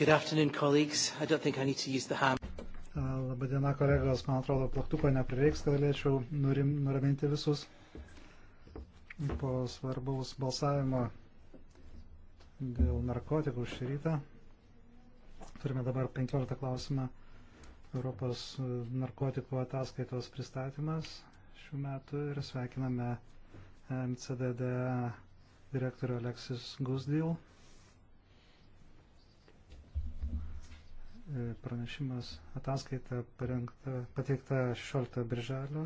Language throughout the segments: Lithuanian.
Good afternoon, colleagues. I don't think I need to use the ham. Labadiena, kolegos. Man atrodo, plaktuko neprireiks, kad galėčiau nurim, nuraminti visus po svarbaus balsavimo dėl narkotikų šį rytą. Turime dabar 15 klausimą. Europos narkotikų ataskaitos pristatymas šių metų ir sveikiname MCDD direktorių Aleksis Gusdil. E, pranešimas ataskaita parengta, pateikta 16 birželio,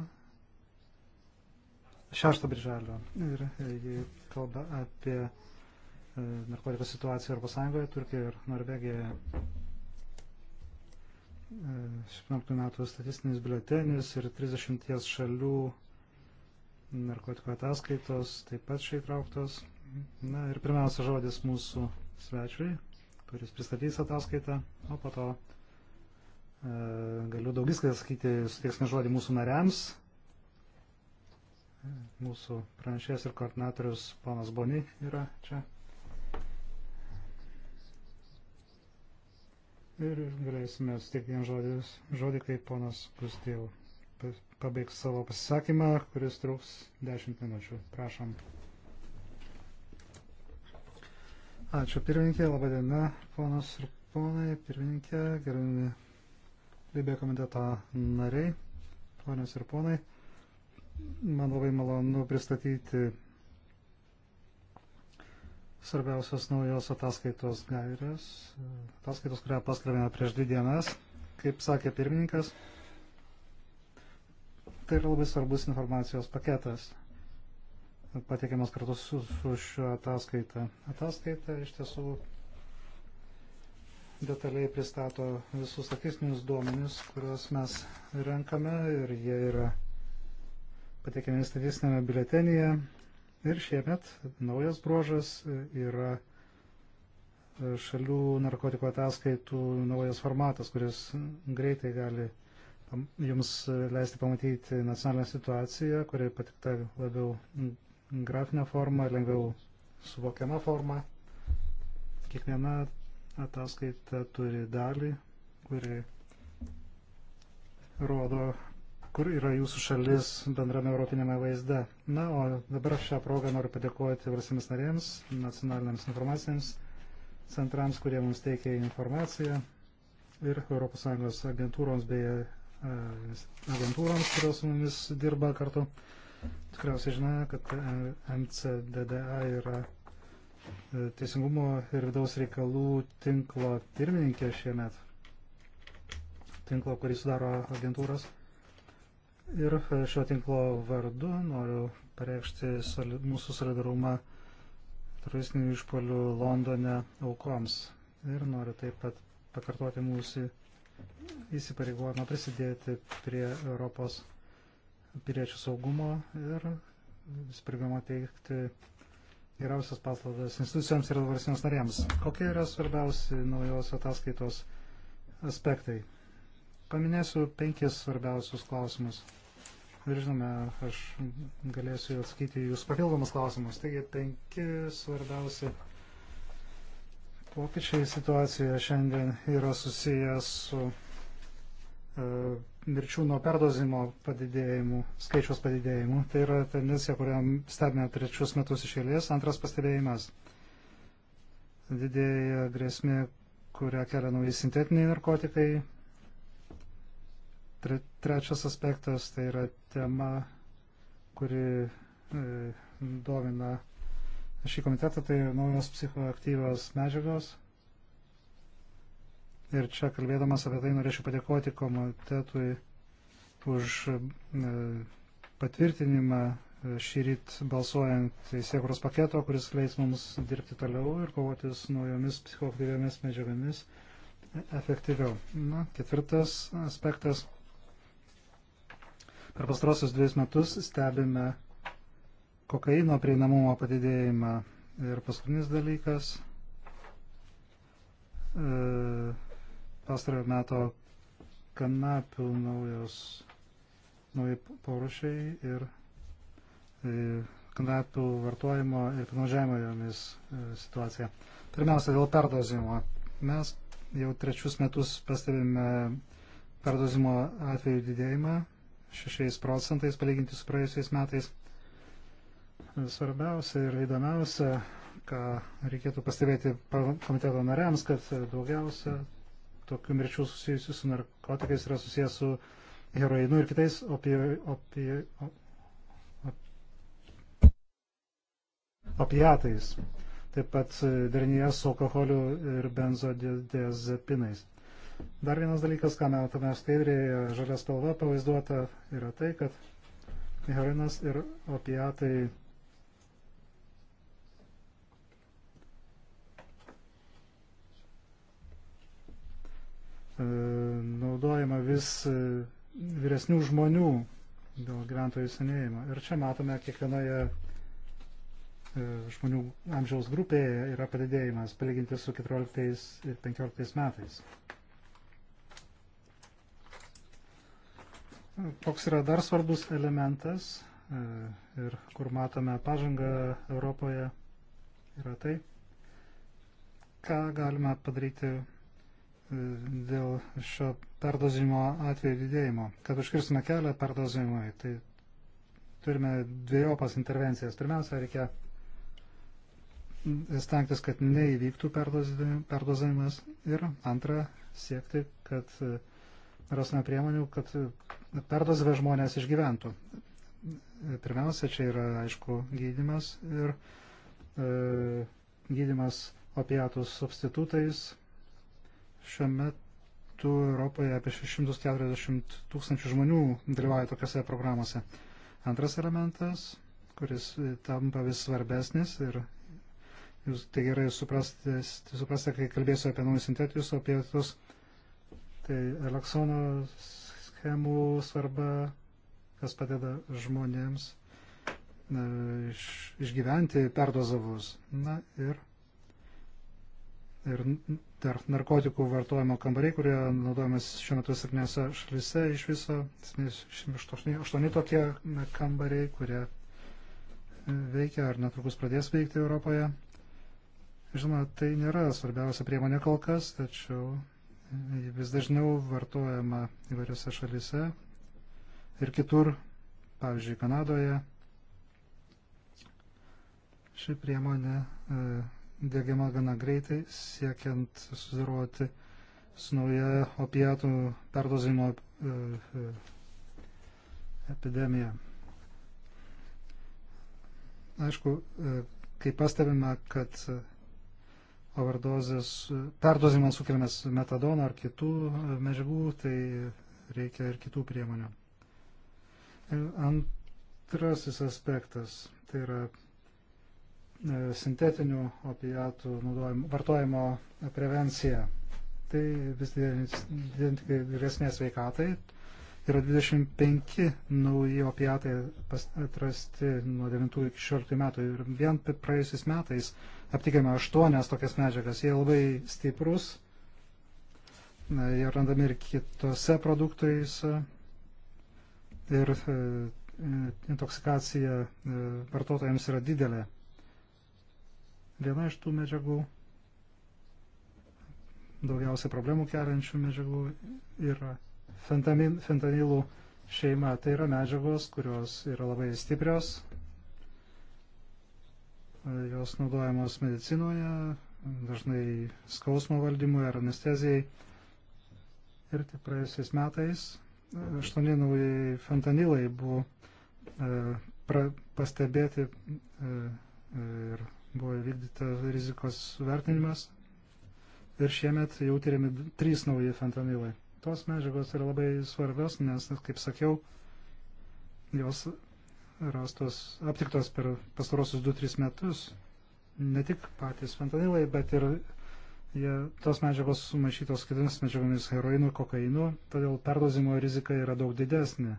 6 birželio ir e, jį kalba apie e, narkotikų situaciją Europos Sąjungoje, Turkijoje ir Norvegijoje. 17 metų statistinis biuletenis ir 30 šalių narkotikų ataskaitos taip pat šiai trauktos. Na ir pirmiausia žodis mūsų svečiui, kuris pristatys ataskaitą, o po to e, galiu daugiskai sakyti, suteiksime žodį mūsų nariams, e, mūsų pranešėjas ir koordinatorius ponas Boni yra čia. Ir galėsime suteikti jam žodį, žodį, kai ponas Pustėl pabaigs savo pasisakymą, kuris truks 10 minučių. Prašom. Ačiū pirmininkė, laba diena, ponas ir ponai, pirmininkė, gerbimi Libė komiteto nariai, ponios ir ponai. Man labai malonu pristatyti svarbiausios naujos ataskaitos gairės, ataskaitos, kurią paskelbėme prieš dvi dienas, kaip sakė pirmininkas. Tai yra labai svarbus informacijos paketas pateikiamas kartu su, su šio ataskaita. Ataskaita iš tiesų detaliai pristato visus statistinius duomenis, kuriuos mes renkame ir jie yra pateikiami statistinėme biletenyje. Ir šiemet naujas bruožas yra šalių narkotikų ataskaitų naujas formatas, kuris greitai gali jums leisti pamatyti nacionalinę situaciją, kuri patikta labiau grafinę formą, lengviau suvokiamą formą. Kiekviena ataskaita turi dalį, kuri rodo, kur yra jūsų šalis bendrame europinėme vaizde. Na, o dabar šią progą noriu padėkoti valstybės narėms, nacionaliniams informacijams, centrams, kurie mums teikia informaciją ir ES agentūroms bei e, agentūroms, kurios su mumis dirba kartu. Tikriausiai žinome, kad MCDDA yra e, Teisingumo ir vidaus reikalų tinklo pirmininkė šiemet. Tinklo, kurį sudaro agentūros. Ir e, šio tinklo vardu noriu pareikšti soli, mūsų solidarumą teroristinių išpolių Londone aukoms. Ir noriu taip pat pakartoti mūsų įsipareigojimą prisidėti prie Europos piliečių saugumo ir sprigama teikti geriausias paslaugas institucijoms ir valstybėms narėms. Kokie yra svarbiausi naujos ataskaitos aspektai? Paminėsiu penkis svarbiausius klausimus. Ir žinome, aš galėsiu atsakyti jūs papildomus klausimus. Taigi, penki svarbiausi pokyčiai situacijoje šiandien yra susijęs su uh, mirčių nuo perdozimo padidėjimų, skaičiaus padidėjimų. Tai yra tendencija, kurią stebime trečius metus iš eilės. Antras pastebėjimas. Didėja grėsmė, kurią kelia nauji sintetiniai narkotikai. Tre, trečias aspektas tai yra tema, kuri e, domina šį komitetą, tai naujos psichoaktyvios medžiagos Ir čia kalbėdamas apie tai norėčiau padėkoti komitetui už e, patvirtinimą e, šį ryt balsuojant teisėkuros paketo, kuris leis mums dirbti toliau ir kovoti su naujomis psichoaktyviomis medžiagomis efektyviau. Na, ketvirtas aspektas. Per pastarosius dviejus metus stebime kokaino prieinamumo padidėjimą. Ir paskutinis dalykas. E, pastarojo meto kanapių naujos, nauji porušiai ir kanapių e, vartojimo ir panaudžiavimo jomis e, situacija. Pirmiausia, dėl perdozimo. Mes jau trečius metus pastebime perdozimo atvejų didėjimą 6 procentais palyginti su praėjusiais metais. Svarbiausia ir įdomiausia, ką reikėtų pastebėti komiteto nariams, kad daugiausia tokių mirčių susijusių su narkotikais yra susijęs su heroinu ir kitais opi, opi, op, opiatais. Taip pat e, derinyje su alkoholiu ir benzodiazepinais. Dar vienas dalykas, ką matome skaidrėje, žalia spalva pavaizduota, yra tai, kad heroinas ir opiatai E, naudojama vis e, vyresnių žmonių dėl gyventojų senėjimo. Ir čia matome kiekvienoje e, žmonių amžiaus grupėje yra padidėjimas palyginti su 14 ir 15 metais. Koks yra dar svarbus elementas ir kur matome pažangą Europoje yra tai, ką galime padaryti dėl šio perdozimo atveju didėjimo. Kad užkirstume kelią perdozimui, tai turime dviejopas intervencijas. Pirmiausia, reikia stengtis, kad neįvyktų perdozavimas ir antra, siekti, kad rasime priemonių, kad perdozavę žmonės išgyventų. Pirmiausia, čia yra, aišku, gydimas ir e, gydimas opiatų substitutais, Šiuo metu Europoje apie 640 tūkstančių žmonių dalyvauja tokiuose programuose. Antras elementas, kuris tampa vis svarbesnis ir jūs tai gerai suprastė, tai suprastė kai kalbėsiu apie naujus sintetinius opietus, tai elaksono schemų svarba, kas padeda žmonėms na, iš, išgyventi perdozavus. Na ir ir dar narkotikų vartojimo kambariai, kurie naudojamas šiuo metu septynėse šalise iš viso, 78 tokie kambariai, kurie e, veikia ar netrukus pradės veikti Europoje. Žinoma, tai nėra svarbiausia priemonė kol kas, tačiau e, vis dažniau vartojama įvairiose šalise ir kitur, pavyzdžiui, Kanadoje. Ši priemonė e, dėgiama gana greitai, siekiant susidaroti su nauja opiatų perdozimo e, e, epidemija. Aišku, e, kai pastebime, kad overdozės, perdozimas sukeliamas metadono ar kitų medžiagų, tai reikia ir kitų priemonių. Antrasis aspektas tai yra E, sintetinių opiatų vartojimo prevencija. Tai vis didinti grėsmės veikatai. Yra 25 nauji opiatai atrasti nuo 9 iki 16 metų ir vien praėjusiais metais aptikėme 8 tokias medžiagas. Jie labai stiprus, e, jie randami ir kitose produktuose ir e, intoksikacija vartotojams yra didelė. Viena iš tų medžiagų, daugiausia problemų keliančių medžiagų, yra fentanilų šeima. Tai yra medžiagos, kurios yra labai stiprios, jos naudojamos medicinoje, dažnai skausmo valdymui ar anestezijai. Ir tik praėjusiais metais aštuoni naujai fentanilai buvo e, pra, pastebėti e, e ir buvo įvykdyta rizikos vertinimas ir šiemet jau tyriami trys nauji fentanilai. Tos medžiagos yra labai svarbios, nes, kaip sakiau, jos rastos, aptiktos per pastarosius 2-3 metus. Ne tik patys fentanilai, bet ir jie, tos medžiagos sumaišytos kitomis medžiagomis heroinu, kokainu, todėl perdozimo rizika yra daug didesnė.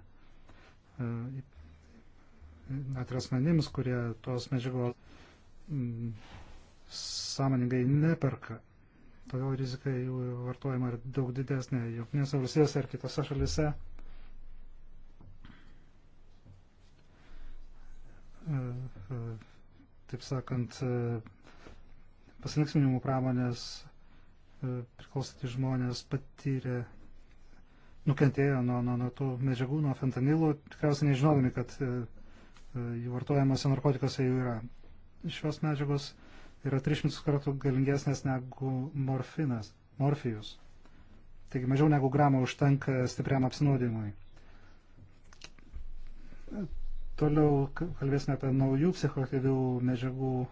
Net ir asmenims, kurie tos medžiagos m, mm, sąmoningai neperka. Todėl rizika jų vartojama ir daug didesnė jungtinėse valstijose ar kitose šalise. E, e, taip sakant, e, pasilinksminimų pramonės priklausyti žmonės patyrė, nukentėjo nuo, nuo, nuo tų medžiagų, nuo fentanilų, tikriausiai nežinodami, kad jų vartojimuose narkotikose jų yra šios medžiagos yra 300 kartų galingesnės negu morfinas, morfijus. Taigi mažiau negu gramą užtenka stipriam apsinuodimui. Toliau kalbėsime apie naujų psichoaktyvių medžiagų e,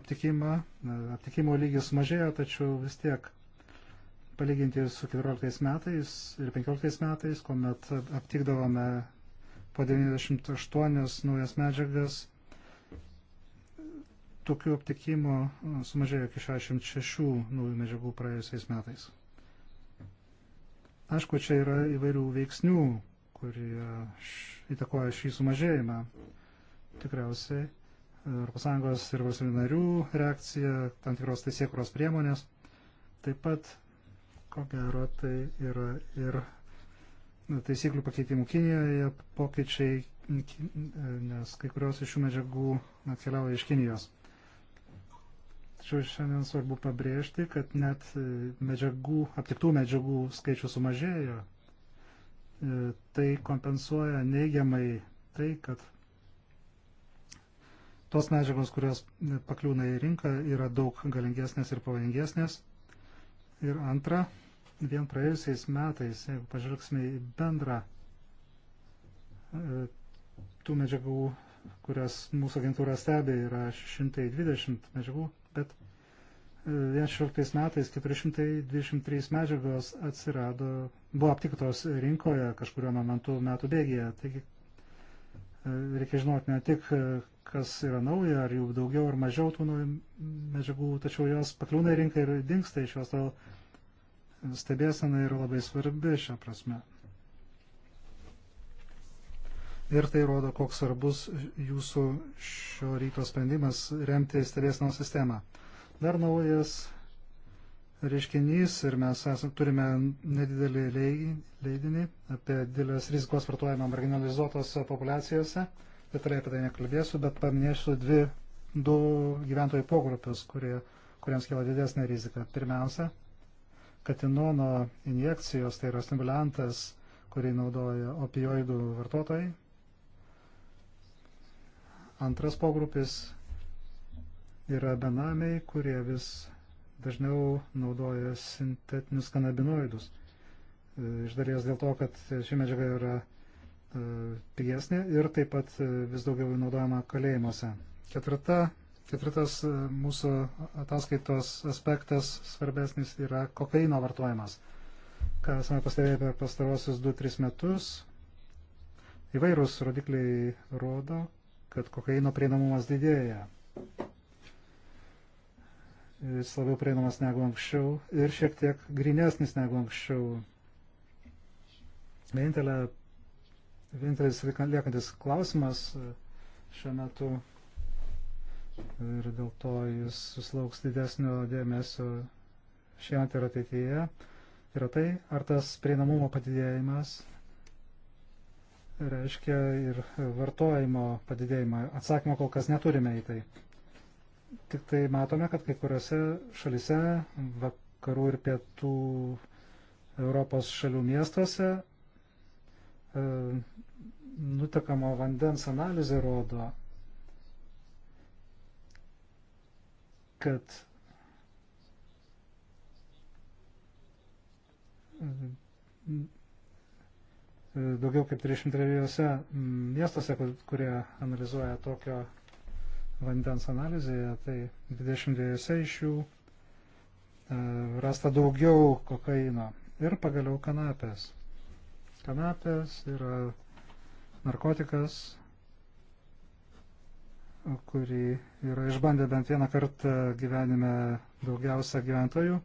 aptikimą. E, aptikimo lygis mažėjo, tačiau vis tiek palyginti su 14 metais ir 15 metais, kuomet aptikdavome po 98 naujas medžiagas tokių aptikimų sumažėjo iki 66 naujų medžiagų praėjusiais metais. Aišku, čia yra įvairių veiksnių, kurie įtakoja šį sumažėjimą. Tikriausiai ES ir valstybių narių reakcija, tam tikros teisėkuros priemonės. Taip pat, ko gero, tai yra ir taisyklių pakeitimų Kinijoje pokyčiai, nes kai kurios iš šių medžiagų atkeliauja iš Kinijos. Tačiau šiandien svarbu pabrėžti, kad net e, medžiagų, aptiktų medžiagų skaičius sumažėjo. E, tai kompensuoja neigiamai tai, kad tos medžiagos, kurios e, pakliūna į rinką, yra daug galingesnės ir pavojingesnės. Ir antra, vien praėjusiais metais, jeigu pažvelgsime į bendrą tų medžiagų, kurias mūsų agentūra stebi, yra 620 medžiagų bet 2016 e, metais 423 medžiagos atsirado, buvo aptiktos rinkoje kažkurio momentu metų bėgėje. Taigi e, reikia žinoti ne tik, e, kas yra nauja, ar jų daugiau ar mažiau tų naujų medžiagų, tačiau jos pakliūna į rinką ir dinksta iš jos. Todėl stebėsena yra labai svarbi šią prasme. Ir tai rodo, koks svarbus jūsų šio ryto sprendimas remti stebėsnos sistemą. Dar naujas reiškinys ir mes esam, turime nedidelį leidinį apie didelės rizikos vartojimą marginalizuotose populiacijose. Detaliai apie tai nekalbėsiu, bet paminėsiu dvi, du gyventojų pogrupius, kurie, kuriems kyla didesnė rizika. Pirmiausia, katinono injekcijos, tai yra stimulantas, kurį naudoja opioidų vartotojai. Antras pogrupis yra benamiai, kurie vis dažniau naudoja sintetinius kanabinoidus. E, iš dalies dėl to, kad ši medžiaga yra e, pigesnė ir taip pat e, vis daugiau naudojama kalėjimuose. Ketvirta, ketvirtas mūsų ataskaitos aspektas svarbesnis yra kokaino vartojimas. Ką esame pastebėję per pastarosius 2-3 metus, įvairūs rodikliai rodo, kad kokaino prieinamumas didėja. Jis labiau prieinamas negu anksčiau ir šiek tiek grinesnis negu anksčiau. Vienintelė, vienintelis liekantis klausimas e, šiuo metu ir dėl to jis susilauks didesnio dėmesio šiemet ir ateityje, yra tai, ar tas prieinamumo padidėjimas reiškia ir vartojimo padidėjimą. Atsakymo kol kas neturime į tai. Tik tai matome, kad kai kuriuose šalise, vakarų ir pietų Europos šalių miestuose, e, nutekamo vandens analizė rodo, kad E, daugiau kaip 33 miestuose, kur, kurie analizuoja tokio vandens analizėje, tai 22 iš jų e, rasta daugiau kokaino ir pagaliau kanapės. Kanapės yra narkotikas, kurį yra išbandę bent vieną kartą gyvenime daugiausia gyventojų,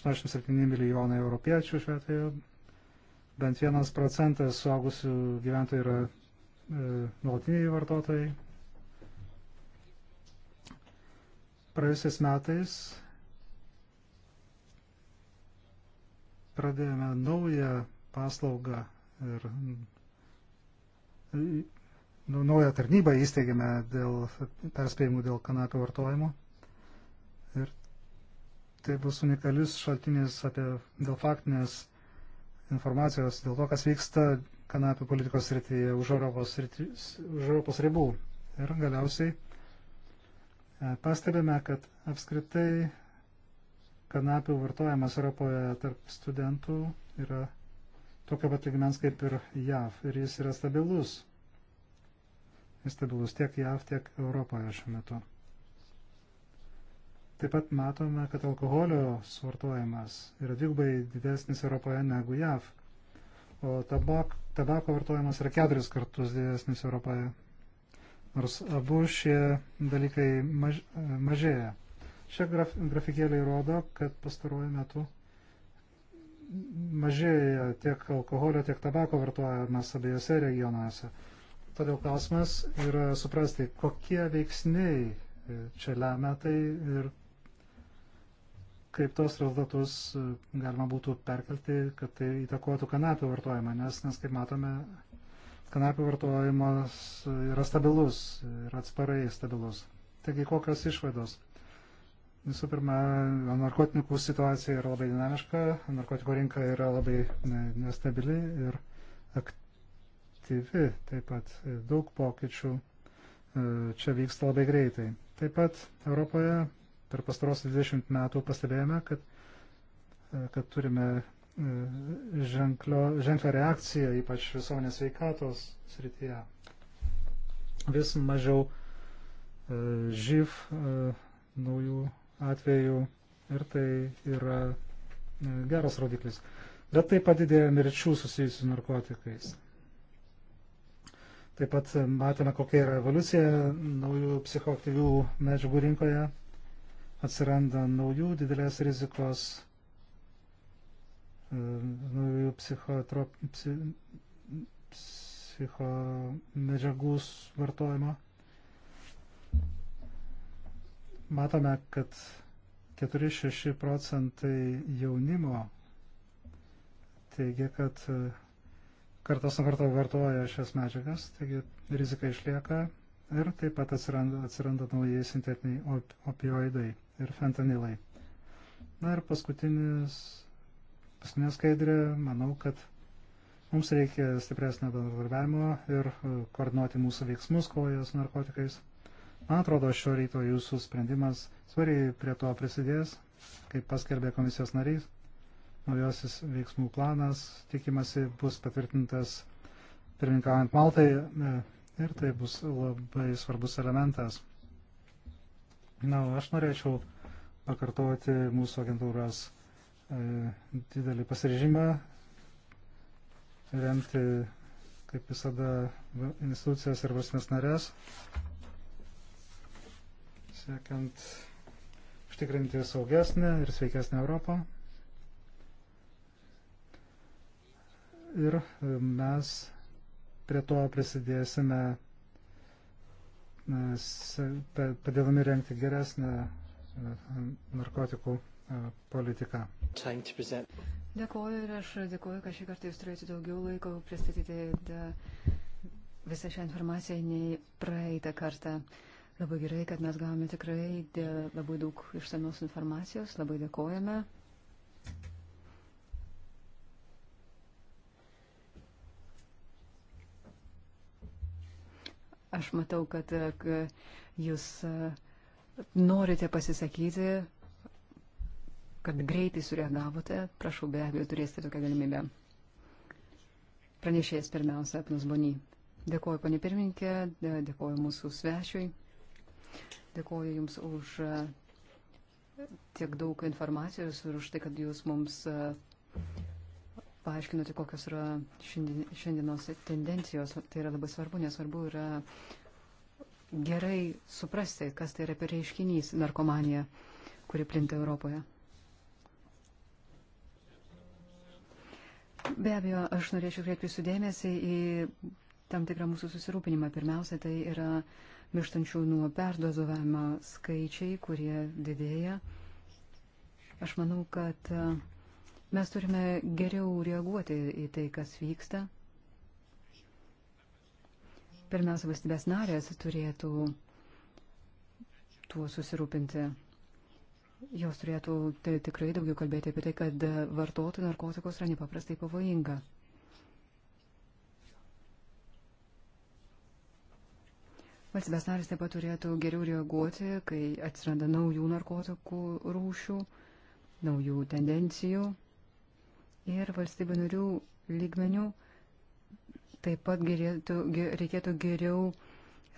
87 milijonai europiečių šiuo atveju, bent vienas procentas suaugusių gyventojų yra e, nuolatiniai vartotojai. Praėjusiais metais pradėjome naują paslaugą ir nu, naują tarnybą įsteigėme dėl perspėjimų dėl kanapio vartojimo. Ir tai bus unikalis šaltinis apie, dėl faktinės informacijos dėl to, kas vyksta kanapių politikos srityje už Europos, srity, už Europos ribų. Ir galiausiai e, pastebime, kad apskritai kanapių vartojimas Europoje tarp studentų yra tokio pat lygmens kaip ir JAV ir jis yra stabilus. Jis stabilus tiek JAV, tiek Europoje šiuo metu. Taip pat matome, kad alkoholio suvartojimas yra dvigubai didesnis Europoje negu JAV, o tabak, tabako vartojimas yra keturis kartus didesnis Europoje. Nors abu šie dalykai maž, mažėja. Šie graf, grafikėliai rodo, kad pastaruoju metu mažėja tiek alkoholio, tiek tabako vartojimas abiejose regionuose. Todėl klausimas yra suprasti, kokie veiksniai e, čia lemia tai ir kaip tos rezultatus e, galima būtų perkelti, kad tai įtakotų kanapių vartojimą, nes, nes kaip matome, kanapių vartojimas yra stabilus ir atsparai stabilus. Taigi kokios išvados? Visų pirma, narkotikų situacija yra labai dinamiška, narkotikų rinka yra labai nestabili ir aktyvi taip pat. Daug pokyčių e, čia vyksta labai greitai. Taip pat Europoje per pastarosius 20 metų pastebėjome, kad, e, kad turime e, ženklio, ženklio reakciją, ypač visuomenės veikatos srityje. Vis mažiau e, živ naujų atvejų ir tai yra geras rodiklis. Bet taip pat didėja mirčių susijusių su narkotikais. Taip pat matėme, kokia yra evoliucija naujų psichoaktyvių medžiagų rinkoje atsiranda naujų didelės rizikos, e, naujų psichotrop, psi, psicho medžiagų vartojimo. Matome, kad 4-6 procentai jaunimo teigia, kad e, kartas nuo karto vartoja šias medžiagas, taigi rizika išlieka ir taip pat atsiranda, atsiranda naujai sintetiniai opioidai ir fentanilai. Na ir paskutinis, paskutinė skaidrė, manau, kad mums reikia stipresnio bendradarbiavimo ir e, koordinuoti mūsų veiksmus kovoje su narkotikais. Man atrodo, šio ryto jūsų sprendimas svariai prie to prisidės, kaip paskelbė komisijos narys. Naujasis veiksmų planas, tikimasi, bus patvirtintas pirmininkaujant Maltai e, ir tai bus labai svarbus elementas. Na, aš norėčiau pakartoti mūsų agentūros e, didelį pasirežimą remti, kaip visada, institucijas ir valstybės narės, siekiant užtikrinti saugesnę ir sveikesnę Europą. Ir e, mes prie to prisidėsime E, padėdami renkti geresnę e, narkotikų e, politiką. Dėkuoju ir aš dėkuoju, kad šį kartą jūs turėjote daugiau laiko pristatyti visą šią informaciją nei praeitą kartą. Labai gerai, kad mes gavome tikrai labai daug išsamios informacijos, labai dėkojame. Aš matau, kad e, jūs e, norite pasisakyti, kad greitai sureagavote. Prašau, be abejo, turėsite tokią galimybę. Pranešėjas pirmiausia, Apnus Bony. Dėkoju, panė pirmininkė, dėkoju mūsų svečiui, dėkoju Jums už e, tiek daug informacijos ir už tai, kad Jūs mums paaiškinote, kokios yra šiandien, šiandienos tendencijos. Tai yra labai svarbu, nes svarbu yra gerai suprasti, kas tai yra per reiškinys narkomanija, kuri plinta Europoje. Be abejo, aš norėčiau kreipti sudėmėsi į tam tikrą mūsų susirūpinimą. Pirmiausia, tai yra mirštančių nuo perdozovimo skaičiai, kurie didėja. Aš manau, kad uh, Mes turime geriau reaguoti į tai, kas vyksta. Pirmiausia, valstybės narės turėtų tuo susirūpinti. Jos turėtų tai, tikrai daugiau kalbėti apie tai, kad vartoti narkotikus yra nepaprastai pavojinga. Valstybės narės taip pat turėtų geriau reaguoti, kai atsiranda naujų narkotikų rūšių, naujų tendencijų ir valstybių narių lygmenių taip pat gerėtų, reikėtų geriau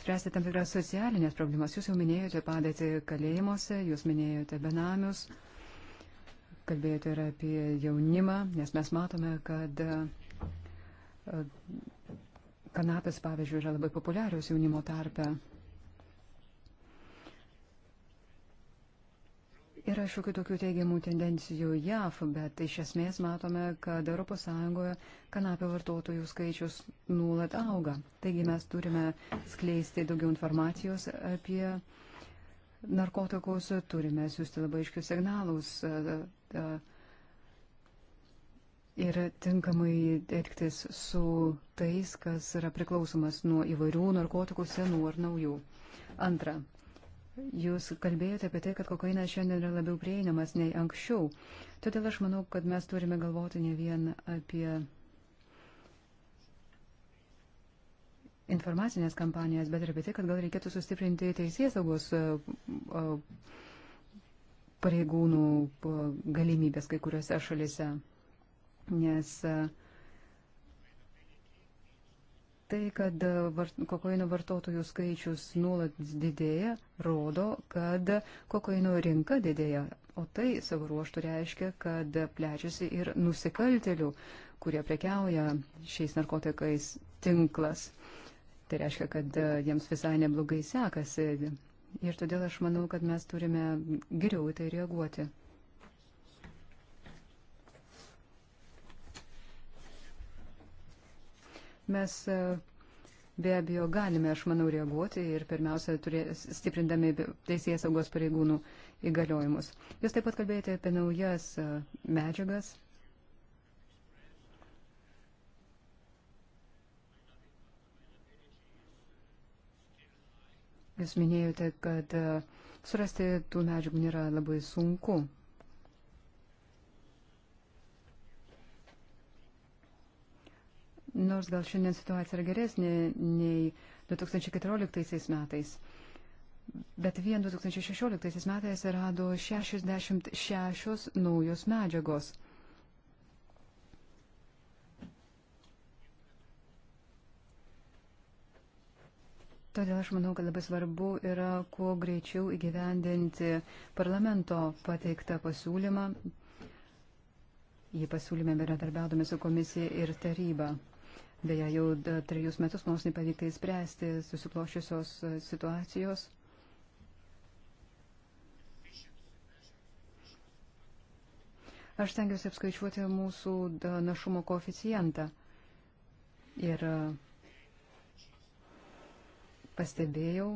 spręsti tam tikras socialinės problemas. Jūs jau minėjote padėti kalėjimuose, jūs minėjote benamius, kalbėjote ir apie jaunimą, nes mes matome, kad e, kanapės, pavyzdžiui, yra labai populiarios jaunimo tarpe. Yra šiokių tokių teigiamų tendencijų JAV, bet iš esmės matome, kad ES kanapio vartotojų skaičius nuolat auga. Taigi mes turime skleisti daugiau informacijos apie narkotikus, turime siūsti labai aiškius signalus e, e, ir tinkamai elgtis su tais, kas yra priklausomas nuo įvairių narkotikų senų ar naujų. Antra, Jūs kalbėjote apie tai, kad kokainas šiandien yra labiau prieinamas nei anksčiau. Todėl aš manau, kad mes turime galvoti ne vien apie informacinės kampanijas, bet ir apie tai, kad gal reikėtų sustiprinti teisės saugos pareigūnų galimybės kai kuriuose šalise. Nes uh, Tai, kad e, kokaino vartotojų skaičius nuolat didėja, rodo, kad kokaino rinka didėja. O tai savo ruoštų reiškia, kad plečiasi ir nusikaltelių, kurie prekiauja šiais narkotikais tinklas. Tai reiškia, kad e, jiems visai neblogai sekasi. Ir todėl aš manau, kad mes turime geriau į tai reaguoti. Mes e, be abejo galime, aš manau, reaguoti ir pirmiausia, turė, stiprindami teisės saugos pareigūnų įgaliojimus. Jūs taip pat kalbėjote apie naujas e, medžiagas. Jūs minėjote, kad e, surasti tų medžiagų nėra labai sunku. nors gal šiandien situacija yra geresnė nei 2014 metais. Bet vien 2016 metais rado 66 naujos medžiagos. Todėl aš manau, kad labai svarbu yra kuo greičiau įgyvendinti parlamento pateiktą pasiūlymą. Jį pasiūlymė bendradarbiaudami su komisija ir taryba. Beje, jau e, trejus metus mums nepavykta įspręsti susiklošiusios e, situacijos. Aš stengiuosi apskaičiuoti mūsų e, našumo koeficientą ir pastebėjau,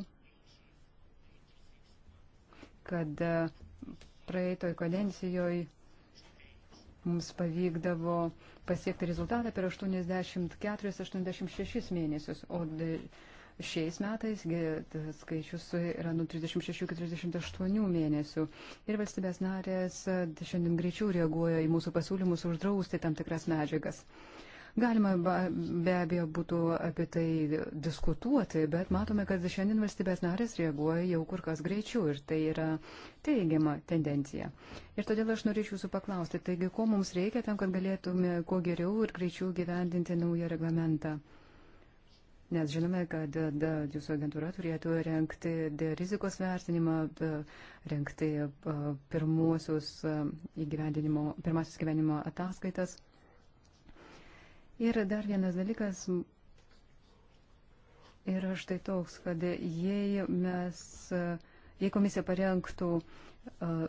kad praeitoj kadencijoje Mums pavykdavo pasiekti rezultatą per 84-86 mėnesius, o šiais metais skaičius yra nuo 36-48 mėnesių. Ir valstybės narės šiandien greičiau reaguoja į mūsų pasiūlymus uždrausti tam tikras medžiagas. Galima be abejo būtų apie tai diskutuoti, bet matome, kad šiandien valstybės narės reaguoja jau kur kas greičiau ir tai yra teigiama tendencija. Ir todėl aš norėčiau jūsų paklausti, taigi ko mums reikia tam, kad galėtume kuo geriau ir greičiau gyvendinti naują reglamentą? Nes žinome, kad da, jūsų agentūra turėtų renkti da, rizikos vertinimą, da, renkti a, pirmuosius a, įgyvendinimo, pirmasis gyvenimo ataskaitas. Ir dar vienas dalykas yra štai toks, kad jei mes, jei komisija parengtų uh,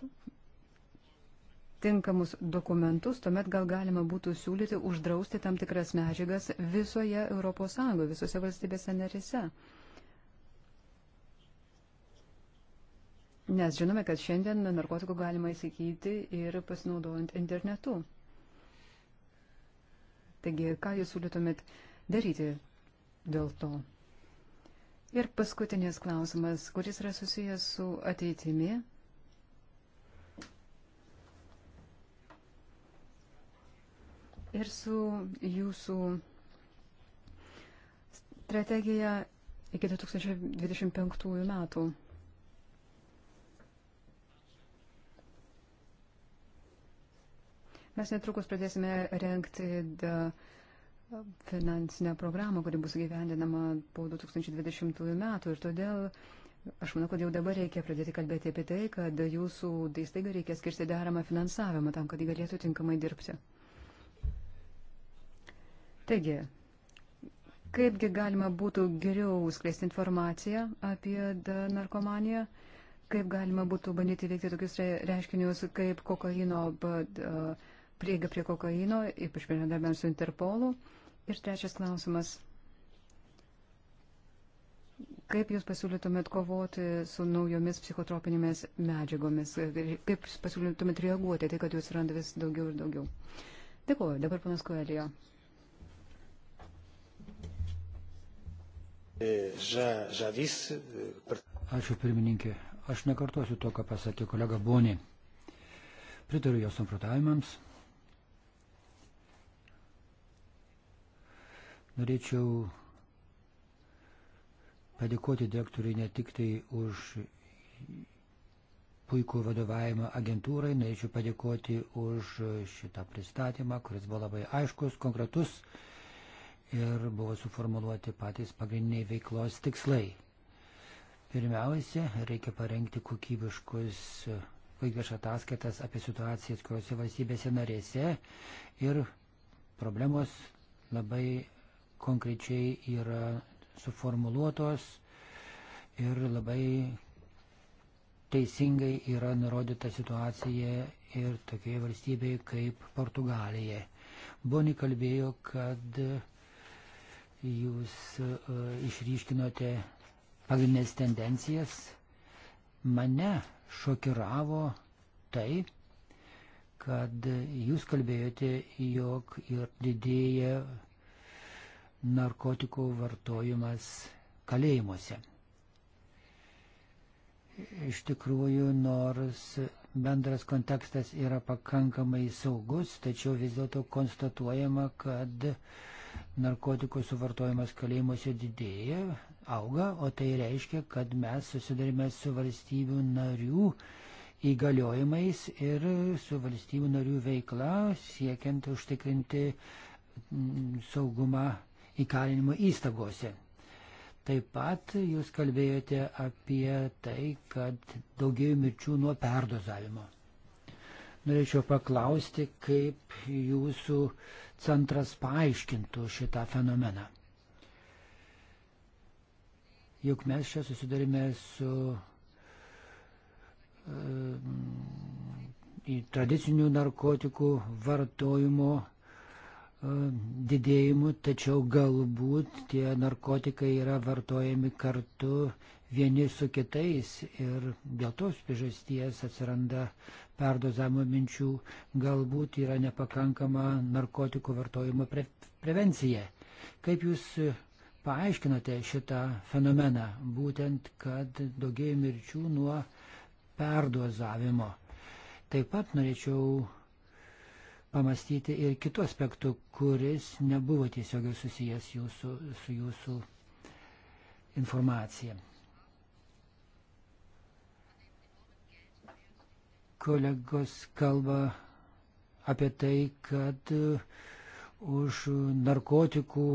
tinkamus dokumentus, tuomet gal galima būtų siūlyti uždrausti tam tikras medžiagas visoje ES, visose valstybėse narise. Nes žinome, kad šiandien narkotikų galima įsigyti ir pasinaudojant internetu. Taigi, ką jūs siūlytumėt daryti dėl to? Ir paskutinis klausimas, kuris yra susijęs su ateitimi. Ir su jūsų strategija iki 2025 metų. Mes netrukus pradėsime renkti finansinę programą, kuri bus gyvendinama po 2020 metų ir todėl Aš manau, kad jau dabar reikia pradėti kalbėti apie tai, kad jūsų įstaiga reikia skirti deramą finansavimą tam, kad jį galėtų tinkamai dirbti. Taigi, kaipgi galima būtų geriau skleisti informaciją apie narkomaniją, kaip galima būtų bandyti veikti tokius reiškinius kaip kokaino, bet, uh, prieiga prie kokaino, ypač bendradarbiavant su Interpolu. Ir trečias klausimas. Kaip Jūs pasiūlytumėt kovoti su naujomis psichotropinėmis medžiagomis? Kaip pasiūlytumėt reaguoti tai, kad jų atsiranda vis daugiau ir daugiau? Dėkuoju. Dabar panas Koelio. E, e, Ačiū pirmininkė. Aš nekartosiu to, ką pasakė kolega Boni. Pritariu jos samprotavimams. Norėčiau padėkoti direktoriui ne tik tai už puikų vadovavimą agentūrai, norėčiau padėkoti už šitą pristatymą, kuris buvo labai aiškus, konkretus ir buvo suformuluoti patys pagrindiniai veiklos tikslai. Pirmiausia, reikia parengti kokybiškus vaikiš ataskaitas apie situacijas, kuriuose valstybėse narėse ir problemos labai konkrečiai yra suformuluotos ir labai teisingai yra nurodyta situacija ir tokioje valstybėje kaip Portugalija. Boni kalbėjo, kad jūs e, išryškinote pagrindinės tendencijas. Mane šokiravo tai, kad jūs kalbėjote, jog ir didėja narkotikų vartojimas kalėjimuose. Iš tikrųjų, nors bendras kontekstas yra pakankamai saugus, tačiau vis dėlto konstatuojama, kad narkotikų suvartojimas kalėjimuose didėja, auga, o tai reiškia, kad mes susidarime su valstybių narių įgaliojimais ir su valstybių narių veikla siekiant užtikrinti mm, saugumą įkalinimo įstaigose. Taip pat jūs kalbėjote apie tai, kad daugėjo mirčių nuo perdozavimo. Norėčiau paklausti, kaip jūsų centras paaiškintų šitą fenomeną. Juk mes čia susidurime su e, tradicinių narkotikų vartojimo didėjimu, tačiau galbūt tie narkotikai yra vartojami kartu vieni su kitais ir dėl tos priežasties atsiranda perdozavimo minčių, galbūt yra nepakankama narkotikų vartojimo pre prevencija. Kaip Jūs paaiškinote šitą fenomeną, būtent, kad daugėja mirčių nuo perdozavimo? Taip pat norėčiau pamastyti ir kitų aspektų, kuris nebuvo tiesiogiai susijęs jūsų, su jūsų informacija. Kolegos kalba apie tai, kad uh, už narkotikų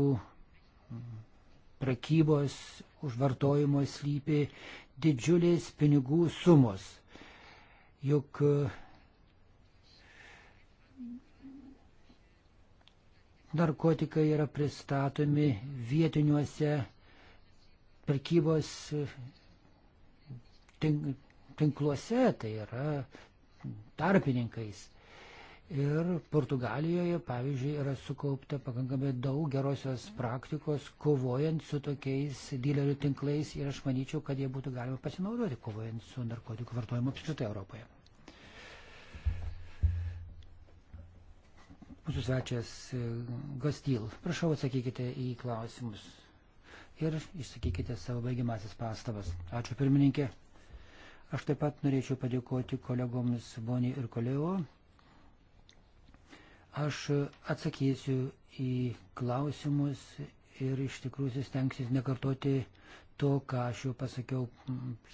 prekybos, už vartojimo slypi didžiulės pinigų sumos. Juk uh, narkotikai yra pristatomi vietiniuose prekybos e, tinkluose, tai yra tarpininkais. Ir Portugalijoje, pavyzdžiui, yra sukaupta pakankamai daug gerosios praktikos kovojant su tokiais dilerių tinklais ir aš manyčiau, kad jie būtų galima pasinaudoti kovojant su narkotikų vartojimu apskritai Europoje. mūsų svečias e, Gastyl. Prašau atsakykite į klausimus ir išsakykite savo baigiamasis pastabas. Ačiū pirmininkė. Aš taip pat norėčiau padėkoti kolegoms Boni ir Koleo. Aš atsakysiu į klausimus ir iš tikrųjų stengsis nekartoti to, ką aš jau pasakiau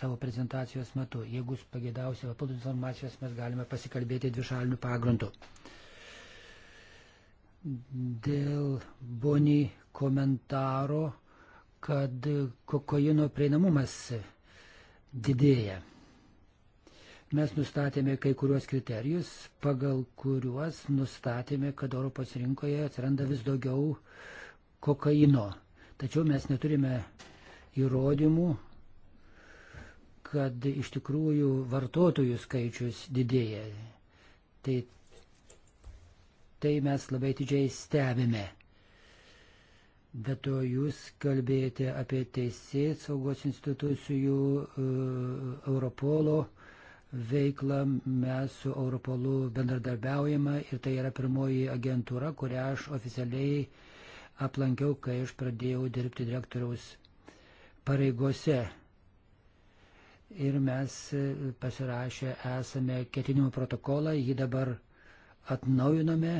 savo prezentacijos metu. Jeigu jūs pagėdausite papildomus informacijos, mes galime pasikalbėti dvišalinių pagrindų. Mm dėl Boni komentaro, kad kokaino prieinamumas didėja. Mes nustatėme kai kuriuos kriterijus, pagal kuriuos nustatėme, kad Europos rinkoje atsiranda vis daugiau kokaino. Tačiau mes neturime įrodymų, kad iš tikrųjų vartotojų skaičius didėja. Tai tai mes labai didžiai stebime. Be to jūs kalbėjote apie teisės saugos institucijų e, Europolo veiklą. Mes su Europolu bendradarbiaujame ir tai yra pirmoji agentūra, kurią aš oficialiai aplankiau, kai aš pradėjau dirbti direktoriaus pareigose. Ir mes pasirašę esame ketinimo protokolą, jį dabar atnaujinome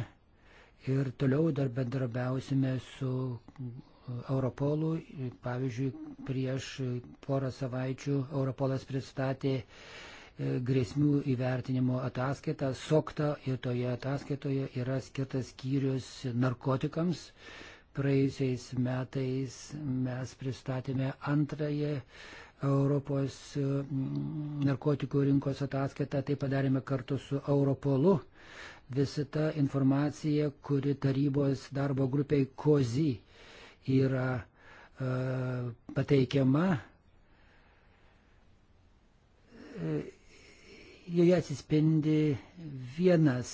ir toliau dar bendrabiausime su Europolų. Pavyzdžiui, prieš porą savaičių Europolas pristatė e, grėsmių įvertinimo ataskaitą, SOKTA ir toje ataskaitoje yra skirtas skyrius narkotikams. Praėjusiais metais mes pristatėme antrąją Europos e, narkotikų rinkos ataskaitą, tai padarėme kartu su Europolu visa ta informacija, kuri tarybos darbo grupiai kozy yra e, pateikiama, e, joje atsispindi vienas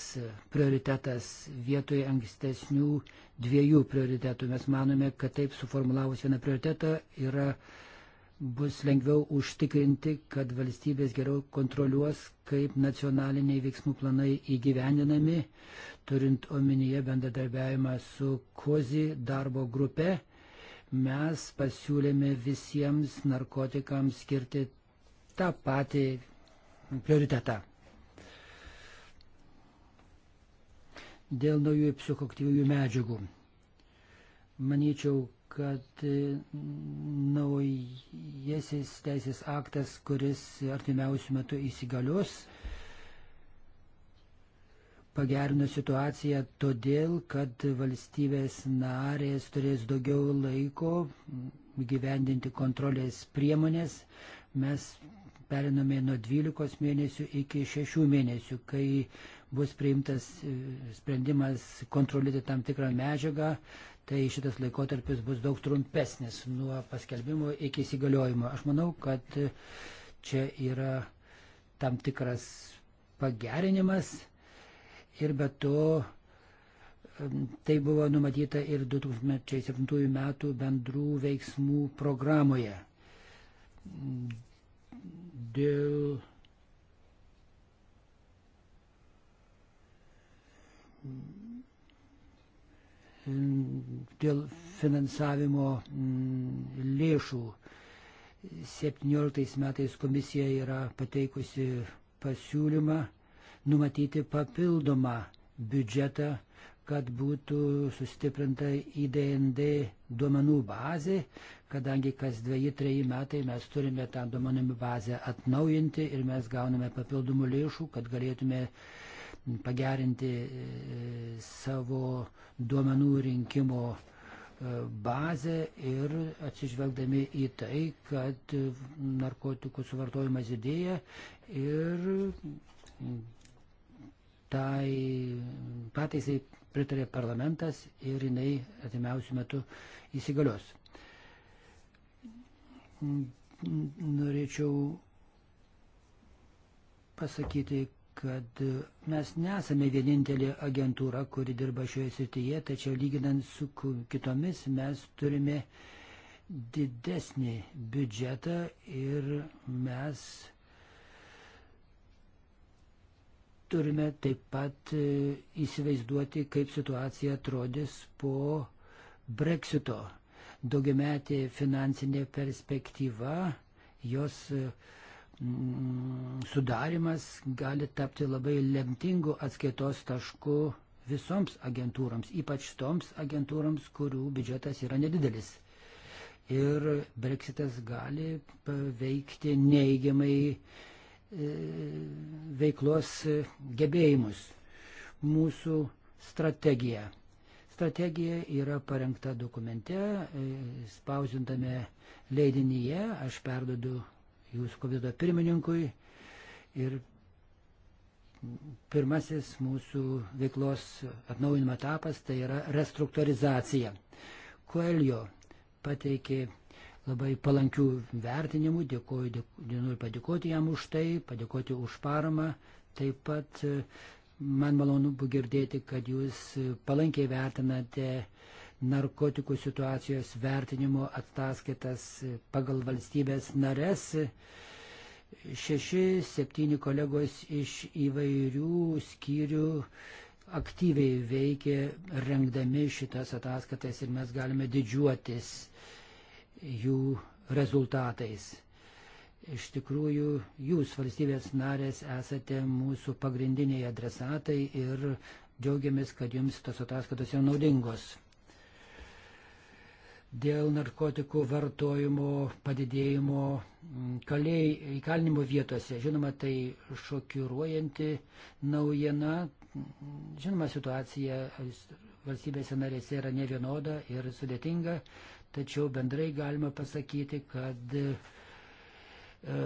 prioritetas vietoj ankstesnių dviejų prioritetų. Mes manome, kad taip suformulavus vieną prioritetą yra e, bus lengviau užtikrinti, kad valstybės geriau kontroliuos, kaip nacionaliniai veiksmų planai įgyvendinami, turint omenyje bendradarbiavimą su kozi darbo grupe. Mes pasiūlėme visiems narkotikams skirti tą patį prioritetą. Dėl naujų psichoktyvių medžiagų. Manyčiau, kad e, naujasis teisės aktas, kuris artimiausių metų įsigalios, pagerino situaciją todėl, kad valstybės narės turės daugiau laiko gyvendinti kontrolės priemonės. Mes perinome nuo 12 mėnesių iki 6 mėnesių, kai bus priimtas e, sprendimas kontroliuoti tam tikrą medžiagą, tai šitas laikotarpis bus daug trumpesnis nuo paskelbimo iki įsigaliojimo. Aš manau, kad čia yra tam tikras pagerinimas ir be to tai buvo numatyta ir 2007 metų bendrų veiksmų programoje. Dėl Dėl Mm, dėl finansavimo mm, lėšų. 17 metais komisija yra pateikusi pasiūlymą numatyti papildomą biudžetą, kad būtų sustiprinta IDND duomenų bazė, kadangi kas dviejį, treji metai mes turime tą duomenų bazę atnaujinti ir mes gauname papildomų lėšų, kad galėtume uh, pagerinti e, savo duomenų rinkimo e, bazę ir atsižvelgdami į tai, kad narkotikų suvartojimas didėja ir tai pataisai pritarė parlamentas ir jinai atimiausių metų įsigalios. Norėčiau pasakyti, kad e, mes nesame vienintelė agentūra, kuri dirba šioje srityje, tačiau lyginant su kitomis mes turime didesnį biudžetą ir mes turime taip pat e, įsivaizduoti, kaip situacija atrodys po Brexito. Daugiametė finansinė perspektyva, jos uh, Mm, sudarimas gali tapti labai lemtingu atskaitos tašku visoms agentūroms, ypač toms agentūroms, kurių biudžetas yra nedidelis. Ir breksitas gali paveikti neigiamai e, veiklos gebėjimus. Mūsų strategija. Strategija yra parengta dokumente, e, spausintame leidinyje, aš perdodu jūsų komiteto pirmininkui. Ir pirmasis mūsų veiklos atnaujinimo etapas tai yra restruktūrizacija. Koelio pateikė labai palankių vertinimų, dėkoju, dėkoju, noriu padėkoti jam už tai, padėkoti už paramą. Taip pat e, man malonu girdėti, kad jūs palankiai vertinate uh, narkotikų situacijos vertinimo ataskaitas pagal valstybės nares. Šeši, septyni kolegos iš įvairių skyrių aktyviai veikė rengdami šitas ataskaitas ir mes galime didžiuotis jų rezultatais. Iš tikrųjų, jūs valstybės narės esate mūsų pagrindiniai adresatai ir džiaugiamės, kad jums tos ataskaitos yra naudingos dėl narkotikų vartojimo padidėjimo mm, kaliai, įkalinimo vietose. Žinoma, tai šokiruojanti naujiena. Žinoma, situacija valstybėse narėse yra nevienoda ir sudėtinga, tačiau bendrai galima pasakyti, kad e, e,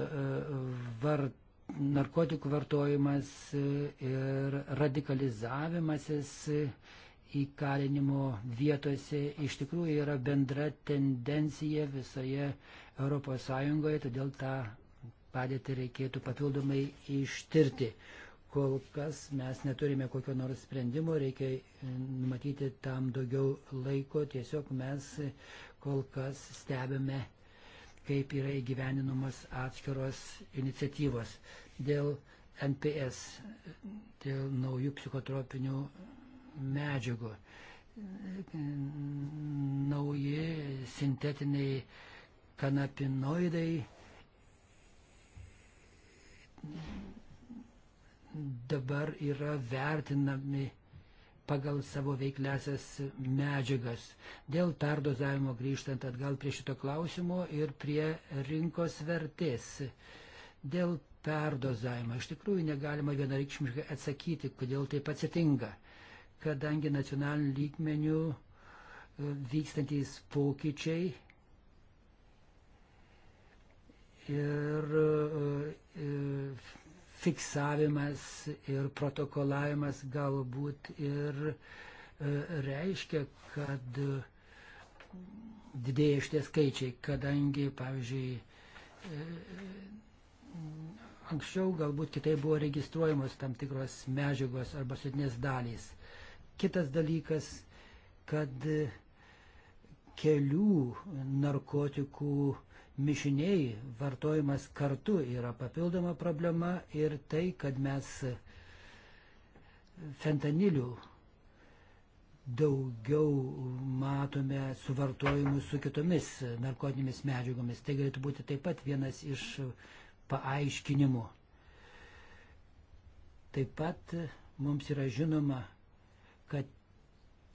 var, narkotikų vartojimas ir radikalizavimasis įkalinimo vietose iš tikrųjų yra bendra tendencija visoje ES, todėl tą padėtį reikėtų papildomai ištirti. Kol kas mes neturime kokio nors sprendimo, reikia e, numatyti tam daugiau laiko, tiesiog mes kol kas stebime, kaip yra įgyveninamos atskiros iniciatyvos. Dėl NPS, dėl naujų psichotropinių medžiagų. Nauji sintetiniai kanapinoidai dabar yra vertinami pagal savo veikliasias medžiagas. Dėl perdozavimo grįžtant atgal prie šito klausimo ir prie rinkos vertės. Dėl perdozavimo iš tikrųjų negalima vienareikšmiškai atsakyti, kodėl taip atsitinka kadangi nacionaliniu lygmeniu e, vykstantys pokyčiai ir e, e, fiksavimas ir protokolavimas galbūt ir reiškia, kad didėja šitie skaičiai, kadangi, pavyzdžiui, anksčiau galbūt kitai buvo registruojamos tam tikros medžiagos arba sudinės dalys. Kitas dalykas, kad kelių narkotikų mišiniai vartojimas kartu yra papildoma problema ir tai, kad mes fentanilių daugiau matome suvartojimus su kitomis narkotinėmis medžiagomis. Tai galėtų būti taip pat vienas iš paaiškinimų. Taip pat mums yra žinoma, kad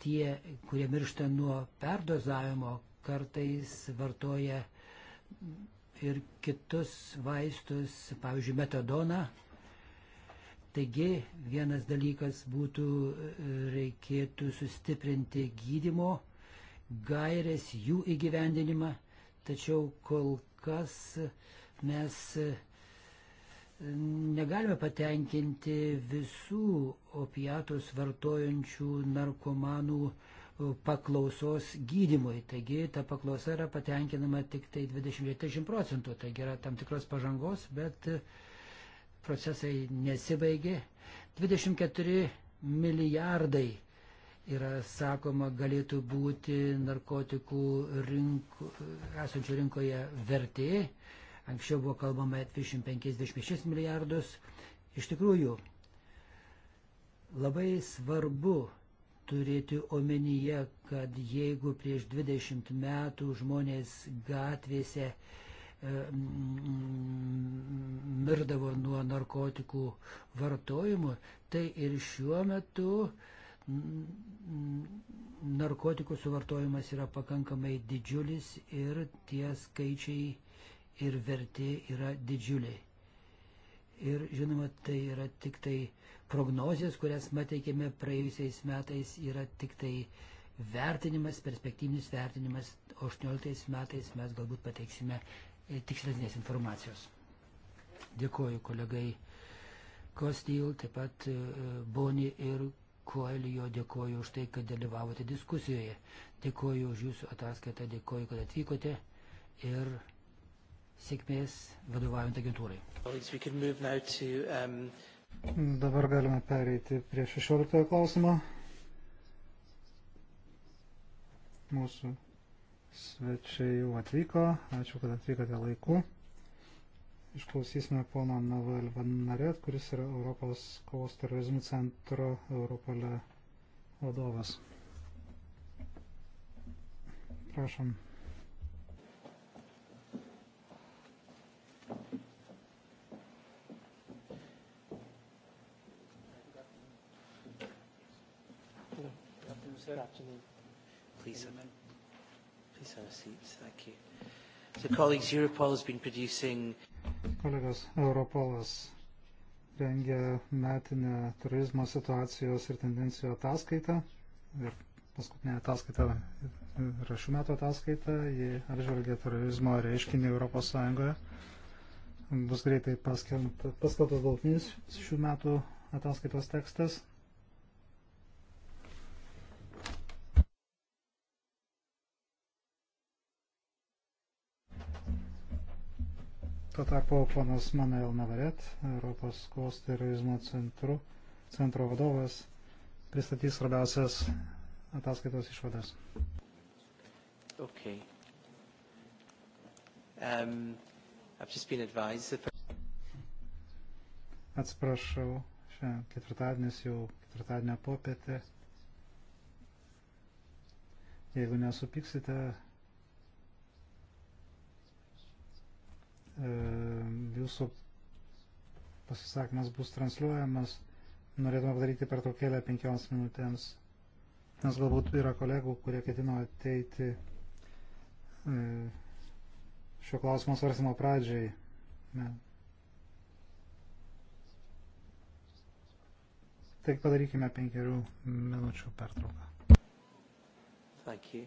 tie, kurie miršta nuo perdozavimo, kartais vartoja ir kitus vaistus, pavyzdžiui, metadoną. Taigi vienas dalykas būtų reikėtų sustiprinti gydimo gairės, jų įgyvendinimą, tačiau kol kas mes negalime patenkinti visų opiatus vartojančių narkomanų paklausos gydimui. Taigi ta paklausa yra patenkinama tik tai 20-30 procentų. Taigi yra tam tikros pažangos, bet e, procesai nesibaigė. 24 milijardai yra sakoma galėtų būti narkotikų rink, esančių rinkoje vertė. Anksčiau buvo kalbama 25-26 milijardus. Iš tikrųjų, labai svarbu turėti omenyje, kad jeigu prieš 20 metų žmonės gatvėse e, mirdavo nuo narkotikų vartojimo, tai ir šiuo metu narkotikų suvartojimas yra pakankamai didžiulis ir tie skaičiai ir vertė yra didžiuliai. Ir žinoma, tai yra tik tai prognozijas, kurias mateikėme praėjusiais metais, yra tik tai vertinimas, perspektyvinis vertinimas, o 18 metais mes galbūt pateiksime e, tikslesnės informacijos. Dėkoju kolegai Kostyl, taip pat e, Boni ir Koelijo, dėkoju už tai, kad dalyvavote diskusijoje, dėkoju už jūsų ataskaitą, dėkoju, kad atvykote ir sėkmės vadovaujant agentūrai. Dabar galime pereiti prie 16 klausimo. Mūsų svečiai jau atvyko. Ačiū, kad atvykote laiku. Išklausysime pono Naval Vanaret, kuris yra Europos kovos terorizmų centro Europole vadovas. Prašom. Good afternoon. Please have, please have a seat. Thank you. So colleagues, Europol has been producing... Kolegos, Europolas rengia metinę turizmo situacijos ir tendencijų ataskaitą. Ir paskutinė ataskaita yra šių metų ataskaita. Ji apžvelgia turizmo reiškinį Europos Sąjungoje. Bus greitai paskelbtas galutinis šių metų ataskaitos tekstas. Tuo tarpu ponas Manuel Navaret, Europos kovos terorizmo centru, centro vadovas, pristatys svarbiausias ataskaitos išvadas. Okay. Um, that... Atsiprašau, šiandien ketvirtadienis jau ketvirtadienio popietė. Jeigu nesupiksite, E, jūsų pasisakymas bus transliuojamas. Norėtume padaryti per traukėlę penkioms minutėms, nes galbūt yra kolegų, kurie ketino ateiti e, šio klausimo svarstymo pradžiai. Ne. Tai padarykime penkerių minučių pertrauką. Thank you.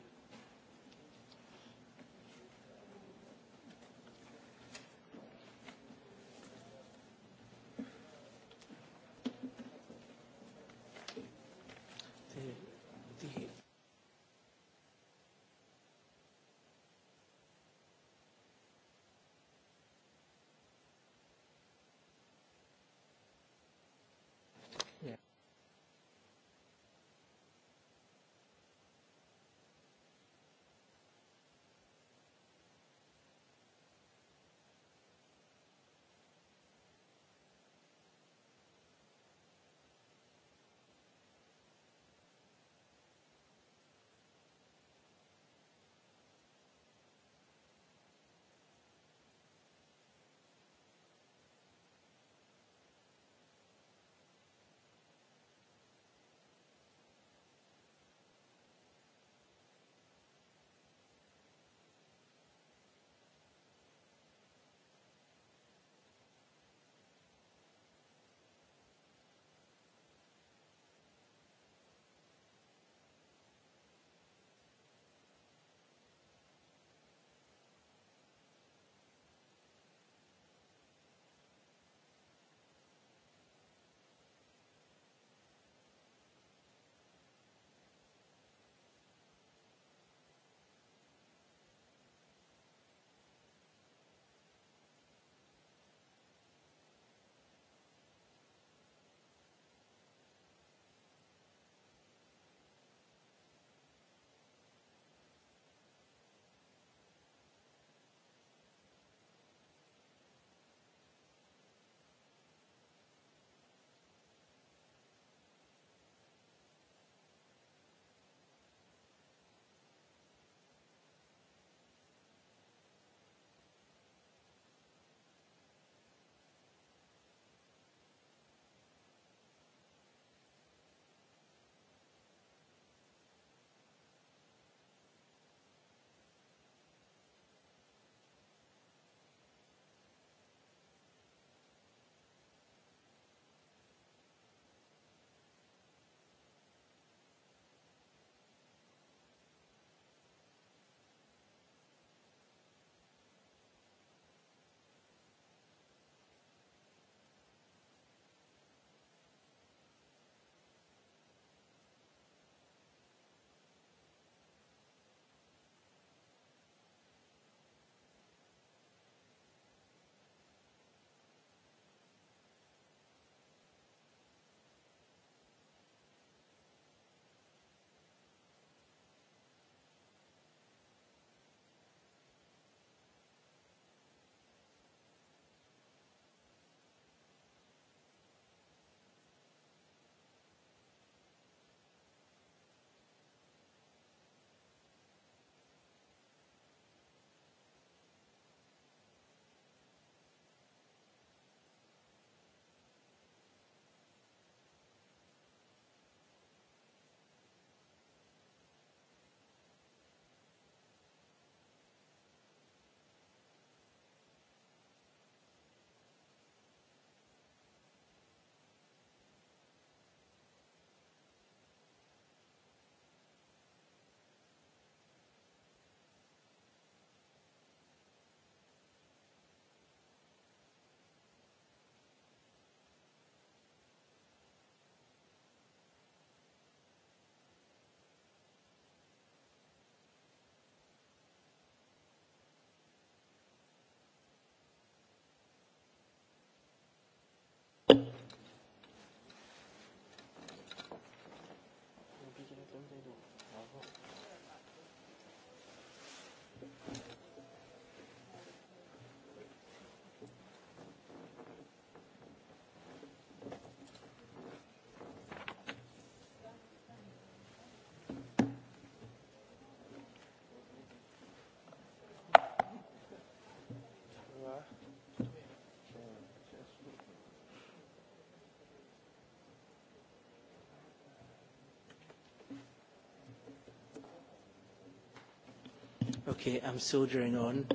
Okay, I'm soldiering on.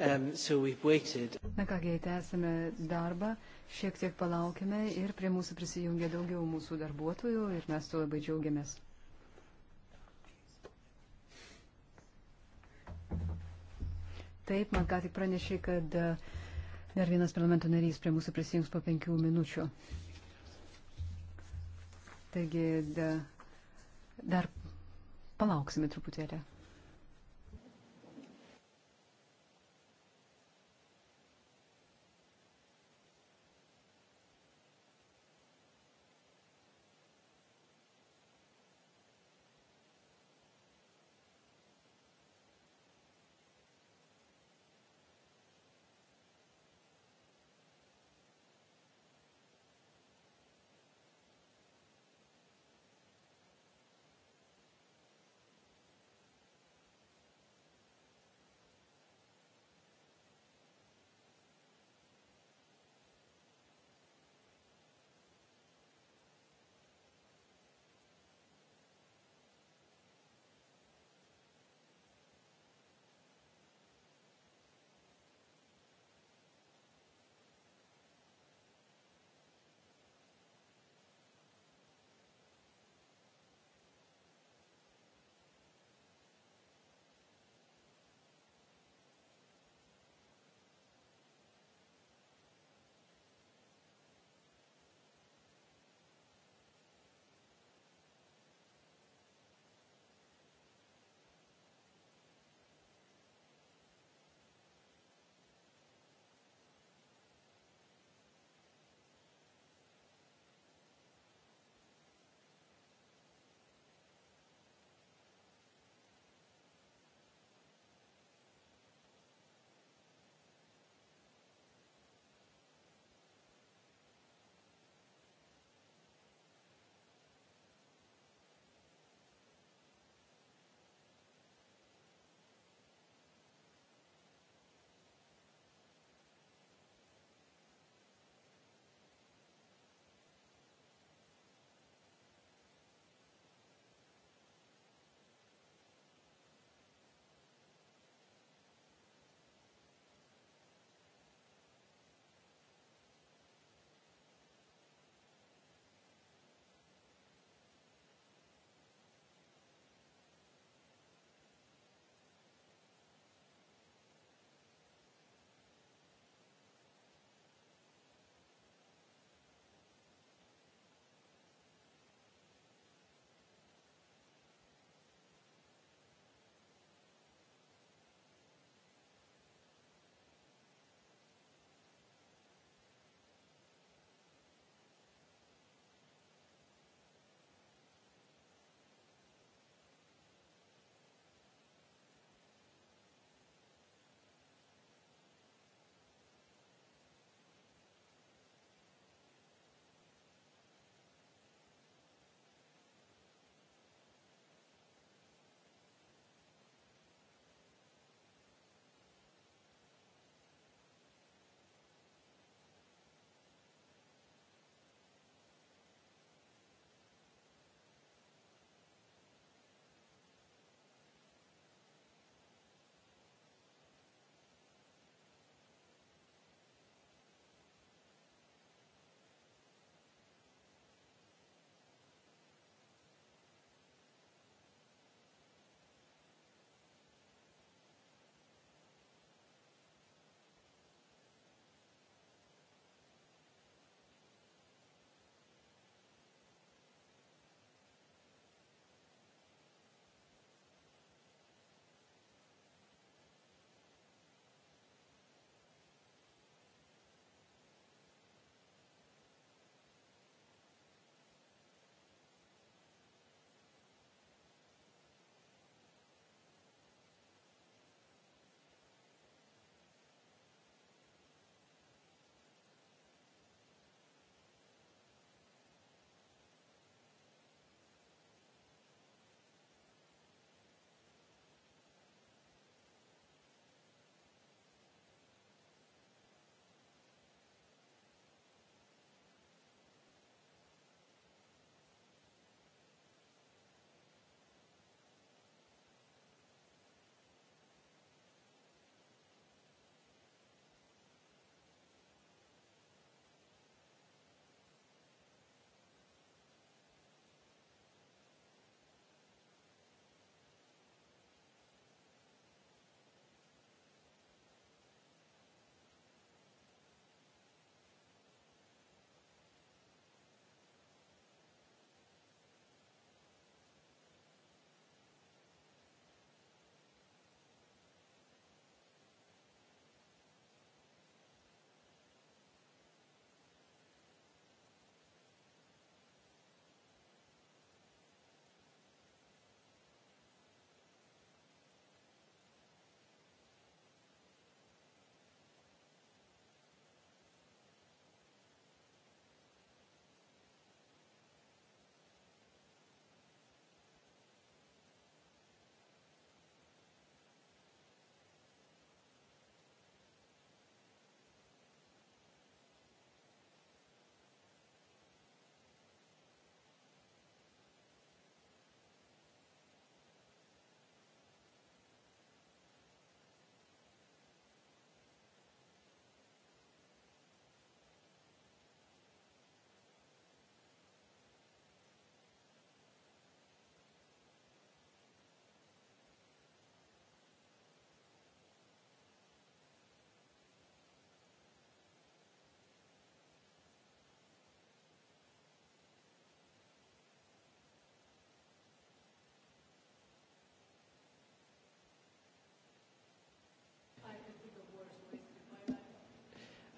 Um, so we've waited. Na kągi, tęsime darbą, šiek tiek palaukime ir prie mūsų prisijungia daugiau mūsų darbuotojų ir mes to labai džiaugiamės. Taip, man ką tik pranešė, kad e, dar vienas parlamento narys prie mūsų prisijungs po penkių minučių. Taigi, da, dar palauksime truputėlį.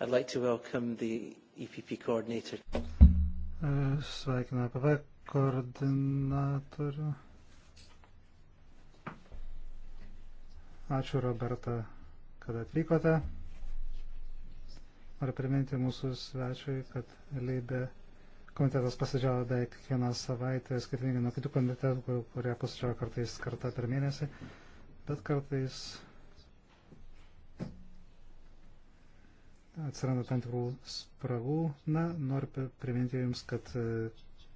I'd like to welcome the EPP coordinator. E, sveikinu APV e koordinatorių. Ačiū Roberta, kad atvykote. Noriu priminti mūsų svečiui, kad Leibė komitetas pasidžiavo beveik kiekvieną savaitę, skirtingai nuo kitų komitetų, kurie pasidžiavo kartais kartą per mėnesį, bet kartais atsiranda tam tikrų spragų. Na, noriu priminti Jums, kad e,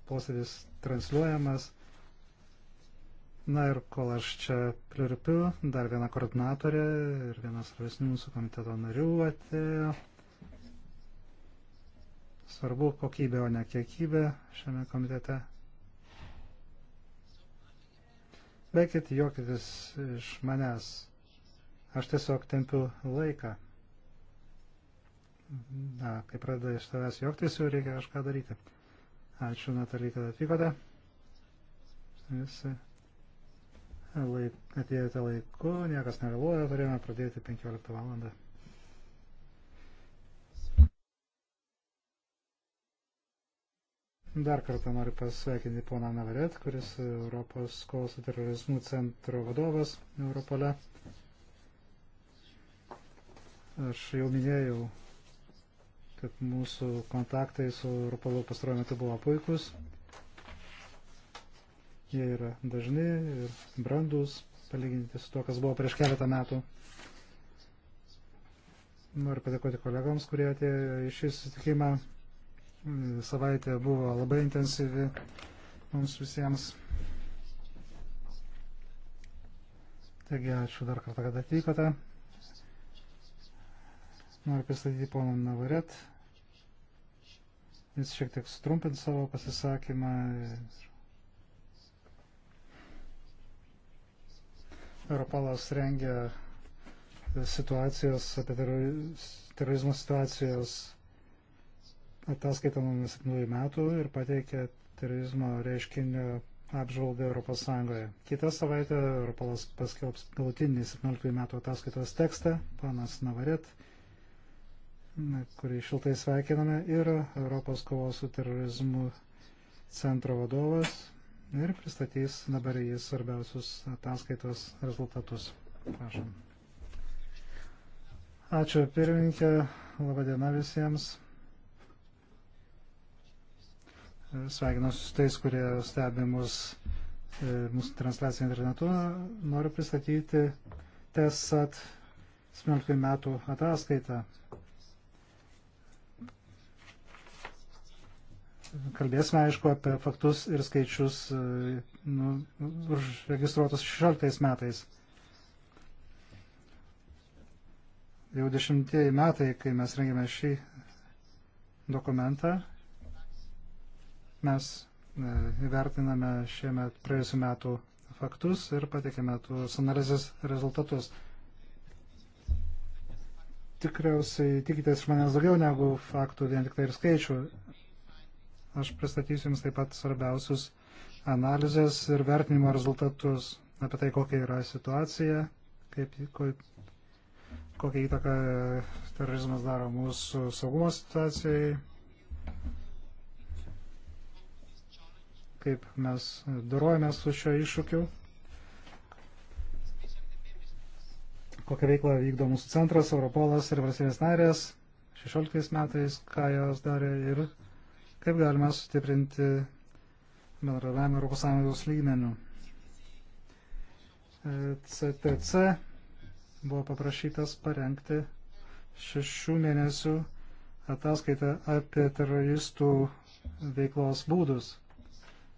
posėdis transliuojamas. Na ir kol aš čia pliurpiu, dar viena koordinatorė ir vienas svarbesnių mūsų komiteto narių atėjo. Svarbu kokybė, o ne kiekybė šiame komitete. Bekit, jokitės iš manęs. Aš tiesiog tempiu laiką na, kai pradeda iš tavęs juoktis, jau reikia kažką daryti. Ačiū, Natalija, kad atvykote. Visi laik, atėjote laiku, niekas nevėluoja, turėjome pradėti 15 valandą. Dar kartą noriu pasveikinti poną Navaret, kuris Europos kovos su terorizmu centro vadovas Europole. Aš jau minėjau kad mūsų kontaktai su Europolu pastaruoju metu buvo puikus. Jie yra dažni ir brandus, palyginti su to, kas buvo prieš keletą metų. Noriu padėkoti kolegoms, kurie atėjo į šį susitikimą. Savaitė buvo labai intensyvi mums visiems. Taigi, ačiū dar kartą, kad atvykote. Noriu pristatyti poną Navaret, Jis šiek tiek sutrumpint savo pasisakymą. Europolas rengia situacijos, apie terorizmo situacijos ataskaitą nuo 7 metų ir pateikė terorizmo reiškinio apžvalgą Europos Sąjungoje. Kitą savaitę Europolas paskelbs galutinį 17 metų ataskaitos tekstą, panas Navaret kurį šiltai sveikiname, ir Europos kovos su terorizmu centro vadovas ir pristatys dabar jis svarbiausius ataskaitos rezultatus. Prašom. Ačiū pirmininkė, labadiena visiems. Sveikinuosi su tais, kurie stebi mus, e, mūsų transliaciją internetu. Noriu pristatyti TESAT 17 metų ataskaitą kalbėsime, aišku, apie faktus ir skaičius e, nu, registruotus 16 metais. Jau dešimtieji metai, kai mes rengėme šį dokumentą, mes e, įvertiname šiemet praėjusiu metu faktus ir patikėme tuos analizės rezultatus. Tikriausiai tikitės iš manęs daugiau negu faktų, vien tik tai ir skaičių. Aš pristatysiu Jums taip pat svarbiausius analizės ir vertinimo rezultatus apie tai, kokia yra situacija, kaip, ko, kokią įtaką terorizmas daro mūsų saugumo situacijai, kaip mes dorojame su šio iššūkiu, kokią veiklą vykdo mūsų centras, Europolas ir valstybės narės 16 metais, ką jos darė ir kaip galima sustiprinti bendradavimą ES lygmenių. CTC e, buvo paprašytas parengti šešių mėnesių ataskaitą apie teroristų veiklos būdus.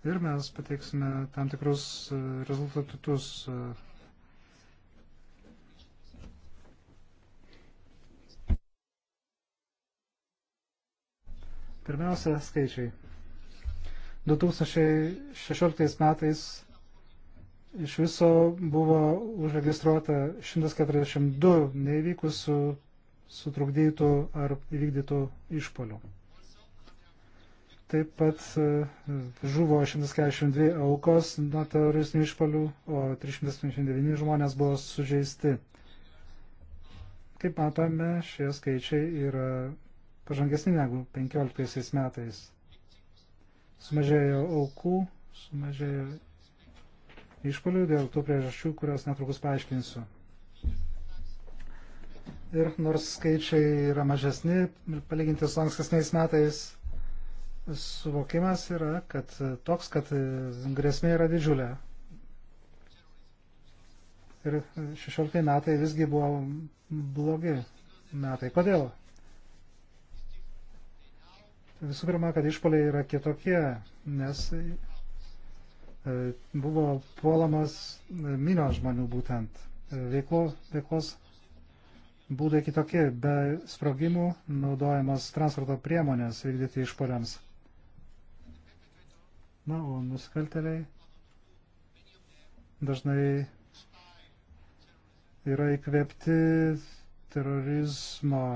Ir mes pateiksime tam tikrus e, rezultatus e, Pirmiausia, skaičiai. 2016 metais iš viso buvo užregistruota 142 neįvykusių sutrukdytų ar įvykdytų išpolių. Taip pat e, žuvo 142 aukos nuo teroristinių išpolių, o 359 žmonės buvo sužeisti. Kaip matome, šie skaičiai yra pažangesni negu 15 metais. Sumažėjo aukų, sumažėjo išpolių dėl tų priežasčių, kurios netrukus paaiškinsiu. Ir nors skaičiai yra mažesni, palyginti su ankstesniais metais, suvokimas yra, kad toks, kad grėsmė yra didžiulė. Ir 16 metai visgi buvo blogi metai. Kodėl? Visų pirma, kad išpoliai yra kitokie, nes e, buvo puolamas e, minios žmonių būtent. E, veiklo, veiklos būdai kitokie, be sprogimų naudojamos transporto priemonės vykdyti išpoliams. Na, o nusikalteliai dažnai yra įkvėpti terorizmo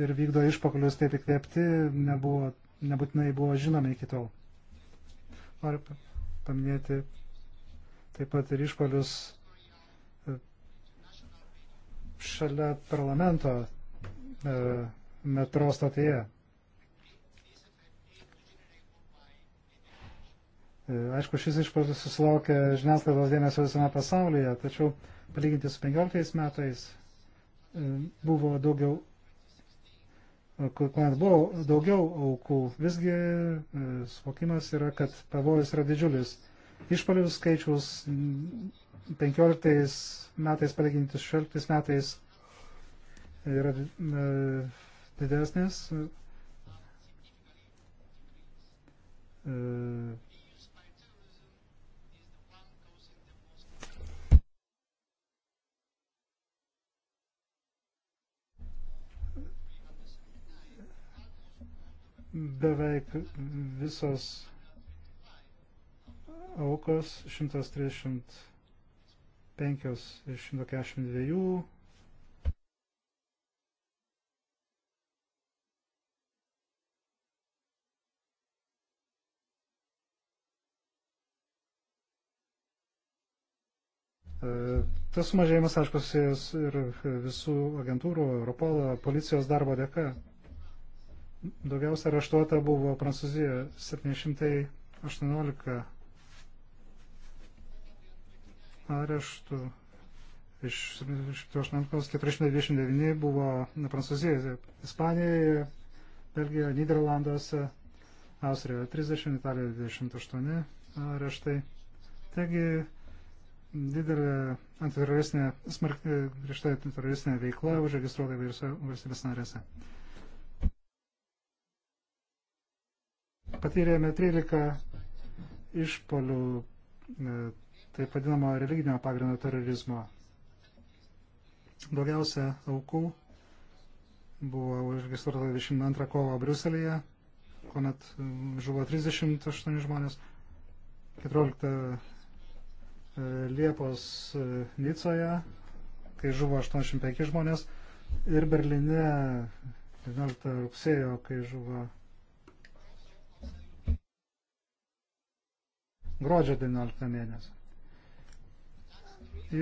ir vykdo išpakalius taip įkvėpti, nebuvo, nebūtinai buvo žinomi iki tol. Noriu paminėti taip pat ir išpalius e, šalia parlamento e, metro stotyje. E, aišku, šis išpuolis susilaukė žiniasklaidos dėmesio visame pasaulyje, tačiau palyginti su 15 metais buvo daugiau kuomet buvo daugiau aukų, visgi e, suvokimas yra, kad pavojus yra didžiulis. Išpalių skaičius 15 metais palyginti 16 metais yra e, didesnis. E, beveik visos aukos 135 iš 142 e, Tas sumažėjimas, aišku, susijęs ir visų agentūrų, Europolo, policijos darbo dėka. Daugiausia raštuota buvo Prancūzijoje 718 areštų. Iš 718 429 buvo Prancūzijoje, Ispanijoje, Belgijoje, Niderlanduose, Austrijoje 30, Italijoje 28 areštai. Taigi didelė antiteroristinė, smarkiai griežta antiteroristinė veikla užregistruota įvairiose valstybės narėse. patyrėme 13 išpolių e, taip vadinamo religinio pagrindo terorizmo. Daugiausia aukų buvo užregistruota 22 kovo Briuselėje, kuomet žuvo 38 žmonės, 14 e, Liepos e, Nicoje, kai žuvo 85 žmonės ir Berlyne 19 rugsėjo, kai žuvo gruodžio 19 mėnesio.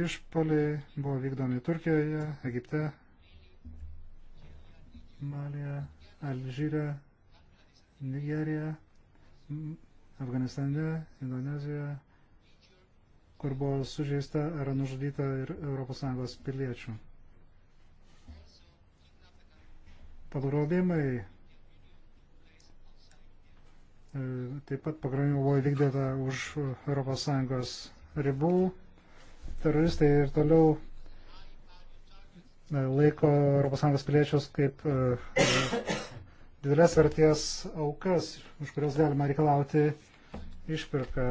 Išpoliai buvo vykdomi Turkijoje, Egipte, Malija, Alžyre, Nigerija, Afganistane, Indonezijoje, kur buvo sužeista ar nužudyta ir ES piliečių. Pagrobimai E, taip pat pagrindinių buvo įvykdyta už ES ribų. Teroristai ir toliau e, laiko ES piliečius kaip e, didelės verties aukas, už kurios galima reikalauti išpirką.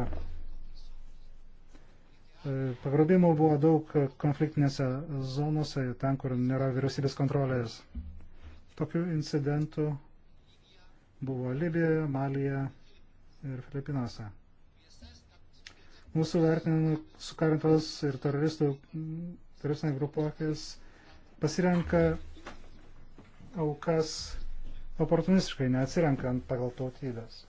Pagrobimų buvo daug konfliktinėse zonose, ten, kur nėra vyriausybės kontrolės. Tokių incidentų buvo Libijoje, Malija ir Filipinuose. Mūsų vertinimų sukarintos ir teroristų, teroristinė grupuokės pasirenka aukas oportunistiškai, neatsirenkant pagal tautybės.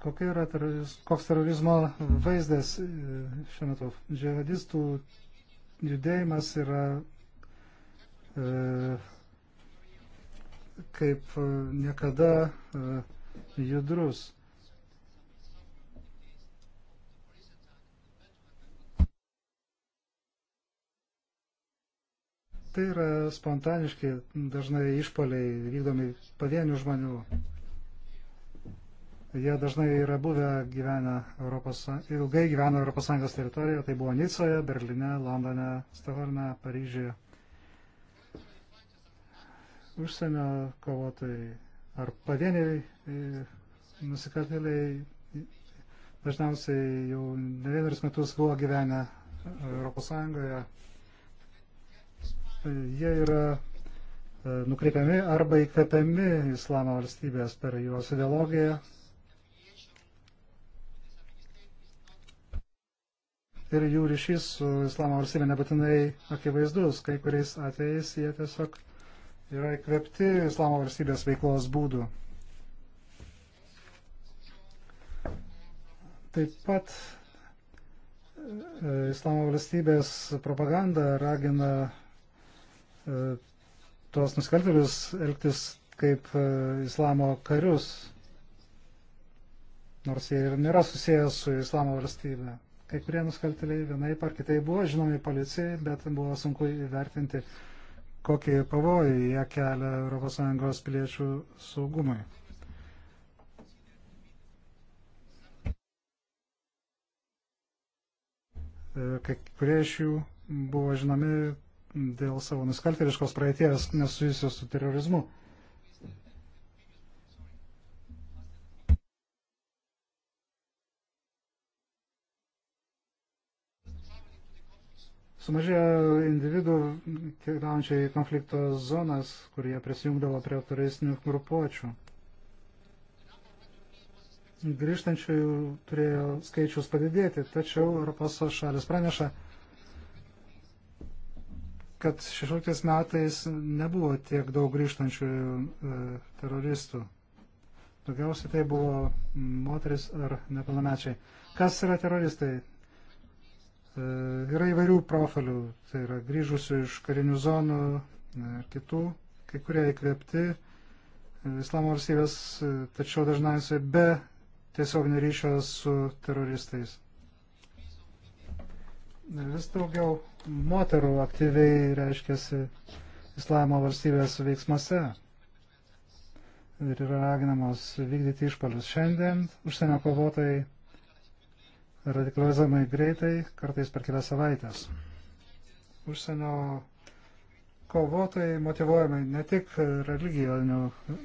Kokia yra teroriz, koks terorizmo vaizdas e, šiuo metu? Džihadistų judėjimas yra E, kaip niekada e, judrus. Tai yra spontaniški dažnai išpoliai vykdomi pavienių žmonių. Jie dažnai yra buvę gyvenę Europos, ilgai gyveno Europos Sąjungos teritorijoje, tai buvo Nicoje, Berline, Londone, Stokholme, Paryžiuje užsienio kovotojai ar pavieniai e, nusikaltėliai dažniausiai jau ne vienerius metus buvo gyvenę Europos Sąjungoje. E, jie yra e, nukreipiami arba įkvepiami islamo valstybės per juos ideologiją. Ir jų ryšys su islamo valstybė nebūtinai akivaizdus, kai kuriais atvejais jie tiesiog yra įkvėpti Islamo valstybės veiklos būdų. Taip pat e, Islamo valstybės propaganda ragina e, tuos nusikaltėlius elgtis kaip e, islamo karius, nors jie ir nėra susijęs su islamo valstybė. Kai kurie nusikaltėliai vienai par kitai buvo žinomi policijai, bet buvo sunku įvertinti kokį pavojų jie kelia ES piliečių saugumui. E, kai kurie iš jų buvo žinomi dėl savo nusikaltėliškos praeities nesusijusios su terorizmu. Sumažėjo individų keliaujančių į konflikto zonas, kurie prisijungdavo prie turistinių grupuočių. Grįžtančiųjų turėjo skaičius padidėti, tačiau Europos šalis praneša, kad 16 metais nebuvo tiek daug grįžtančių e, teroristų. Daugiausiai tai buvo moteris ar nepilnamečiai. Kas yra teroristai? E, yra įvairių profilių, tai yra grįžusių iš karinių zonų ir e, kitų, kai kurie įkvėpti e, islamo valstybės, tačiau dažniausiai be tiesioginio ryšio su teroristais. Vis daugiau moterų aktyviai reiškiasi islamo valstybės veiksmuose ir yra raginamos vykdyti išpalius. Šiandien užsienio kovotojai radikalizavimai greitai, kartais per kelias savaitės. Užsienio kovotojai motivuojami ne tik religijonių e,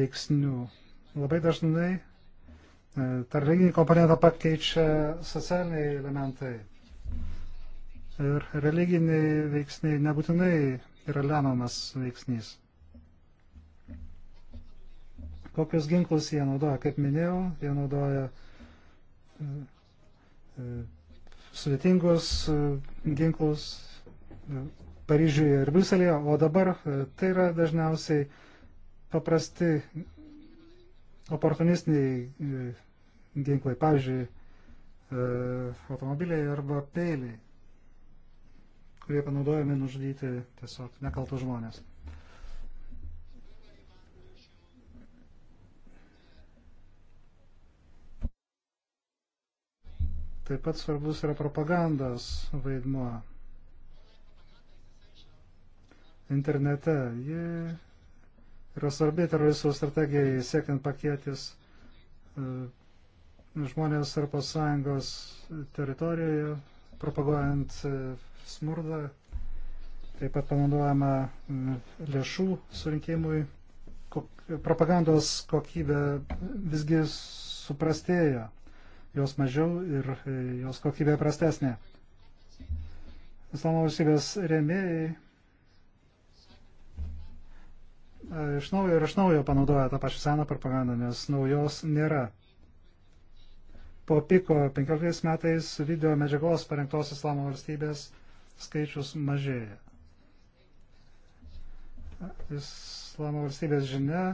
veiksnių. Labai dažnai e, tą religinį komponentą pakeičia socialiniai elementai. Ir religiniai veiksniai nebūtinai yra lemiamas veiksnys. Kokius ginklus jie naudoja, kaip minėjau, jie naudoja e, e, sudėtingus e, ginklus Paryžiuje ir Bruselėje, o dabar tai yra dažniausiai paprasti oportunistiniai ginklai, pavyzdžiui, automobiliai arba peiliai, kurie panaudojami nužudyti tiesiog nekaltų žmonės. Taip pat svarbus yra propagandos vaidmuo internete. Ji yra svarbi teroristų strategijai siekiant pakėtis e, žmonės Europos Sąjungos teritorijoje, propaguojant e, smurdą, taip pat panaudojama e, lėšų surinkimui. Propagandos kokybė visgi suprastėjo jos mažiau ir e, jos kokybė prastesnė. Islamo valstybės rėmėjai e, iš naujo ir iš naujo panaudoja tą pačią seną propagandą, nes naujos nėra. Po piko 15 metais video medžiagos parengtos Islamo valstybės skaičius mažėja. Islamo valstybės žinia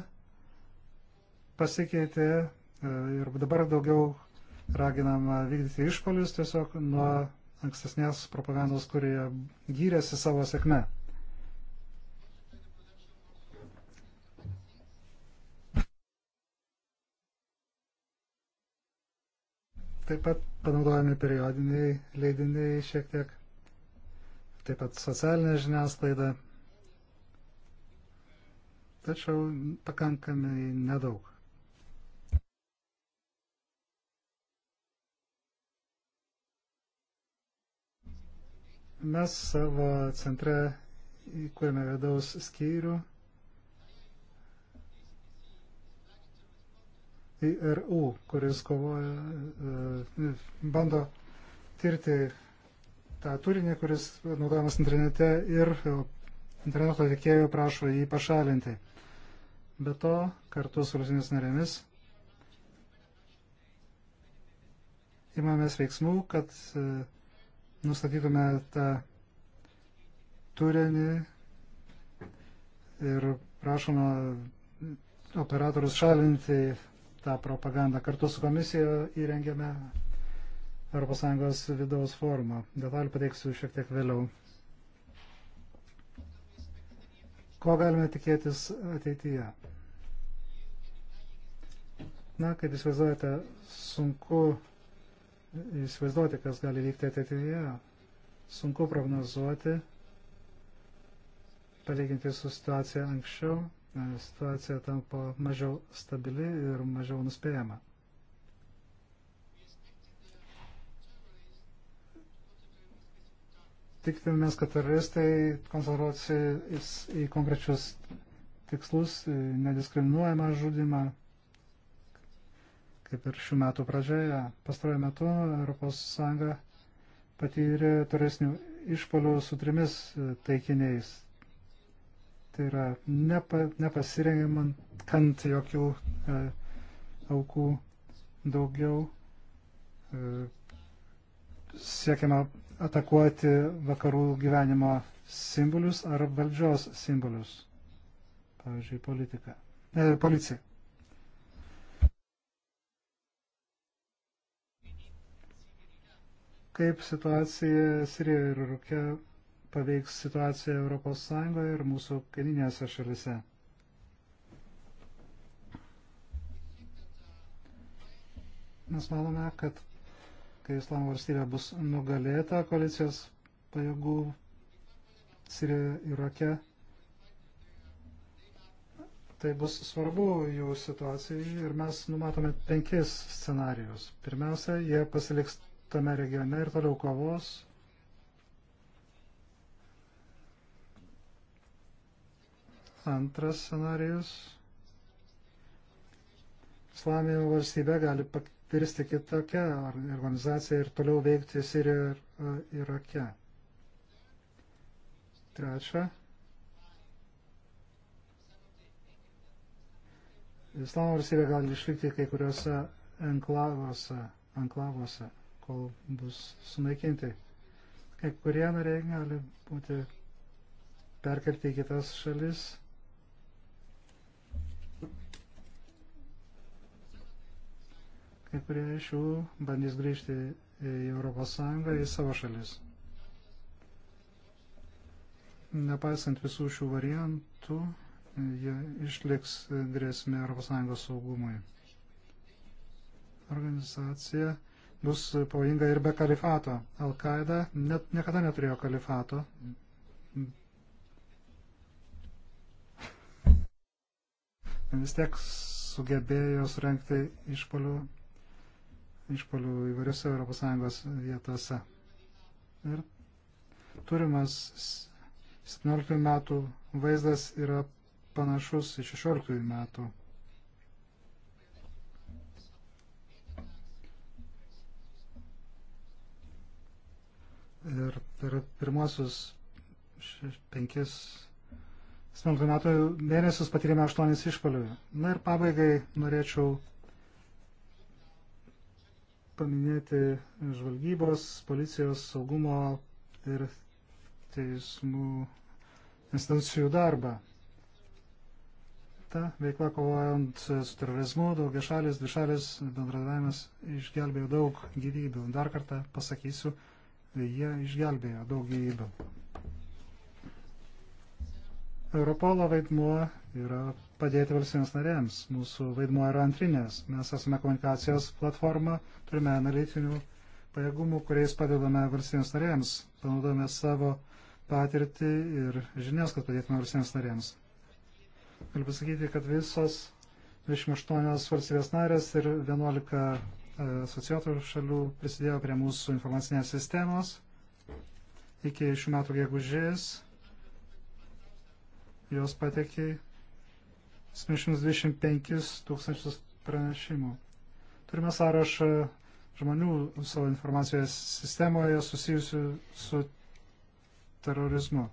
pasikeitė e, ir dabar daugiau raginama uh, vykdyti išpolius tiesiog nuo ankstesnės propagandos, kurie gyrėsi savo sėkme. Taip pat panaudojami periodiniai leidiniai šiek tiek, taip pat socialinė žiniasklaida, tačiau pakankamai nedaug. Mes savo centre įkūrėme vidaus skyrių IRU, kuris kovoja, e, bando tirti tą turinį, kuris naudojamas internete ir interneto tiekėjų prašo jį pašalinti. Be to, kartu su Rusijos narėmis imamės veiksmų, kad e, nustatytume tą turinį ir prašome operatorius šalinti tą propagandą. Kartu su komisija įrengėme ES vidaus forumą. Detalį pateiksiu šiek tiek vėliau. Ko galime tikėtis ateityje? Na, kaip įsivaizduojate, sunku įsivaizduoti, kas gali vykti ateityje. Sunku prognozuoti, palyginti su situacija anksčiau, situacija tampa mažiau stabili ir mažiau nuspėjama. Tikimės, kad teroristai koncentruosi į konkrečius tikslus, nediskriminuojamą žudimą, kaip ir šių metų pradžioje. Pastaruoju metu ES patyrė turesnių išpolių su trimis e, taikiniais. Tai yra nepa, nepasirengimant jokių e, aukų daugiau e, siekiama atakuoti vakarų gyvenimo simbolius ar valdžios simbolius, pavyzdžiui, politiką. E, policija. kaip situacija Sirijoje ir Rukė paveiks situaciją Europos Sąjungoje ir mūsų kaiminėse šalise. Mes manome, kad kai Islamo valstybė bus nugalėta koalicijos pajėgų Sirijoje ir Irake, tai bus svarbu jų situacijai ir mes numatome penkis scenarijus. Pirmiausia, jie pasiliks tame regione ir toliau kovos. Antras scenarius. Islaminė valstybė gali virsti kitokią organizaciją ir toliau veikti Sirijoje ir e, Irake. Trečia. Islamo valstybė gali išlikti kai kuriuose enklavose. enklavose kol bus sunaikinti. Kai kurie nariai gali būti perkelti į kitas šalis. Kai kurie iš jų bandys grįžti į Europos Sąjungą, į savo šalis. Nepaisant visų šių variantų, jie išliks grėsmė Europos Sąjungos saugumui. Organizacija bus pavojinga ir be kalifato. Al-Qaeda net, niekada neturėjo kalifato. Vis tiek sugebėjo surenkti išpolių, išpolių įvairiose ES vietose. Ir turimas 17 metų vaizdas yra panašus į 16 metų. ir per pirmuosius šeš, penkis 17 metų mėnesius patyrėme 8 išpalių. Na ir pabaigai norėčiau paminėti žvalgybos, policijos, saugumo ir teismų institucijų darbą. Ta veikla kovojant su terorizmu, daugia šalis, dvi šalis, bendradavimas išgelbėjo daug gyvybių. Dar kartą pasakysiu, Tai jie išgelbėjo daug gyvybių. Europolo vaidmuo yra padėti valstybėms narėms. Mūsų vaidmuo yra antrinės. Mes esame komunikacijos platforma, turime analitinių pajėgumų, kuriais padedame valstybėms narėms, panaudojame savo patirtį ir žinias, kad padėtume valstybėms narėms. Galiu pasakyti, kad visos 28 valstybės narės ir 11 asociuotų šalių prisidėjo prie mūsų informacinės sistemos. Iki šių metų gegužės jos patekė 725 tūkstančius pranešimų. Turime sąrašą žmonių savo informacijos sistemoje susijusių su terorizmu.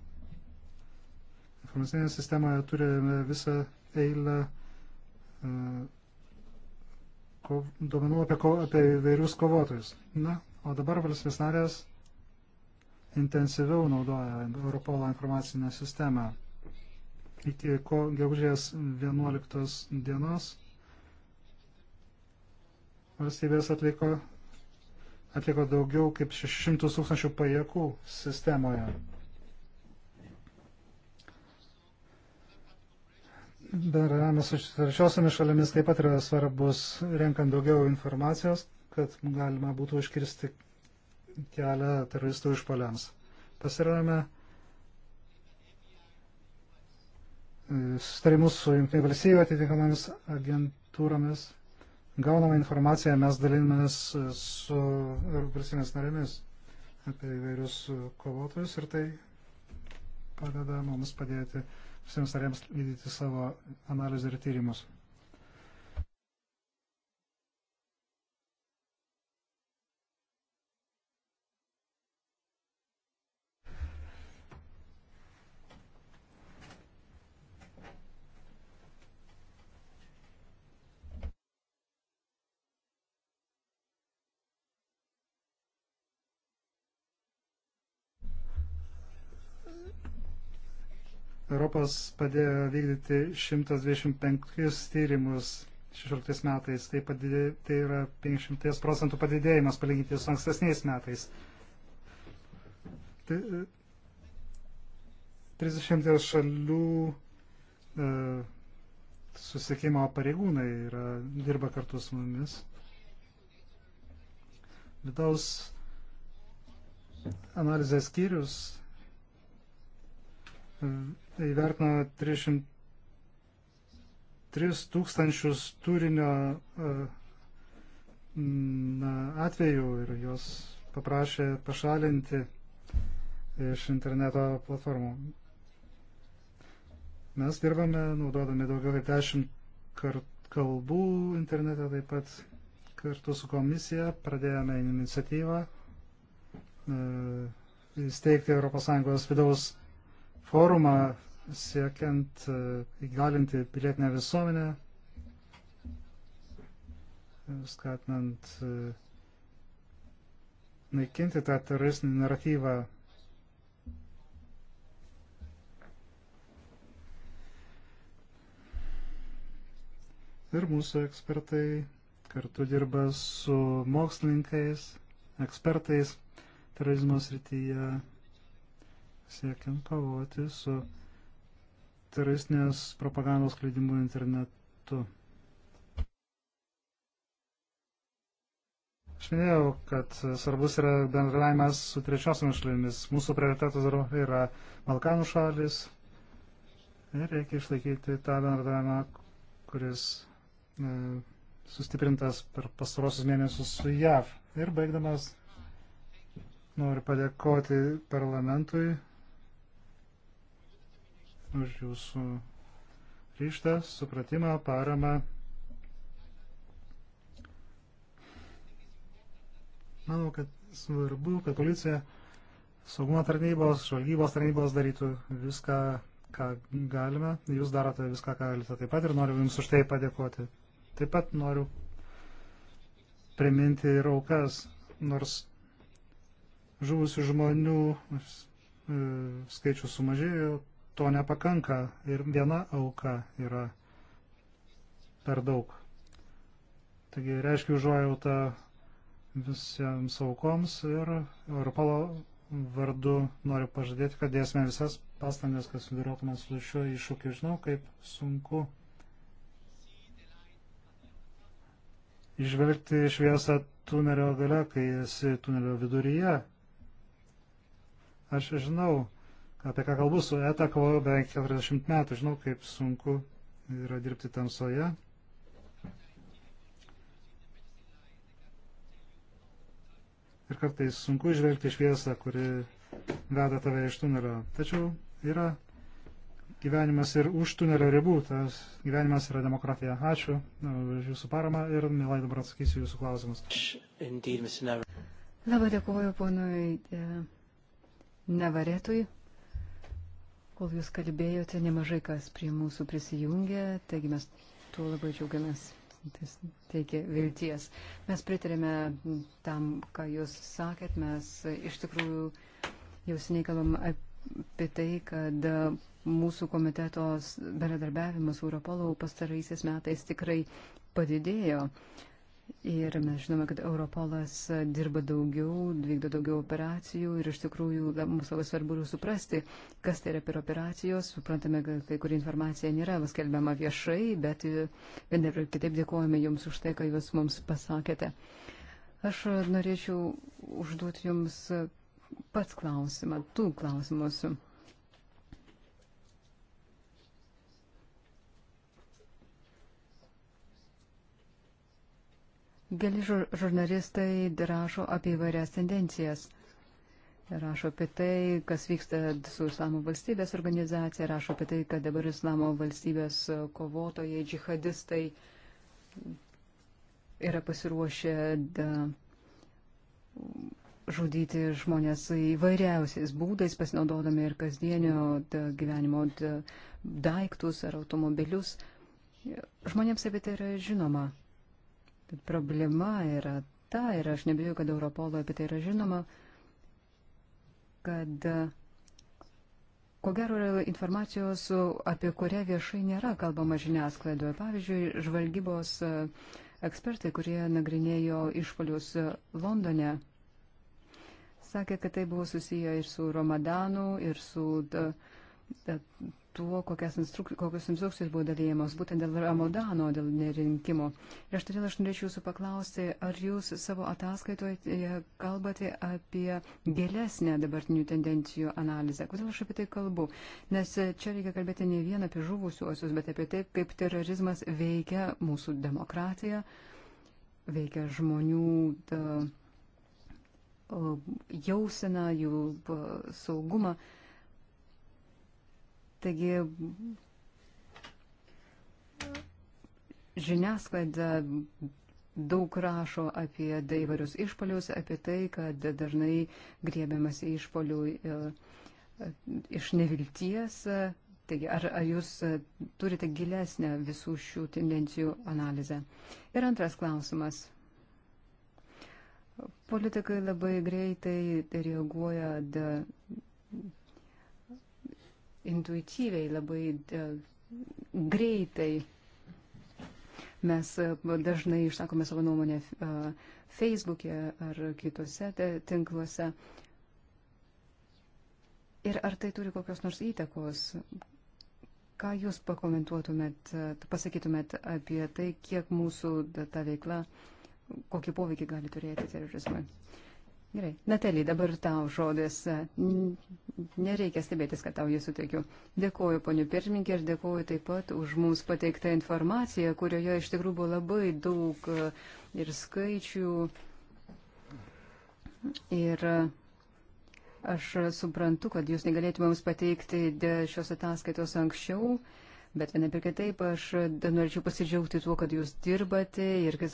Informacinėje sistemoje turime visą eilę uh, duomenų apie, ko, apie įvairius kovotojus. Na, o dabar valstybės narės intensyviau naudoja Europolo informacinę sistemą. Iki ko gegužės 11 dienos valstybės atliko, atliko daugiau kaip 600 tūkstančių pajėgų sistemoje. bendravimas su trečiosiomis šalimis taip pat yra svarbus, renkant daugiau informacijos, kad galima būtų užkirsti kelią teroristų išpoliams. Pasirojame e, sustarimus su Junktinių valstybių atitinkamomis agentūromis. Gaunamą informaciją mes dalinamės su valstybės narėmis apie įvairius kovotojus ir tai padeda mums padėti visiems narėms vykdyti savo analizę ir tyrimus. Europos padėjo vykdyti 125 tyrimus 16 metais. Tai, padidė, tai yra 500 procentų padidėjimas palyginti su ankstesniais metais. Tai, 30 e, šalių e, susiekimo pareigūnai yra, dirba kartu su mumis. Vidaus analizės skyrius įvertino tai 3 tūkstančius turinio e, atvejų ir jos paprašė pašalinti iš interneto platformų. Mes dirbame naudodami daugiau kaip 10 kalbų internete, taip pat kartu su komisija pradėjome iniciatyvą e, įsteigti ES vidaus forumą siekiant e, įgalinti pilietinę visuomenę, skatinant e, naikinti tą teroristinį naratyvą. Ir mūsų ekspertai kartu dirba su mokslininkais, ekspertais terorizmo srityje siekiant kovoti su teroristinės propagandos kleidimu internetu. Aš minėjau, kad svarbus yra bendravimas su trečiosiomis šalimis. Mūsų prioritetas yra Balkanų šalis ir reikia išlaikyti tą bendravimą, kuris e, sustiprintas per pastarosius mėnesius su JAV. Ir baigdamas noriu padėkoti parlamentui už jūsų ryštą, supratimą, paramą. Manau, kad svarbu, kad policija, saugumo tarnybos, žvalgybos tarnybos darytų viską, ką galime. Jūs darote viską, ką galite taip pat ir noriu Jums už tai padėkoti. Taip pat noriu priminti ir aukas, nors žuvusių žmonių e, skaičius sumažėjo, to nepakanka ir viena auka yra per daug. Taigi reiškia užuojautą visiems aukoms ir Europolo vardu noriu pažadėti, kad dėsime visas pastangas, kad sudėrotume su šiuo iššūkiu. Žinau, kaip sunku išvelgti šviesą tunelio gale, kai esi tunelio viduryje. Aš žinau, apie ką kalbu su ETA, kovoju beveik 40 metų, žinau, kaip sunku yra dirbti tamsoje. Ir kartais sunku išvelgti šviesą, kuri veda tave iš tunelio. Tačiau yra gyvenimas ir už tunelio ribų, tas gyvenimas yra demokratija. Ačiū už Jūsų paramą ir mielai dabar atsakysiu Jūsų klausimus. Labai dėkuoju ponui e, Nevarėtui. Kol jūs kalbėjote, nemažai kas prie mūsų prisijungė, taigi mes tuo labai džiaugiamės. Tai teikia vilties. Mes pritarėme tam, ką jūs sakėt, mes iš tikrųjų jau seniai kalbam apie tai, kad mūsų komitetos bendradarbiavimas su Europolu pastaraisiais metais tikrai padidėjo. Uh, Ir mes žinome, kad Europolas dirba daugiau, vykdo daugiau operacijų ir iš tikrųjų mums labai svarbu yra suprasti, kas tai yra per operacijos. Suprantame, kad kai kuri informacija nėra skelbiama viešai, bet e, vienaip ir kitaip dėkojame Jums už tai, ką Jūs mums pasakėte. Aš norėčiau užduoti Jums pats klausimą, tų klausimus. Keli žurnalistai rašo apie įvairias tendencijas. Rašo apie tai, kas vyksta su Islamo valstybės organizacija, rašo apie tai, kad dabar Islamo valstybės kovotojai, džihadistai yra pasiruošę da, žudyti žmonės įvairiausiais būdais, pasinaudodami ir kasdienio da, gyvenimo da, daiktus ar automobilius. Žmonėms apie tai yra žinoma. Bet problema yra ta, ir aš nebijau, kad Europolo apie tai yra žinoma, kad e, ko gero yra informacijos, apie kurią viešai nėra kalbama žiniasklaidoje. Pavyzdžiui, žvalgybos e, ekspertai, kurie nagrinėjo išpolius e, Londone, sakė, kad tai buvo susiję ir su Ramadanu, ir su da, da, tuo, kokias instruk kokios instrukcijos buvo dalyjamos, būtent dėl Ramadano, dėl nerinkimo. Ir aš todėl aš norėčiau jūsų paklausti, ar jūs savo ataskaitoje kalbate apie gilesnę dabartinių tendencijų analizę. Kodėl aš apie tai kalbu? Nes čia reikia kalbėti ne vien apie žuvusiuosius, bet apie taip, kaip terorizmas veikia mūsų demokratiją, veikia žmonių. Ta, jausena, jų saugumą. Uh, Taigi žiniasklaida daug rašo apie įvairius išpolius, apie tai, kad dažnai griebiamas išpolių e, iš nevilties. Taigi, ar, ar jūs turite gilesnę visų šių tendencijų analizę? Ir antras klausimas. Politikai labai greitai reaguoja intuityviai, labai e, greitai. Mes e, dažnai išsakome savo nuomonę e, Facebook'e ar kitose tinkluose. Ir ar tai turi kokios nors įtakos? Ką Jūs pakomentuotumėt, pasakytumėt apie tai, kiek mūsų ta veikla, kokį poveikį gali turėti terorizmui? Gerai. Natalija, dabar tau žodis. Nereikia stebėtis, kad tau jį suteikiu. Dėkuoju, ponių pirmininkė, ir dėkuoju taip pat už mums pateiktą informaciją, kurioje iš tikrųjų buvo labai daug e, ir skaičių. Ir e, aš suprantu, kad jūs negalėtumėms pateikti šios ataskaitos anksčiau. Uh, Bet vienaip ir kitaip aš norėčiau pasidžiaugti tuo, kad jūs dirbate ir kad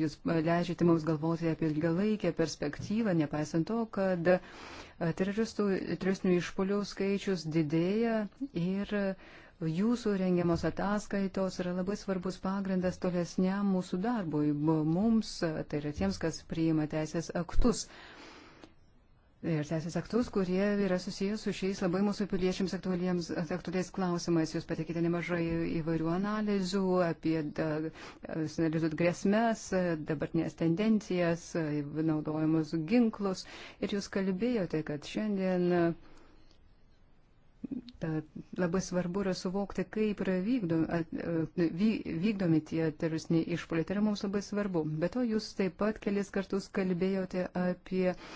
jūs leidžiate mums galvoti apie ilgalaikę perspektyvą, nepaisant to, kad teroristinių išpolių skaičius didėja ir jūsų rengiamos ataskaitos yra labai svarbus pagrindas tolesniam mūsų darbui, mums, tai yra tiems, kas priima teisės aktus. Uh, ir teisės aktus, kurie yra susijęs su šiais labai mūsų piliečiams aktualiais klausimais. Jūs patikite nemažai įvairių analizų apie analizuot grėsmės, dabartinės tendencijas, naudojamus ginklus. Ir jūs kalbėjote, kad šiandien ta, labai svarbu yra suvokti, kaip yra vykdomi, vykdomi tie teroristiniai išpoliai. Tai yra mums labai svarbu. Be to, jūs taip pat kelis kartus kalbėjote apie uh,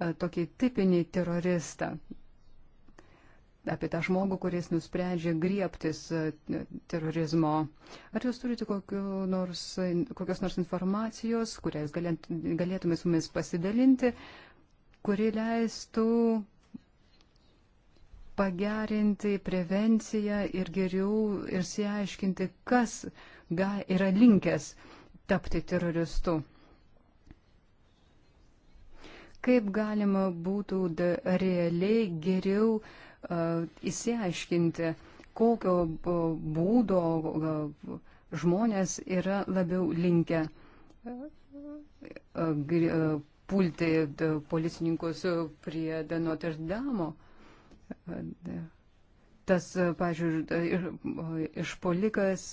E, tokį tipinį teroristą, apie tą žmogų, kuris nusprendžia griebtis e, terorizmo. Ar jūs turite nors, kokios nors informacijos, kurias galėtume su mumis pasidalinti, kuri leistų pagerinti prevenciją ir geriau ir siaiškinti, kas yra linkęs tapti teroristu kaip galima būtų realiai geriau uh, įsiaiškinti, kokio būdo uh, žmonės yra labiau linkę uh, pulti policininkus prie Notre Dame. Tas, pažiūrėjau, išpolikas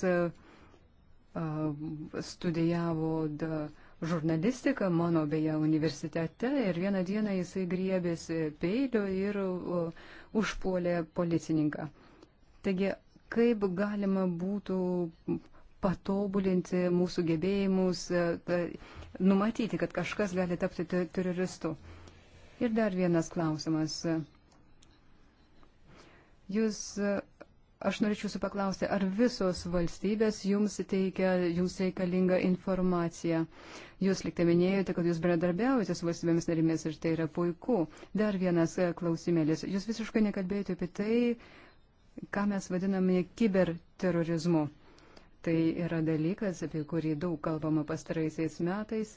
studijavo da, žurnalistiką mano beje universitete ir vieną dieną jisai griebėsi peilio ir užpuolė policininką. Taigi, kaip galima būtų patobulinti mūsų gebėjimus, e, numatyti, kad kažkas gali tapti teroristu. Ir dar vienas klausimas. Jūs Aš norėčiau jūsų paklausti, ar visos valstybės jums teikia jums reikalingą informaciją? Jūs liktai minėjote, kad jūs bendradarbiaujate su valstybėmis narimis ir tai yra puiku. Dar vienas e, klausimėlis. Jūs visiškai nekalbėjote apie tai, ką mes vadiname kiberterorizmu. Tai yra dalykas, apie kurį daug kalbama pastaraisiais metais.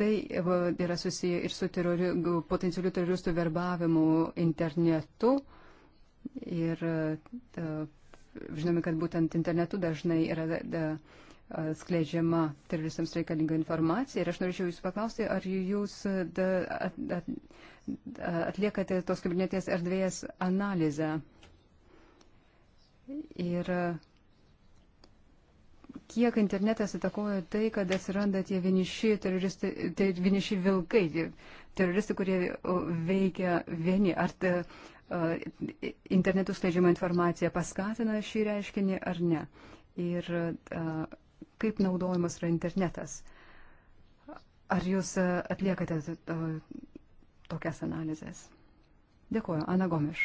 Tai e, yra susiję ir su terori, potencialių teroristų verbavimu internetu. Uh, Ir e, žinome, kad būtent internetu dažnai yra e, da, e, skleidžiama teroristams reikalinga informacija. Ir aš norėčiau jūsų paklausti, ar jūs da, at, at, atliekate tos kabinetės erdvės analizę? Ir kiek internetas įtakoja tai, kad atsiranda tie vieniši, tai vieniši vilkai, teroristai, kurie veikia vieni. Ar E, internetų skleidžiama informacija paskatina šį reiškinį ar ne. Ir e, kaip naudojamas yra internetas. Ar jūs atliekate e, tokias analizės? Dėkuoju, Ana Gomiš.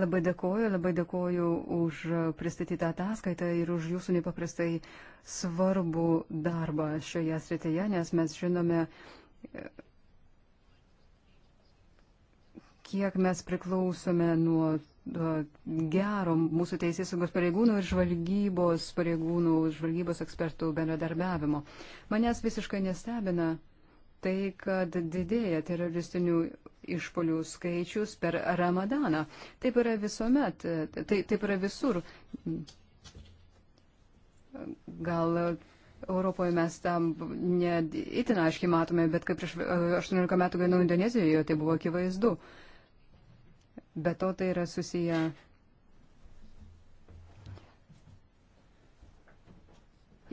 Labai dėkoju, labai dėkoju už pristatytą ataskaitą ir už jūsų nepaprastai svarbų darbą šioje srityje, nes mes žinome, kiek mes priklausome nuo gero mūsų teisėsaugos pareigūnų ir žvalgybos pareigūnų, žvalgybos ekspertų bendradarbiavimo. Manęs visiškai nestebina tai, kad didėja teroristinių išpolių skaičius per Ramadaną. Taip yra visuomet, taip, taip yra visur. Gal Europoje mes tam netitin aiškiai matome, bet kaip prieš 18 e, metų gyvenau Indonezijoje, tai buvo akivaizdu. Uh, Be to tai yra susiję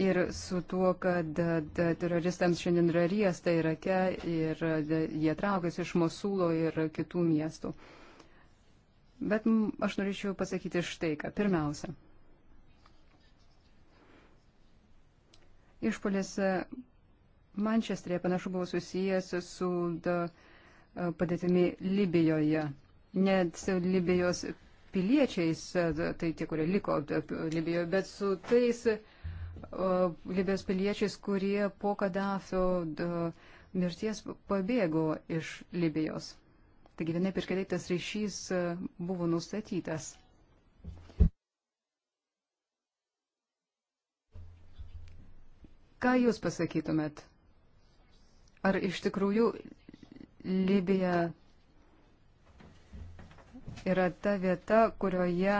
ir su tuo, kad teroristams šiandien yra riesta Irake ir jie traukiasi iš Mosulo ir kitų miestų. Bet aš norėčiau pasakyti štai ką. Pirmiausia. Išpolis e, Mančestrėje panašu buvo susijęs su da, e, padėtimi Libijoje net su Libijos piliečiais, tai tie, kurie liko Libijoje, bet su tais Libijos piliečiais, kurie po Kadafio mirties pabėgo iš Libijos. Taigi vienaip ir kitaip tas ryšys e, buvo nustatytas. Ką Jūs pasakytumėt? Ar iš tikrųjų Libija yra ta vieta, kurioje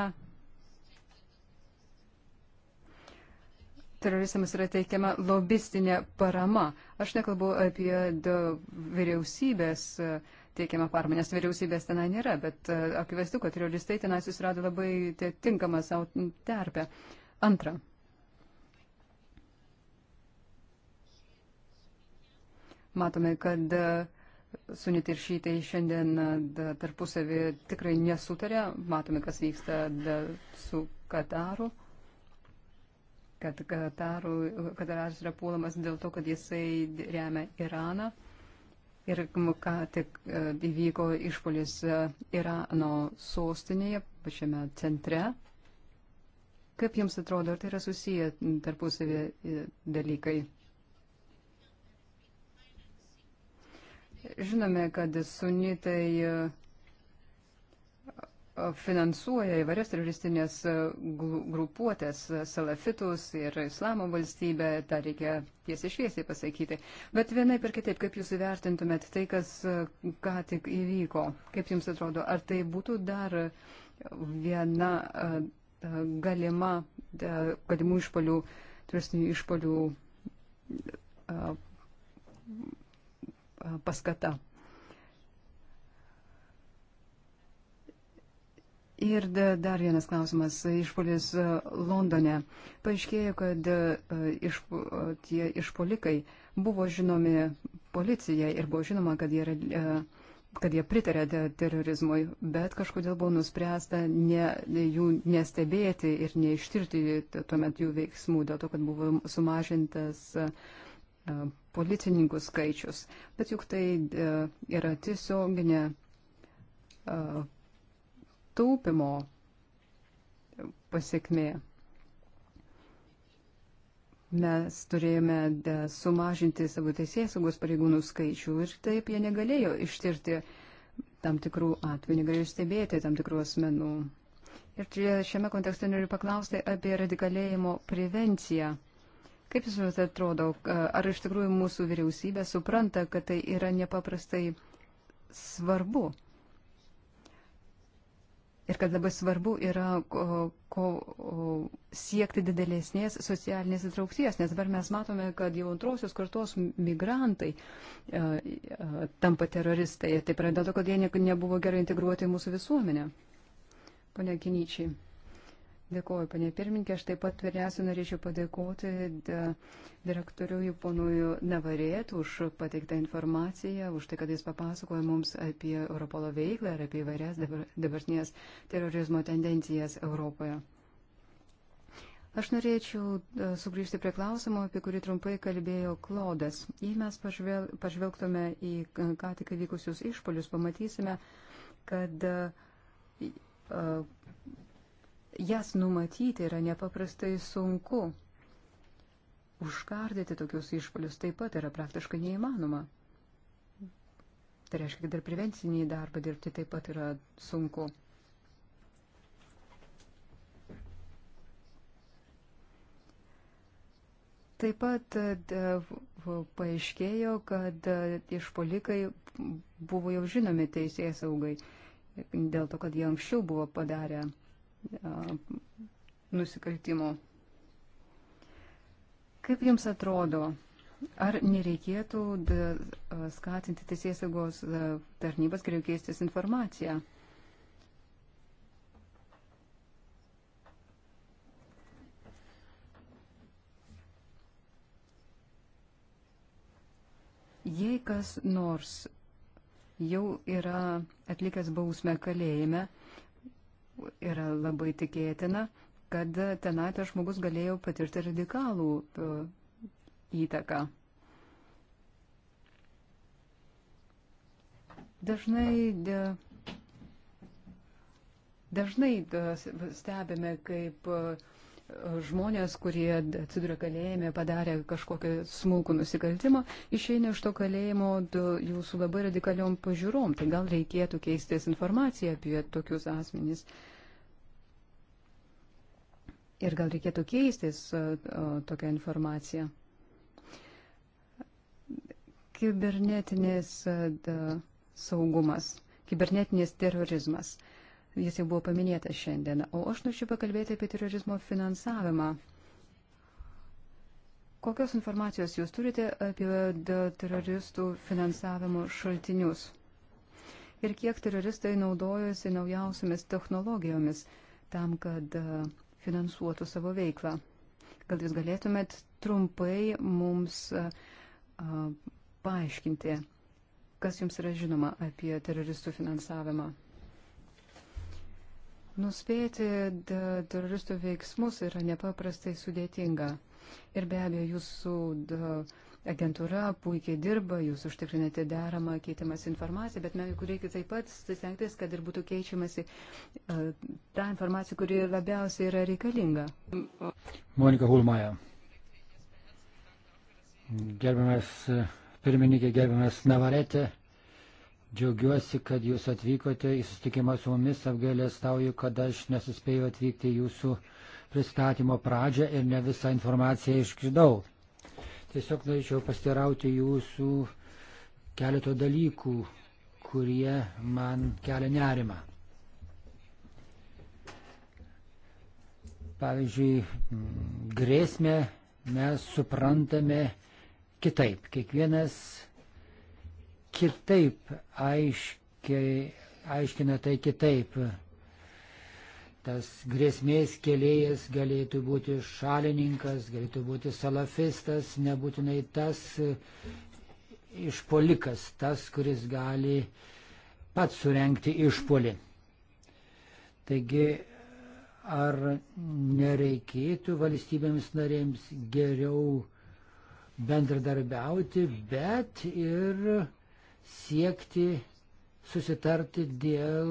teroristams yra teikiama lobistinė parama. Aš nekalbu apie vyriausybės e, teikiamą paramą, nes vyriausybės tenai nėra, bet e, akivaizdu, kad teroristai tenai susirado labai tinkamą savo terpę. Antra. Matome, kad uh, sunitai ir šytai šiandien da, tarpusavį tikrai nesutarė. Matome, kas vyksta da, su Kataru. Kad Kataru, Kataras yra puolamas dėl to, kad jisai remia Iraną. Ir ką tik įvyko išpolis Irano sostinėje, pačiame centre. Kaip jums atrodo, ar tai yra susiję tarpusavį e, dalykai? Žinome, kad sunitai e, finansuoja įvairias teroristinės e, grupuotės, e, salafitus ir islamo valstybę, tą reikia tiesiai šviesiai pasakyti. Bet vienaip ir kitaip, kaip jūs įvertintumėt tai, kas ką tik įvyko, kaip jums atrodo, ar tai būtų dar viena galima galimų išpolių, teroristinių išpolių paskata. Ir dar vienas klausimas. Išpolis Londone. Paaiškėjo, kad iš, tie išpolikai buvo žinomi policijai ir buvo žinoma, kad jie, kad jie pritarė terorizmui, bet kažkodėl buvo nuspręsta ne, jų nestebėti ir neištirti tuomet jų veiksmų, dėl to, kad buvo sumažintas uh, E, policininkų skaičius, bet juk tai e, yra tiesioginė e, taupimo pasiekmė. Mes turėjome sumažinti savo teisėsaugos pareigūnų skaičių ir taip jie negalėjo ištirti tam tikrų atvejų, negalėjo stebėti tam tikrų asmenų. Ir šiame kontekste noriu paklausti apie radikalėjimo prevenciją. Kaip Jums atrodo, ar iš tikrųjų mūsų vyriausybė supranta, kad tai yra nepaprastai svarbu? Ir kad labai svarbu yra ko, ko, siekti didelėsnės socialinės įtraukties, nes dabar mes matome, kad jau antrosios kartos migrantai a, a, tampa teroristai. Tai pradeda, kad jie ne, nebuvo gerai integruoti į mūsų visuomenę. Pone Kinyčiai. Dėkuoju, panė pirmininkė, aš taip pat vyriausiu norėčiau padėkoti direktoriui ponui Navarėt už pateiktą informaciją, už tai, kad jis papasakojo mums apie Europolo veiklą ir apie įvairias dabartinės terorizmo tendencijas Europoje. Aš norėčiau sugrįžti prie klausimo, apie kurį trumpai kalbėjo Klodas. Jei mes pažvel, pažvelgtume į ką tik įvykusius išpolius, pamatysime, kad jas numatyti yra nepaprastai sunku. Užkardyti tokius išpolius taip pat yra praktiškai neįmanoma. Tai reiškia, kad ir prevencinį darbą dirbti taip pat yra sunku. Taip pat e, paaiškėjo, kad e, išpolikai buvo jau žinomi teisėjai saugai, dėl to, kad jie anksčiau buvo padarę nusikaltimų. Kaip Jums atrodo, ar nereikėtų skatinti teisėsaugos tarnybas geriau keistis informaciją? Jei kas nors jau yra atlikęs bausmę kalėjime, yra labai tikėtina, kad tenai tas žmogus galėjo patirti radikalų e, įtaką. Dažnai, dažnai e, stebime, kaip e, žmonės, kurie atsiduria kalėjime, padarė kažkokią smulkų nusikaltimą, išeina iš to kalėjimo jūsų labai radikaliom pažiūrom. Tai gal reikėtų keistis informaciją apie tokius asmenys. Ir gal reikėtų keistis tokią informaciją. Kibernetinės da, saugumas, kibernetinis terorizmas. Uh, jis jau buvo paminėtas šiandien. O aš norėčiau pakalbėti apie terorizmo finansavimą. Kokios informacijos jūs turite apie teroristų finansavimo šaltinius? Ir kiek teroristai naudojasi naujausiamis technologijomis tam, kad e, finansuotų savo veiklą? Gal jūs galėtumėt trumpai mums a, e, a, paaiškinti, kas jums yra žinoma apie teroristų finansavimą? Nuspėti teroristų veiksmus yra nepaprastai sudėtinga. Ir be abejo, jūsų da, agentūra puikiai dirba, jūs užtikrinate deramą keitimas informaciją, bet mes reikia taip pat stengtis, kad ir būtų keičiamasi uh, e, tą informaciją, kuri labiausiai yra reikalinga. Monika Hulmaja. Gerbiamas e, pirmininkė, gerbiamas Navarete, Džiaugiuosi, kad jūs atvykote į susitikimą su mumis, apgailėstauju, kad aš nesuspėjau atvykti jūsų pristatymo pradžią ir ne visą informaciją išgirdau. Tiesiog norėčiau pastirauti jūsų keleto dalykų, kurie man kelia nerimą. Pavyzdžiui, grėsmę mes suprantame kitaip. Kiekvienas kitaip aiškiai, aiškina tai kitaip. Tas grėsmės kelėjas galėtų būti šalininkas, galėtų būti salafistas, nebūtinai tas išpolikas, tas, kuris gali pats surenkti išpolį. Taigi, ar nereikėtų valstybėms narėms geriau bendradarbiauti, bet ir siekti susitarti dėl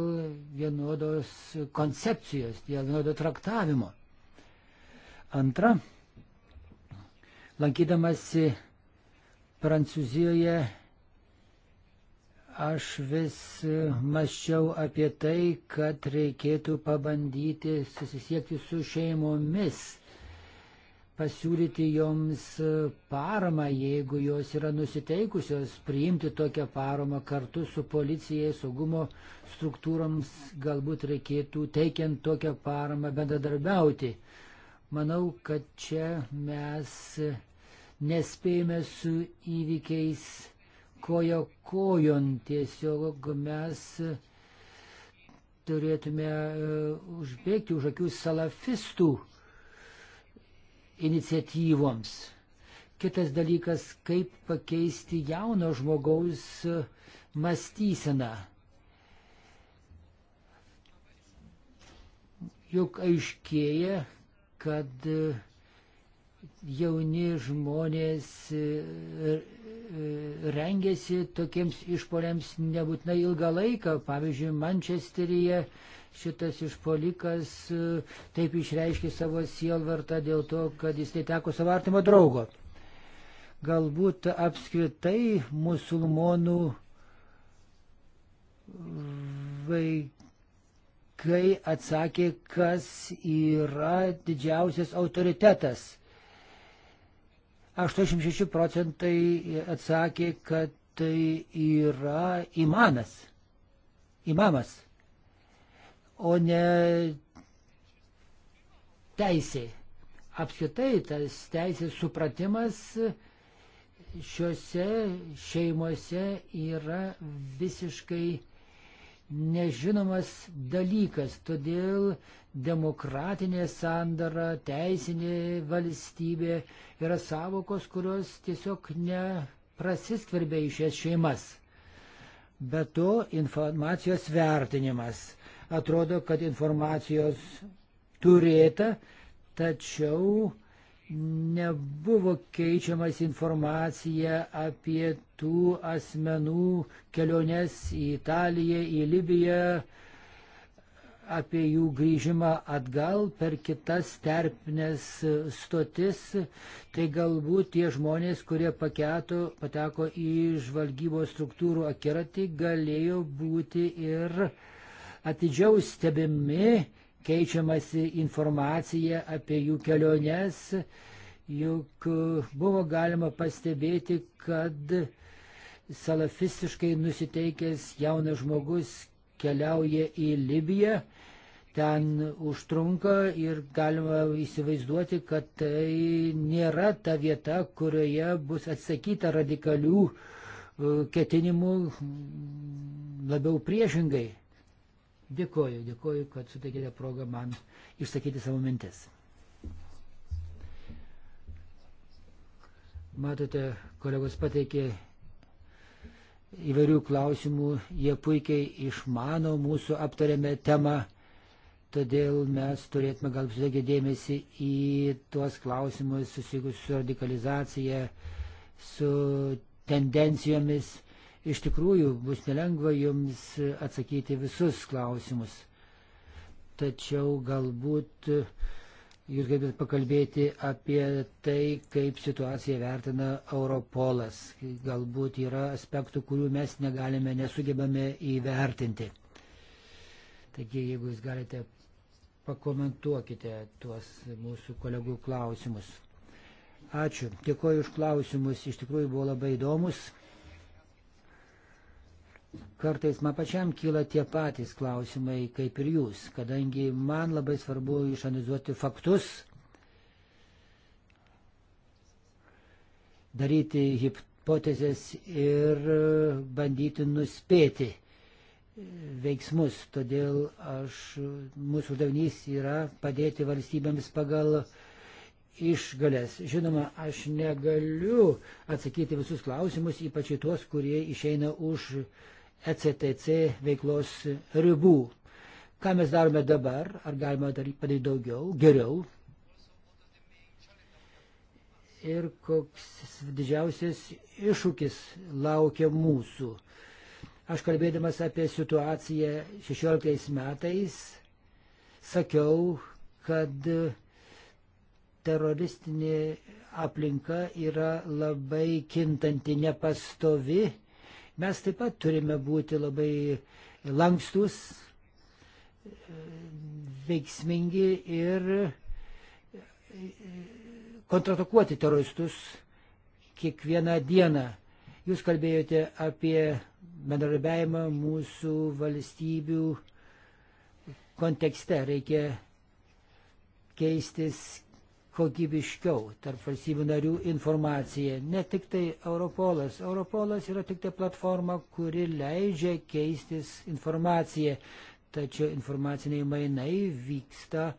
vienodos koncepcijos, dėl vienodo traktavimo. Antra, lankydamasi Prancūzijoje, aš vis maščiau apie tai, kad reikėtų pabandyti susisiekti su šeimomis pasiūlyti joms paramą, jeigu jos yra nusiteikusios priimti tokią paramą kartu su policijai, saugumo struktūroms, galbūt reikėtų teikiant tokią paramą bendradarbiauti. Manau, kad čia mes nespėjame su įvykiais kojo kojon, tiesiog mes turėtume e, užbėgti už akių salafistų uh, iniciatyvoms. Kitas dalykas, kaip pakeisti jauno žmogaus mąstyseną. Juk aiškėja, kad jauni žmonės e, e, rengiasi tokiems išpoliams nebūtinai ilgą laiką. Pavyzdžiui, Mančesteryje šitas išpolikas e, taip išreiškė savo sielvartą dėl to, kad jis neteko savo artimo draugo. Galbūt apskritai musulmonų vaikai atsakė, kas yra didžiausias autoritetas. 86 procentai atsakė, kad tai yra imanas. Imamas o ne teisė. Apskritai tas teisės supratimas šiuose šeimuose yra visiškai nežinomas dalykas, todėl demokratinė sandara, teisinė valstybė yra savokos, kurios tiesiog neprasiskverbia į šias šeimas. Be to informacijos vertinimas atrodo, kad informacijos turėta, tačiau nebuvo keičiamas informacija apie tų asmenų keliones į Italiją, į Libiją, apie jų grįžimą atgal per kitas terpinės stotis, tai galbūt tie žmonės, kurie paketo, pateko į žvalgybos struktūrų akiratį, galėjo būti ir uh, atidžiau stebimi, keičiamasi informacija apie jų keliones, juk buvo galima pastebėti, kad salafistiškai nusiteikęs jaunas žmogus keliauja į Libiją, ten užtrunka ir galima įsivaizduoti, kad tai nėra ta vieta, kurioje bus atsakyta radikalių e, ketinimų labiau priešingai. Dėkoju, dėkoju, kad suteikėte progą man išsakyti savo mintis. Matote, kolegos pateikė įvairių klausimų, jie puikiai išmano mūsų aptariamę temą, todėl mes turėtume gal suteikti dėmesį į tuos klausimus susijusius su radikalizacija, su tendencijomis Iš tikrųjų bus nelengva jums atsakyti visus klausimus. Tačiau galbūt jūs galite pakalbėti apie tai, kaip situaciją vertina Europolas. Galbūt yra aspektų, kurių mes negalime, nesugebame įvertinti. Taigi, jeigu jūs galite, pakomentuokite tuos mūsų kolegų klausimus. Ačiū. Dėkuoju už klausimus. Iš tikrųjų buvo labai įdomus. Kartais man pačiam kyla tie patys klausimai kaip ir jūs, kadangi man labai svarbu išanalizuoti faktus, daryti hipotezės ir bandyti nuspėti veiksmus. Todėl aš, mūsų uždavinys yra padėti valstybėms pagal išgalės. Žinoma, aš negaliu atsakyti visus klausimus, ypač į tuos, kurie išeina už ECTC veiklos ribų. Ką mes darome dabar, ar galima padaryti daugiau, geriau? Ir koks didžiausias iššūkis laukia mūsų. Aš kalbėdamas apie situaciją 16 metais sakiau, kad teroristinė aplinka yra labai kintanti, nepastovi Mes taip pat turime būti labai lankstus, veiksmingi ir kontratakuoti teroristus kiekvieną dieną. Jūs kalbėjote apie bendradarbiavimą mūsų valstybių kontekste. Reikia keistis kokybiškiau tarp valstybių narių informaciją. Ne tik tai Europolas. Europolas yra tik tai platforma, kuri leidžia keistis informaciją. Tačiau informaciniai mainai vyksta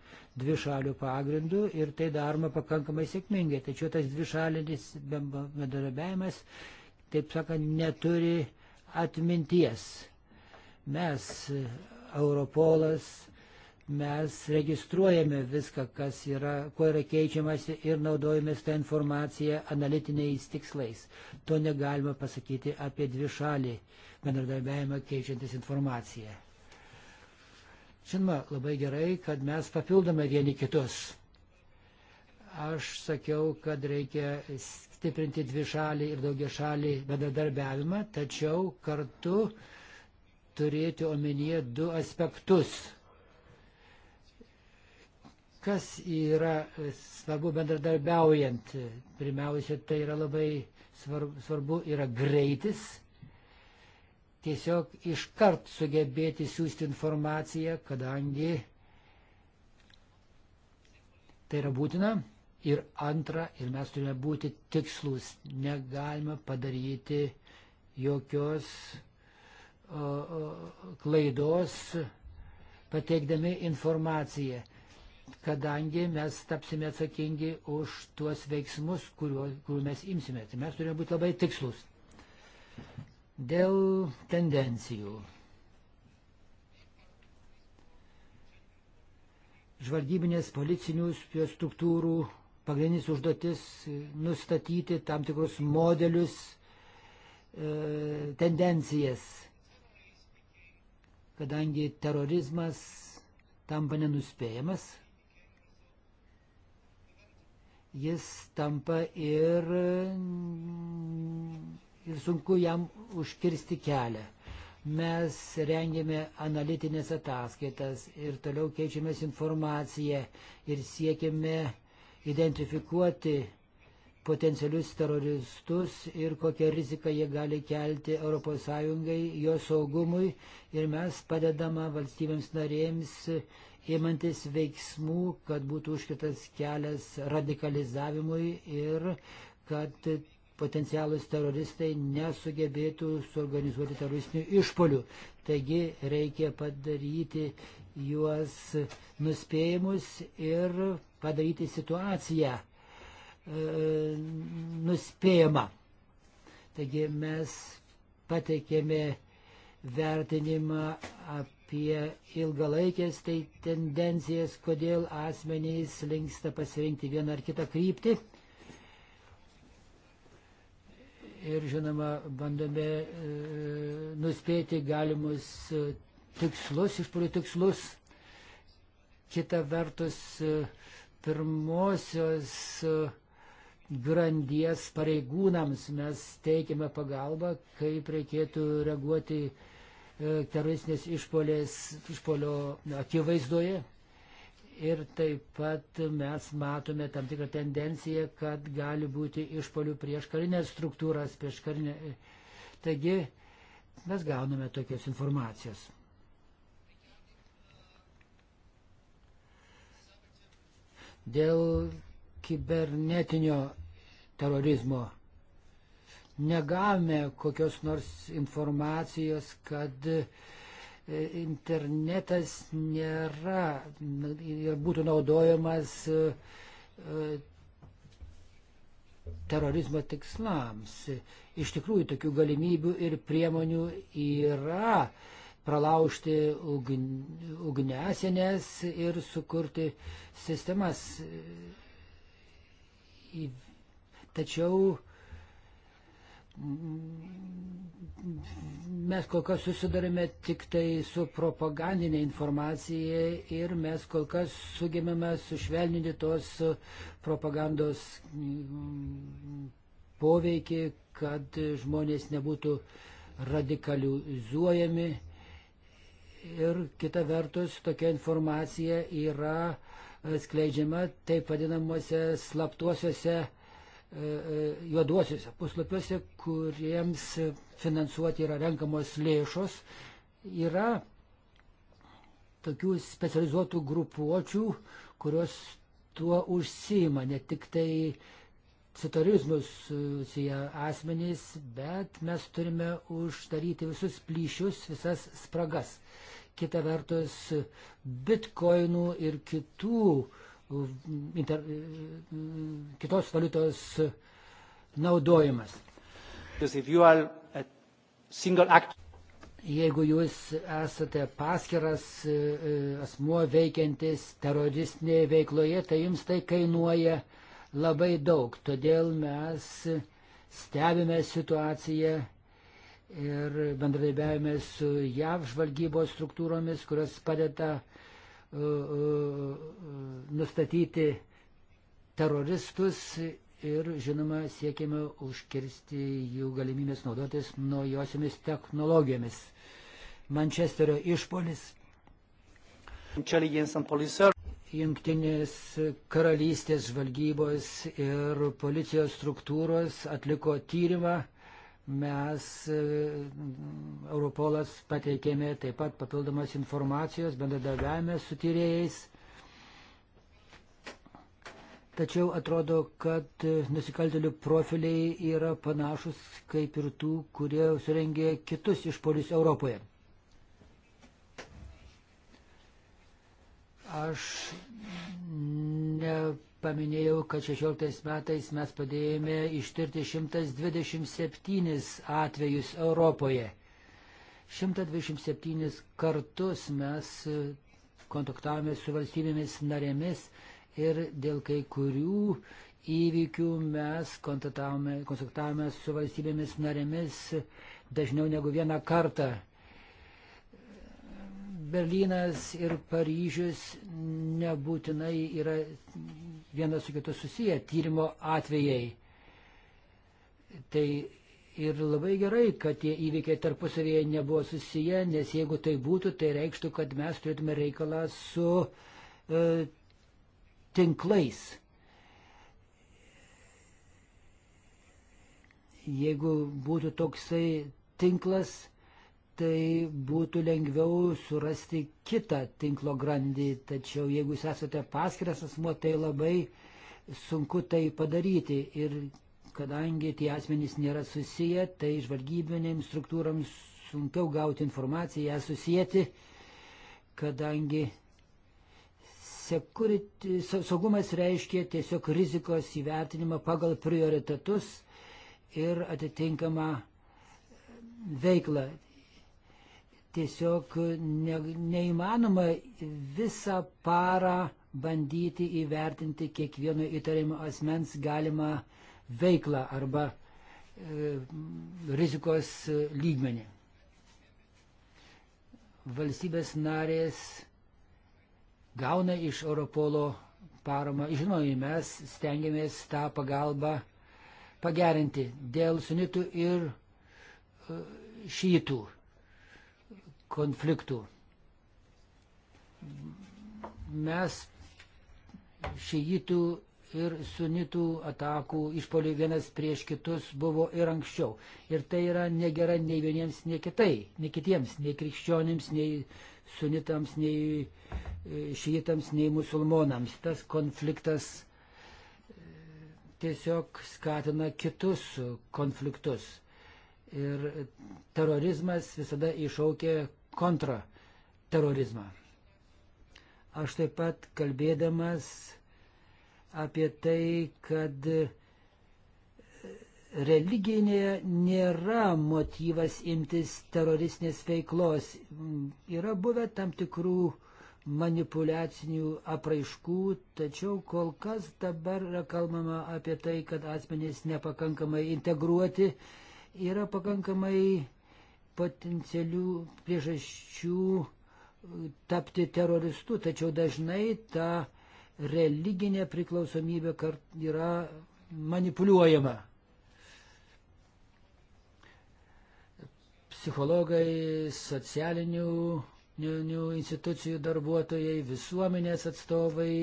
dvi šalių pagrindų ir tai daroma pakankamai sėkmingai. Tačiau tas dvi šalinis bendradarbiavimas, taip sakant, neturi atminties. Mes, Europolas, mes registruojame viską, kas yra, kuo yra keičiamasi ir naudojamės tą informaciją analitiniais tikslais. To negalima pasakyti apie dvi šalį bendradarbiavimą keičiantis informaciją. Žinoma, labai gerai, kad mes papildome vieni kitus. Aš sakiau, kad reikia stiprinti dvi šalį ir daugia šalį bendradarbiavimą, tačiau kartu turėti omenyje du aspektus kas yra e, svarbu bendradarbiaujant. Pirmiausia, tai yra labai svarbu, svarbu yra greitis. Tiesiog iškart sugebėti siūsti informaciją, kadangi tai yra būtina. Ir antra, ir mes turime būti tikslus. Negalime padaryti jokios o, o, klaidos pateikdami informaciją kadangi mes tapsime atsakingi už tuos veiksmus, kuriuo, kuriuo mes imsime. Tai mes turime būti labai tikslus. Dėl tendencijų. Žvalgybinės policinių struktūrų pagrindinis užduotis nustatyti tam tikrus modelius, e, tendencijas, kadangi terorizmas tampa nenuspėjamas, jis tampa ir, ir sunku jam užkirsti kelią. Mes rengėme analitinės ataskaitas ir toliau keičiamės informaciją ir siekėme identifikuoti potencialius teroristus ir kokią riziką jie gali kelti ES, jo saugumui ir mes padedama valstybėms narėms įmantis veiksmų, kad būtų užkitas kelias radikalizavimui ir kad potencialus teroristai nesugebėtų suorganizuoti teroristinių išpolių. Taigi reikia padaryti juos nuspėjimus ir padaryti situaciją e, nuspėjama. Taigi mes pateikėme vertinimą apie apie ilgalaikės tai tendencijas, kodėl asmenys linksta pasirinkti vieną ar kitą kryptį. Ir žinoma, bandome e, nuspėti galimus e, tikslus, išpolių tikslus. Kita vertus, e, pirmosios e, grandies pareigūnams mes teikiame pagalbą, kaip reikėtų reaguoti E, teroristinės išpolės, išpolio akivaizdoje. Ir taip pat mes matome tam tikrą tendenciją, kad gali būti išpolių prieš karinės struktūras, prieš karinę. E, taigi mes gauname tokios informacijos. Dėl kibernetinio terorizmo negavome kokios nors informacijos, kad e, internetas nėra ir būtų naudojamas e, e, terorizmo tikslams. Iš tikrųjų, tokių galimybių ir priemonių yra pralaužti ugnesinės ir sukurti sistemas. Tačiau mes kol kas susidarėme tik tai su propagandinė informacija ir mes kol kas sugebėme sušvelninti tos propagandos mm, poveikį, kad žmonės nebūtų radikalizuojami. Ir kita vertus, tokia informacija yra e, skleidžiama taip vadinamuose slaptuosiuose E, e, juoduosiuose puslapiuose, kuriems finansuoti yra renkamos lėšos, yra tokių specializuotų grupuočių, kurios tuo užsima, ne tik tai su turizmu susiję asmenys, bet mes turime uždaryti visus plyšius, visas spragas. Kita vertus, bitkoinų ir kitų uh, inter, kitos valiutos naudojimas. Jeigu jūs esate paskiras e, e, asmuo veikiantis teroristinėje veikloje, tai jums tai kainuoja labai daug. Todėl mes stebime situaciją ir bendradarbiavime su JAV žvalgybos struktūromis, kurios padeda uh, E, e, nustatyti teroristus ir, žinoma, siekime užkirsti jų galimybės naudotis naujosiomis technologijomis. Mančesterio išpolis. Junktinės karalystės žvalgybos ir policijos struktūros atliko tyrimą mes, e, Europolas pateikėme taip pat papildomas informacijos, bendradarbiavime su tyrėjais. Tačiau atrodo, kad nusikaltelių profiliai yra panašus kaip ir tų, kurie surengė kitus išpolius Europoje. Aš ne paminėjau, kad 16 metais mes padėjome ištirti 127 atvejus Europoje. 127 kartus mes kontaktavome su valstybėmis narėmis ir dėl kai kurių įvykių mes kontaktavome, kontaktavome su valstybėmis narėmis dažniau negu vieną kartą. Berlynas ir Paryžius nebūtinai yra vienas su kitu susiję tyrimo atvejai. Tai ir labai gerai, kad tie įvykiai tarpusavėje nebuvo susiję, nes jeigu tai būtų, tai reikštų, kad mes turėtume reikalą su e, tinklais. Jeigu būtų toksai tinklas, tai būtų lengviau surasti kitą tinklo grandį. Tačiau jeigu jūs esate paskiras asmuo, tai labai sunku tai padaryti. Ir kadangi tie asmenys nėra susiję, tai žvalgybinėms struktūrams sunkiau gauti informaciją, ją susijęti, kadangi security, saugumas reiškia tiesiog rizikos įvertinimą pagal prioritetus ir atitinkamą veiklą tiesiog ne, neįmanoma visą parą bandyti įvertinti kiekvieno įtariamo asmens galimą veiklą arba e, rizikos lygmenį. Valstybės narės gauna iš Europolo paramą. Žinoma, mes stengiamės tą pagalbą pagerinti dėl sunitų ir e, šytų konfliktų. Mes šiitų ir sunitų atakų išpolių vienas prieš kitus buvo ir anksčiau. Ir tai yra negera nei vieniems, nei kitai, nei kitiems, nei krikščionims, nei sunitams, nei e, šiitams, nei musulmonams. Tas konfliktas e, tiesiog skatina kitus konfliktus. Ir terorizmas visada iššaukia kontraterorizmą. Aš taip pat kalbėdamas apie tai, kad religinėje nėra motyvas imtis teroristinės veiklos. Yra buvę tam tikrų manipulacinių apraiškų, tačiau kol kas dabar yra kalbama apie tai, kad asmenys nepakankamai integruoti, yra pakankamai potencialių priežasčių e, tapti teroristu, tačiau dažnai ta religinė priklausomybė kart yra manipuliuojama. Psichologai, socialinių institucijų darbuotojai, visuomenės atstovai,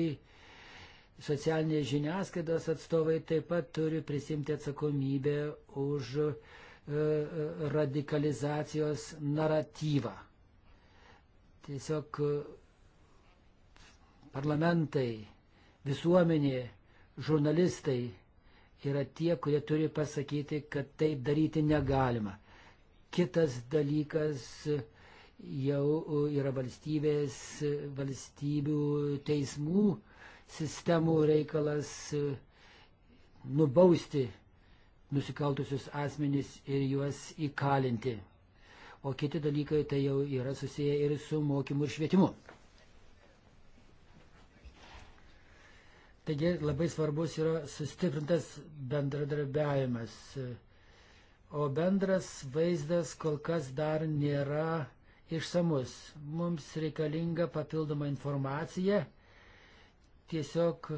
socialinės žiniasklaidos atstovai taip pat turi prisimti atsakomybę už uh, E, e, radikalizacijos naratyvą. Tiesiog e, parlamentai, visuomenė, žurnalistai yra tie, kurie turi pasakyti, kad taip daryti negalima. Kitas dalykas jau yra valstybės, valstybių teismų sistemų reikalas nubausti nusikaltusius asmenys ir juos įkalinti. O kiti dalykai tai jau yra susiję ir su mokymu ir švietimu. Taigi labai svarbus yra sustiprintas bendradarbiavimas. O bendras vaizdas kol kas dar nėra išsamus. Mums reikalinga papildoma informacija. Tiesiog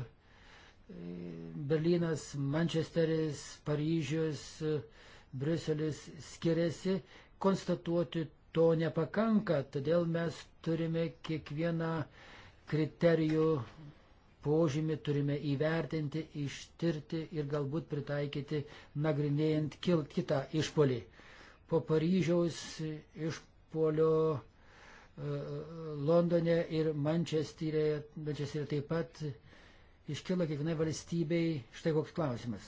Berlynas, Mančesteris, Paryžius, Briuselis skiriasi, konstatuoti to nepakanka, todėl mes turime kiekvieną kriterijų požymį turime įvertinti, ištirti ir galbūt pritaikyti, nagrinėjant kitą išpolį. Po Paryžiaus išpolio e, e, Londone ir Mančesterėje, Mančesterėje taip pat iškilo kiekvienai valstybei štai koks klausimas.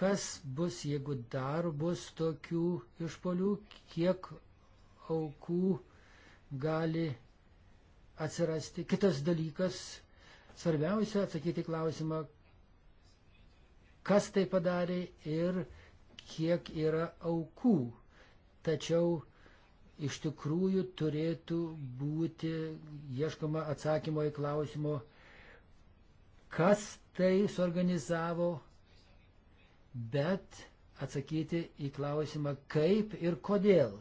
Kas bus, jeigu dar bus tokių išpolių, kiek aukų gali atsirasti. Kitas dalykas, svarbiausia atsakyti klausimą, kas tai padarė ir kiek yra aukų. Tačiau iš tikrųjų turėtų būti ieškoma atsakymo į klausimo kas tai suorganizavo, bet atsakyti į klausimą kaip ir kodėl.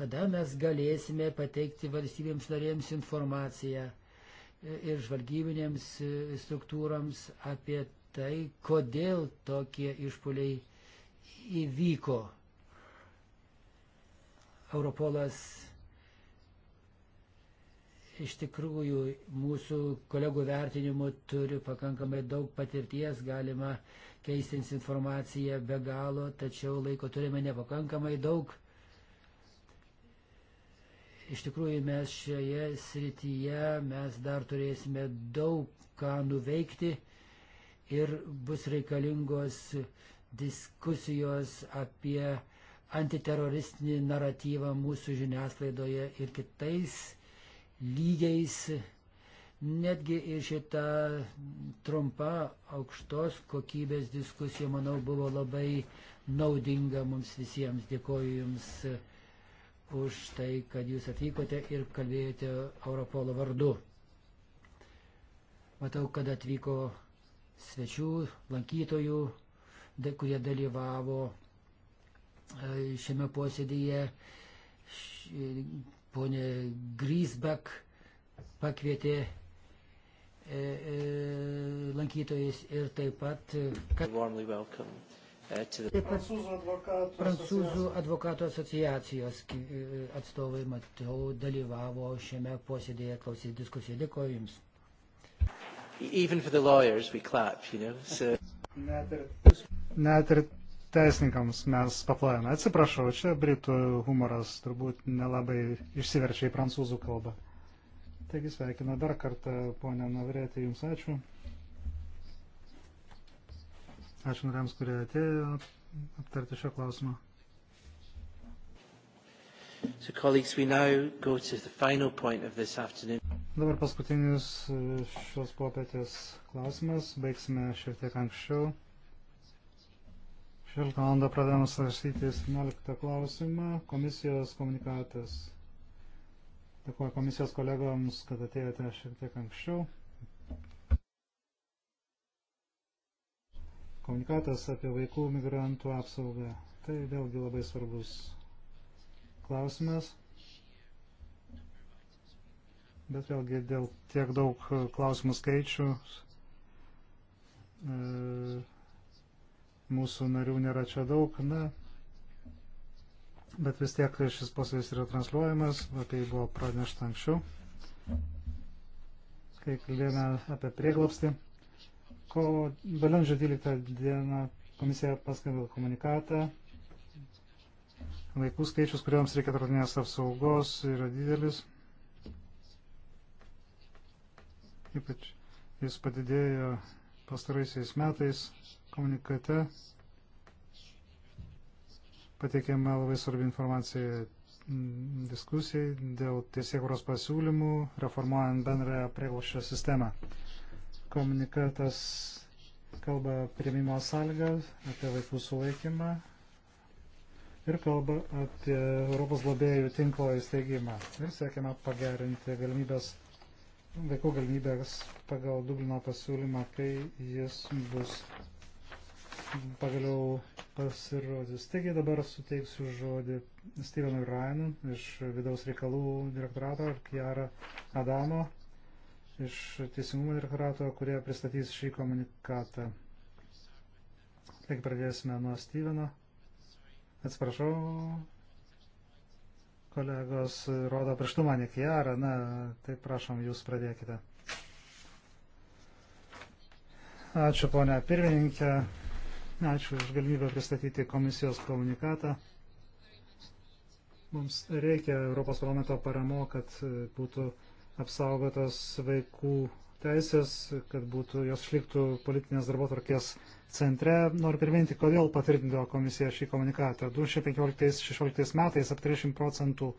Tada mes galėsime pateikti valstybėms narėms informaciją ir žvalgybinėms e, struktūrams apie tai, kodėl tokie išpoliai įvyko. Europolas iš tikrųjų mūsų kolegų vertinimu turi pakankamai daug patirties, galima keistis informaciją be galo, tačiau laiko turime nepakankamai daug. Iš tikrųjų mes šioje srityje mes dar turėsime daug ką nuveikti ir bus reikalingos diskusijos apie antiteroristinį naratyvą mūsų žiniasklaidoje ir kitais lygiais. Netgi ir šita trumpa aukštos kokybės diskusija, manau, buvo labai naudinga mums visiems. Dėkoju Jums už tai, kad Jūs atvykote ir kalbėjote Europolo vardu. Matau, kad atvyko svečių, lankytojų, kurie dalyvavo e, šiame posėdėje ponė Grisbek pakvietė e, e, lankytojus ir taip pat, kad, e, taip pat Prancūzų advokatų asociacijos e, atstovai, matau, dalyvavo šiame posėdėje klausyti diskusiją. Dėkoju Jums. E, even for the lawyers we clap, you know. So. Net ir teisininkams mes paplojame. Atsiprašau, čia britų humoras turbūt nelabai išsiverčia į prancūzų kalbą. Taigi sveikinu dar kartą, ponė Navrėtė, jums ačiū. Ačiū nariams, kurie atėjo aptarti šio klausimo. So, colleagues, we now go to the final point of this afternoon. Dabar paskutinis e, šios popietės klausimas. Baigsime šiek tiek anksčiau. 16 val. pradėjome svarstyti 17 klausimą, komisijos komunikatas. Dėkuoju komisijos kolegoms, kad atėjote šiek tiek anksčiau. Komunikatas apie vaikų migrantų apsaugą. Tai vėlgi labai svarbus klausimas. Bet vėlgi dėl tiek daug klausimų skaičių. E, mūsų narių nėra čia daug, na, bet vis tiek šis posėdis yra transliuojamas, apie jį buvo pranešta anksčiau, kai kalbėjome apie prieglopstį. Kovo balandžio 12 dieną komisija paskelbė komunikatą. Vaikų skaičius, kuriuoms reikia tarptautinės apsaugos, yra didelis. Ypač jis padidėjo pastaraisiais metais komunikate pateikėme labai svarbi informacija mm, diskusijai dėl teisėkuros pasiūlymų reformuojant bendrąją prieglaušio sistemą. Komunikatas kalba prieimimo sąlygas, apie vaikų sulaikymą ir kalba apie Europos globėjų tinklo įsteigimą. Ir siekiama pagerinti galimybės, vaikų galimybės pagal Dublino pasiūlymą, kai jis bus pagaliau pasirodys. Taigi dabar suteiksiu žodį Stevenui Ryan iš vidaus reikalų direktorato ir Kiara Adamo iš teisingumo direktorato, kurie pristatys šį komunikatą. Taigi pradėsime nuo Steveno. Atsiprašau, kolegos rodo pirštų man į Kiarą, na, tai prašom, jūs pradėkite. Ačiū, ponia pirmininkė. Ačiū už galimybę pristatyti komisijos komunikatą. Mums reikia Europos parlamento paramo, kad būtų apsaugotos vaikų teisės, kad būtų jos išliktų politinės darbotvarkės centre. Noriu priminti, kodėl patvirtino komisija šį komunikatą. 2015-2016 metais apie 30 procentų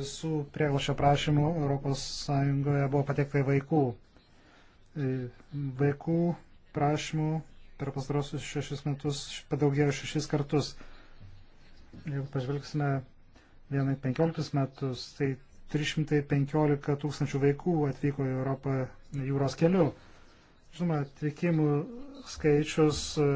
visų prieglašio prašymų ES buvo patekta į vaikų. Vaikų prašymų per pastarosius šešis metus padaugėjo šešis kartus. Jeigu pažvelgsime vienai penkioliktus metus, tai 315 tūkstančių vaikų atvyko į Europą jūros keliu. Žinoma, atvykimų skaičius e,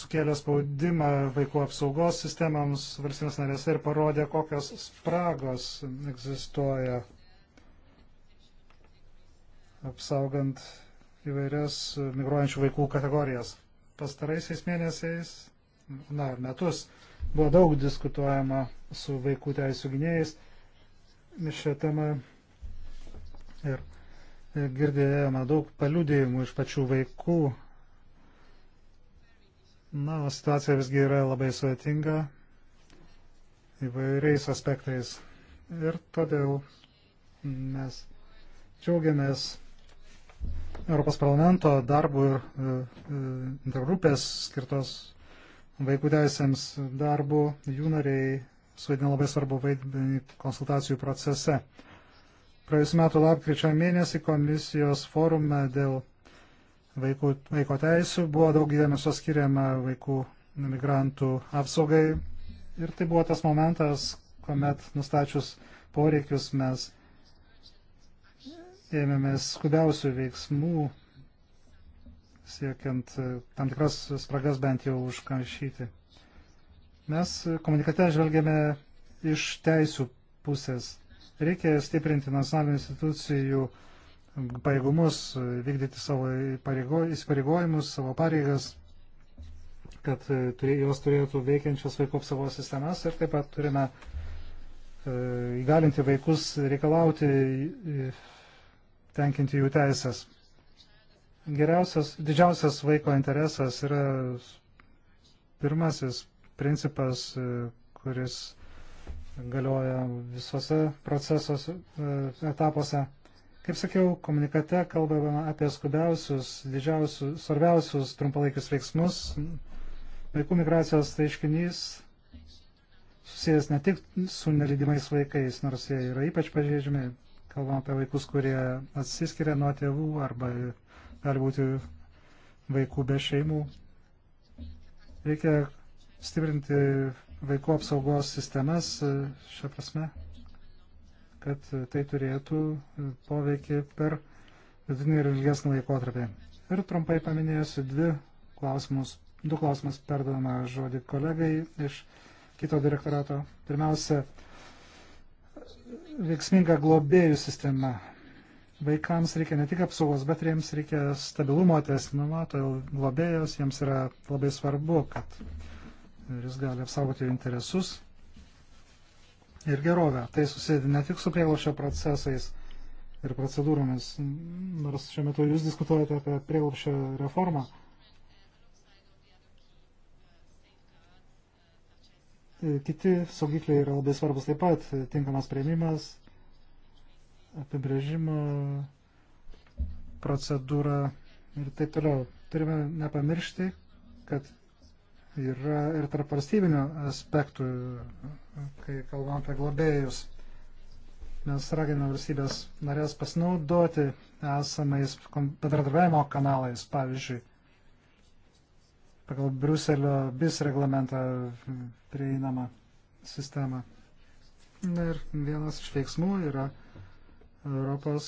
sukėlė spaudimą vaikų apsaugos sistemams valstybės narėse ir parodė, kokios spragos egzistuoja apsaugant įvairias migruojančių vaikų kategorijas. Pastaraisiais mėnesiais, na, metus buvo daug diskutuojama su vaikų teisų gynėjais šią temą ir girdėjome daug paliudėjimų iš pačių vaikų. Na, situacija visgi yra labai sudėtinga įvairiais aspektais. Ir todėl mes džiaugiamės Europos parlamento darbų e, e, grupės skirtos vaikų teisėms darbų, jų nariai suvaidina labai svarbu vaidmenį konsultacijų procese. Praėjusiu metu lapkričio mėnesį komisijos forume dėl vaikų, vaiko teisų buvo daug dėmesio skiriama vaikų migrantų apsaugai ir tai buvo tas momentas, kuomet nustačius poreikius mes ėmėmės skubiausių veiksmų, siekiant e, tam tikras spragas bent jau užkamšyti. Mes komunikate žvelgėme iš teisų pusės. Reikia stiprinti nacionalinių institucijų pajėgumus, vykdyti savo įsipareigojimus, savo pareigas, kad e, jos turėtų veikiančias vaikų apsaugos sistemas ir taip pat turime e, įgalinti vaikus reikalauti tenkinti jų teisės. Geriausias, didžiausias vaiko interesas yra pirmasis principas, kuris galioja visose procesos e, etapuose. Kaip sakiau, komunikate kalbame apie skubiausius, didžiausius, svarbiausius trumpalaikius veiksmus. Vaikų migracijos reiškinys susijęs ne tik su nelydimais vaikais, nors jie yra ypač pažeidžiami, Kalbam apie vaikus, kurie atsiskiria nuo tėvų arba gali būti vaikų be šeimų. Reikia stiprinti vaikų apsaugos sistemas e, šią prasme, kad tai turėtų poveikį per vidutinį ir ilgesnį laikotarpį. Ir trumpai paminėsiu dvi klausimus, du klausimus perdavimą žodį kolegai iš kito direktorato. Pirmiausia, veiksminga globėjų sistema. Vaikams reikia ne tik apsaugos, bet ir jiems reikia stabilumo tęstinumo, todėl globėjos jiems yra labai svarbu, kad jis gali apsaugoti jų interesus ir gerovę. Tai susėdi ne tik su prieglošio procesais ir procedūromis, nors šiuo metu jūs diskutuojate apie prieglošio reformą E, kiti saugikliai yra labai svarbus taip pat, tinkamas prieimimas, apibrėžimo procedūra ir taip toliau. Turime nepamiršti, kad yra ir tarp valstybinių aspektų, kai kalbam apie globėjus. Mes raginame valstybės narės pasinaudoti esamais bendradarbiavimo kanalais, pavyzdžiui, pagal Bruselio BIS reglamentą prieinamą sistemą. Na ir vienas iš veiksmų yra Europos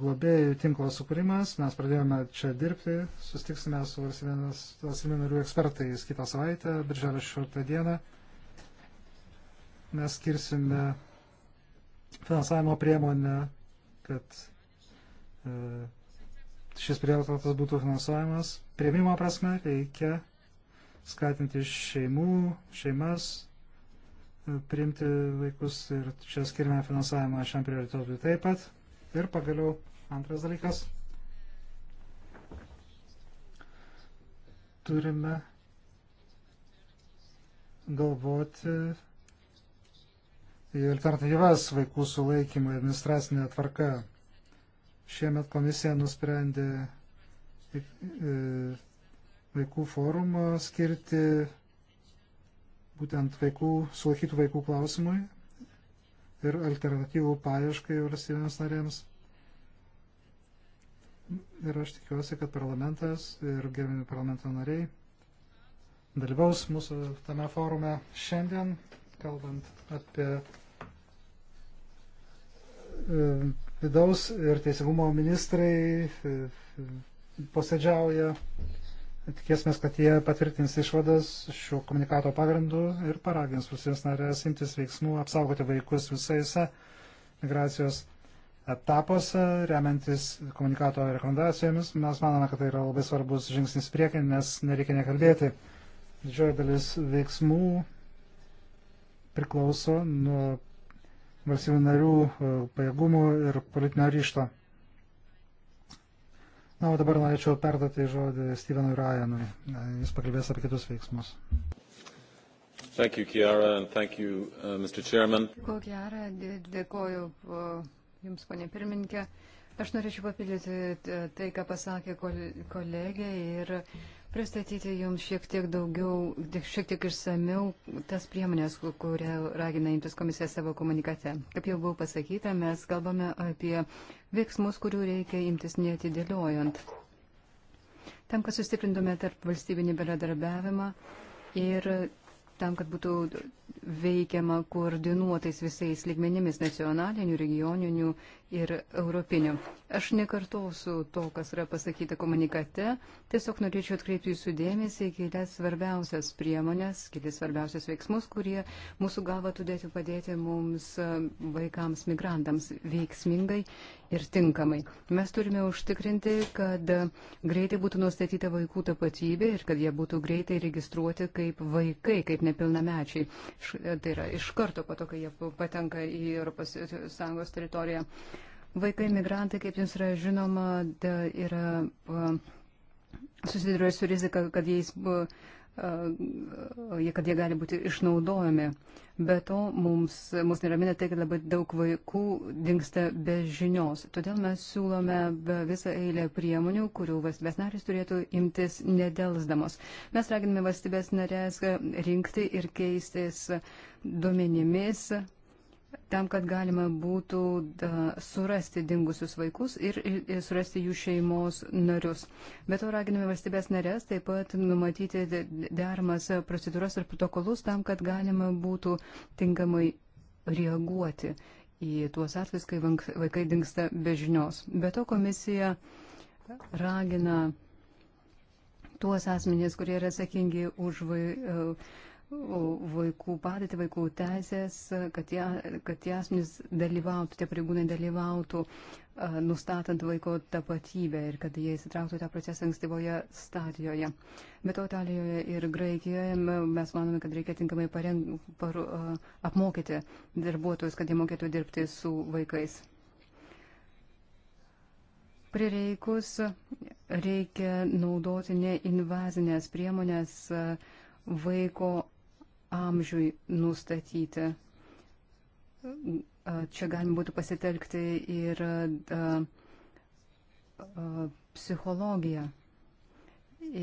globėjų tinklo sukūrimas. Mes pradėjome čia dirbti, sustiksime su valstybės narių ekspertais kitą savaitę, birželio 16 dieną. Mes skirsime finansavimo priemonę, kad e, šis prievartas būtų finansuojamas. Prieimimo prasme reikia skatinti šeimų, šeimas, e, priimti vaikus ir čia skirime finansavimą šiam prioritetui taip pat. Ir pagaliau antras dalykas. Turime galvoti į alternatyvas vaikų sulaikymą administracinė tvarka. Šiemet komisija nusprendė e, vaikų forumą skirti būtent vaikų, sulaikytų vaikų klausimui ir alternatyvų paieškai valstybėms narėms. Ir aš tikiuosi, kad parlamentas ir gerbimi parlamento nariai dalyvaus mūsų tame forume šiandien, kalbant apie e, vidaus ir teisingumo ministrai e, posėdžiauja Tikėsimės, kad jie patvirtins išvadas šių komunikato pagrindų ir paragins Rusijos narės imtis veiksmų apsaugoti vaikus visais migracijos etapuose, remiantis komunikato rekomendacijomis. Mes manome, kad tai yra labai svarbus žingsnis priekin, nes nereikia nekalbėti. Didžioji dalis veiksmų priklauso nuo valstybių narių e, pajėgumų ir politinio ryšto. Na, o dabar norėčiau perduoti žodį Stevenui Ryanui. Jis pakalbės apie kitus veiksmus. Thank you, Kiara, and thank you, uh, Mr. Chairman. Dėkuoju, Kiara, dėkuoju uh, Jums, ponė pirmininkė. Aš norėčiau papildyti uh, tai, ką pasakė kolegė ir pristatyti Jums šiek tiek daugiau, šiek tiek išsamiau tas priemonės, kurią ragina imtis komisija savo komunikate. Kaip jau buvo pasakyta, mes kalbame apie veiksmus, kurių reikia imtis neatidėliojant. Tam, kad sustiprintume tarp valstybinį bendradarbiavimą ir tam, kad būtų veikiama koordinuotais visais lygmenimis nacionaliniu, regioniniu ir europiniu. Aš nekartosiu to, kas yra pasakyta komunikate, tiesiog norėčiau atkreipti jūsų dėmesį į kelias svarbiausias priemonės, kelias svarbiausias veiksmus, kurie mūsų galva turėtų padėti mums e, vaikams migrantams veiksmingai ir tinkamai. Mes turime užtikrinti, kad greitai būtų nustatyta vaikų tapatybė ir kad jie būtų greitai registruoti kaip vaikai, kaip nepilnamečiai tai yra iš karto po to, kai jie patenka į ES teritoriją. Vaikai migrantai, kaip jums yra žinoma, yra susiduria su rizika, kad, jais, kad jie gali būti išnaudojami. Uh, Be to, mums, mus neramina tai, kad labai daug vaikų dinksta be žinios. Todėl mes siūlome visą eilę priemonių, kurių valstybės narys turėtų imtis nedelsdamos. Mes raginame valstybės narės rinkti ir keistis duomenimis tam, kad galima būtų da, surasti dingusius vaikus ir, ir surasti jų šeimos narius. Be to raginame valstybės narės taip pat numatyti dermas procedūras ir protokolus tam, kad galima būtų tinkamai reaguoti į tuos atvejus, kai vaikai dinksta be žinios. Be to komisija ragina tuos asmenys, kurie yra atsakingi už vaikus vaikų padėtį, vaikų teisės, kad tie, kad tie asmenys dalyvautų, tie pareigūnai dalyvautų, nustatant vaiko tapatybę ir kad jie įsitrauktų tą procesą ankstyvoje stadijoje. Bet to Italijoje ir Graikijoje mes manome, kad reikia tinkamai pareng, par, apmokyti darbuotojus, kad jie mokėtų dirbti su vaikais. Prireikus reikia naudoti neinvazinės priemonės vaiko amžiui nustatyti. Čia galima būtų pasitelkti ir psichologiją.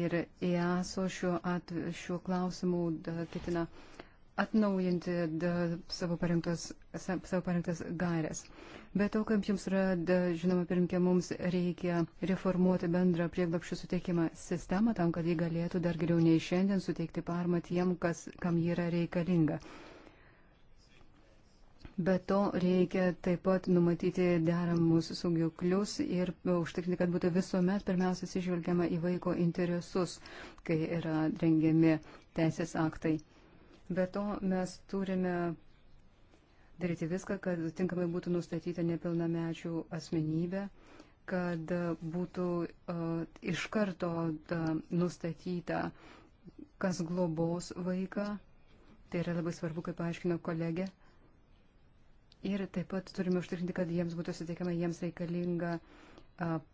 Ir EASO šiuo, atve, šiuo klausimu ketina. Da, atnaujinti savo parengtas, savo parengtas gairias. Be to, kaip jums yra, da, žinoma, pirmkė, mums reikia reformuoti bendrą prieglapšių suteikimą sistemą tam, kad jį galėtų dar geriau nei šiandien suteikti parmą tiem, kas, kam jį yra reikalinga. Be to reikia taip pat numatyti deramus saugiklius ir užtikrinti, kad būtų visuomet pirmiausia sižvelgiama į vaiko interesus, kai yra rengiami teisės aktai. Be to mes turime daryti viską, kad tinkamai būtų nustatyta nepilnamečių asmenybė, kad būtų uh, iš karto uh, nustatyta, kas globos vaiką. Tai yra labai svarbu, kaip paaiškino kolegė. Ir taip pat turime užtikrinti, kad jiems būtų suteikiama jiems reikalinga uh,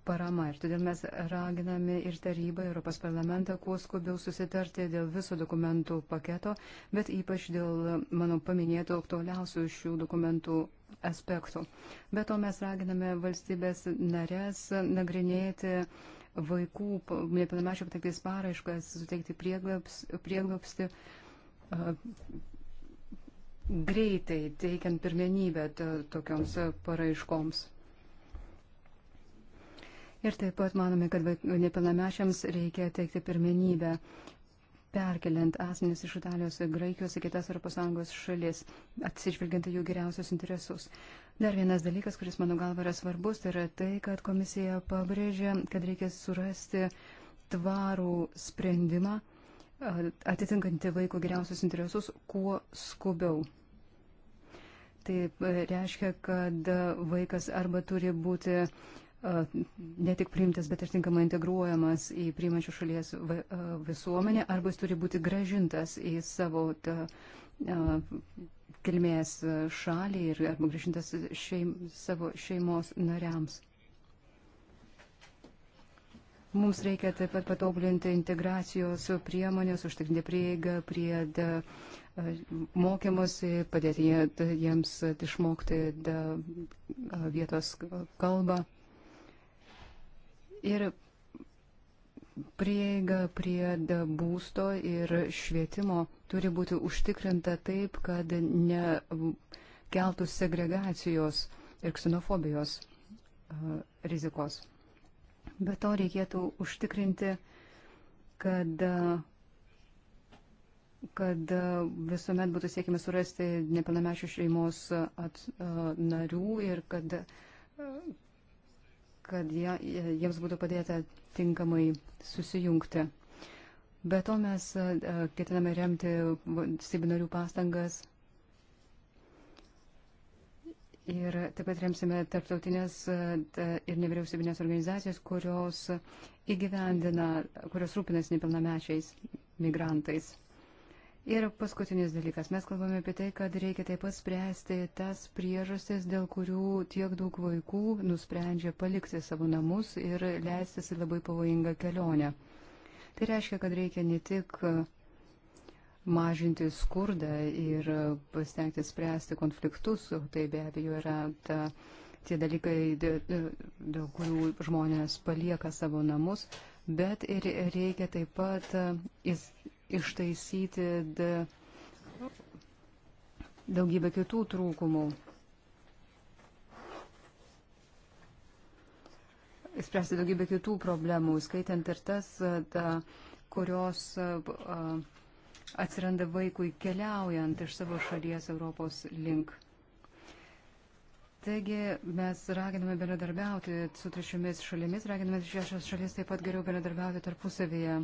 parama. Ir todėl mes raginame ir tarybą, Europos parlamentą kuo skubiau susitarti dėl viso dokumentų paketo, bet ypač dėl mano paminėtų aktualiausių šių dokumentų aspektų. Be to mes raginame valstybės narės nagrinėti vaikų, nepilnamečių patektais paraiškas, suteikti prieglopsti greitai teikiant pirmenybę tokioms paraiškoms. Ir taip pat manome, kad nepilnamečiams reikia teikti pirmenybę, perkeliant asmenis iš Italijos, Graikijos į kitas ES šalis, atsižvelgiant į jų geriausius interesus. Dar vienas dalykas, kuris mano galva yra svarbus, tai yra tai, kad komisija pabrėžia, kad reikia surasti tvarų sprendimą atitinkantį vaiko geriausius interesus kuo skubiau. Tai reiškia, kad vaikas arba turi būti ne tik priimtas, bet ir tinkamai integruojamas į priimančių šalies visuomenę, arba jis turi būti gražintas į savo tą, kilmės šalį ir arba gražintas šeim, savo šeimos nariams. Mums reikia taip pat patobulinti integracijos priemonės, užtikrinti prieigą prie de, mokymosi, padėti jiems išmokti de, vietos kalbą. Ir prieiga prie būsto ir švietimo turi būti užtikrinta taip, kad nekeltų segregacijos ir ksenofobijos e, rizikos. Be to reikėtų užtikrinti, kad, kad visuomet būtų siekime surasti nepilnamečių šeimos at, e, narių ir kad kad jie, jiems būtų padėta tinkamai susijungti. Be to mes e, ketiname remti valstybinarių pastangas ir taip pat remsime tarptautinės e, ir nevyriausybinės organizacijas, kurios įgyvendina, kurios rūpinasi nepilnamečiais migrantais. Ir paskutinis dalykas, mes kalbame apie tai, kad reikia taip pat spręsti tas priežastis, dėl kurių tiek daug vaikų nusprendžia palikti savo namus ir leistis į labai pavojingą kelionę. Tai reiškia, kad reikia ne tik mažinti skurdą ir pasitengti spręsti konfliktus, tai be abejo yra ta, tie dalykai, dėl kurių žmonės palieka savo namus, bet ir reikia taip pat ištaisyti daugybę kitų trūkumų. Įspręsti daugybę kitų problemų, skaitant ir tas, ta, kurios a, atsiranda vaikui keliaujant iš savo šalies Europos link. Taigi mes raginame bendradarbiauti su trečiomis šalimis, raginame šias šalis taip pat geriau bendradarbiauti tarpusavėje.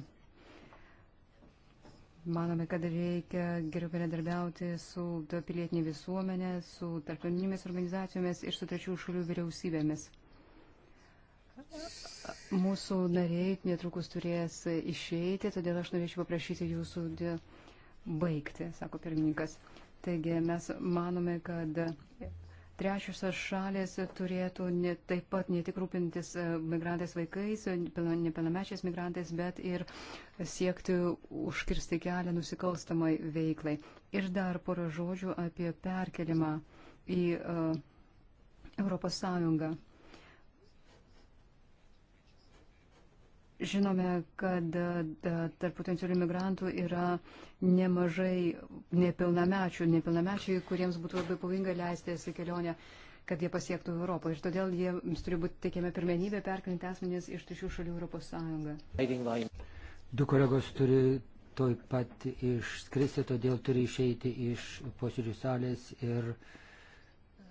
Manome, kad reikia geriau bendradarbiauti su pilietinė visuomenė, su tarptautinėmis organizacijomis ir su trečių šalių vyriausybėmis. Mūsų nariai netrukus turės išeiti, todėl aš norėčiau paprašyti jūsų baigti, sako pirmininkas. Taigi mes manome, kad Trečiosios šalės turėtų ne, taip pat ne tik rūpintis e, migrantais vaikais, nepilnamečiais migrantais, bet ir siekti užkirsti kelią nusikalstamai veiklai. Ir dar porą žodžių apie perkelimą į uh, Europos Sąjungą. Žinome, kad e, tarp potencialių migrantų yra nemažai nepilnamečių, nepilnamečiai, kuriems būtų labai pavojinga leistis į kelionę kad jie pasiektų Europą ir todėl jiems turi būti teikiama pirmenybė perkelinti asmenys iš trečių šalių Europos Sąjungą. Du kolegos turi toj pat išskristi, todėl turi išeiti iš posėdžių salės ir e,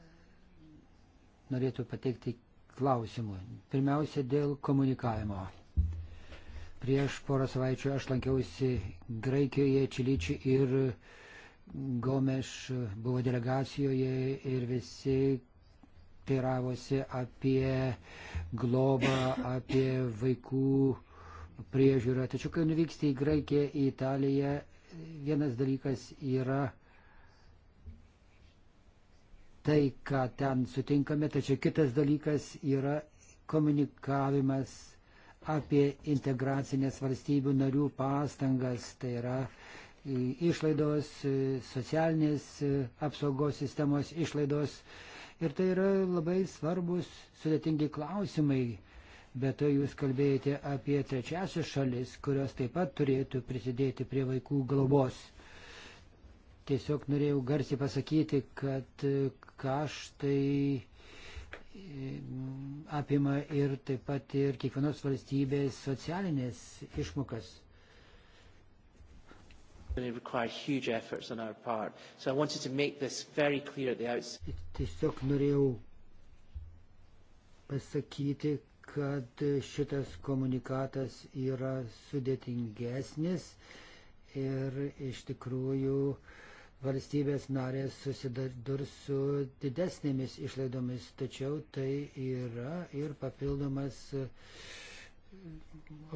norėtų pateikti klausimų. Pirmiausia, dėl komunikavimo. Prieš porą savaičių aš lankiausi Graikijoje, Čilyčių ir Gomeš buvo delegacijoje ir visi teiravosi apie globą, apie vaikų priežiūrą. Tačiau, kai nuvyksti į Graikiją, į Italiją, vienas dalykas yra tai, ką ten sutinkame, tačiau kitas dalykas yra komunikavimas apie integracinės valstybių narių pastangas, tai yra e, išlaidos, e, socialinės e, apsaugos sistemos išlaidos. Ir tai yra labai svarbus, sudėtingi klausimai. Bet to tai jūs kalbėjote apie trečiasias šalis, kurios taip pat turėtų prisidėti prie vaikų globos. Tiesiog norėjau garsiai pasakyti, kad kaštai E, apima ir taip pat ir kiekvienos valstybės socialinės išmokas. Tiesiog norėjau pasakyti, kad šitas komunikatas yra sudėtingesnis ir iš tikrųjų uh, valstybės narės susidurs su didesnėmis išlaidomis, tačiau tai yra ir papildomas e,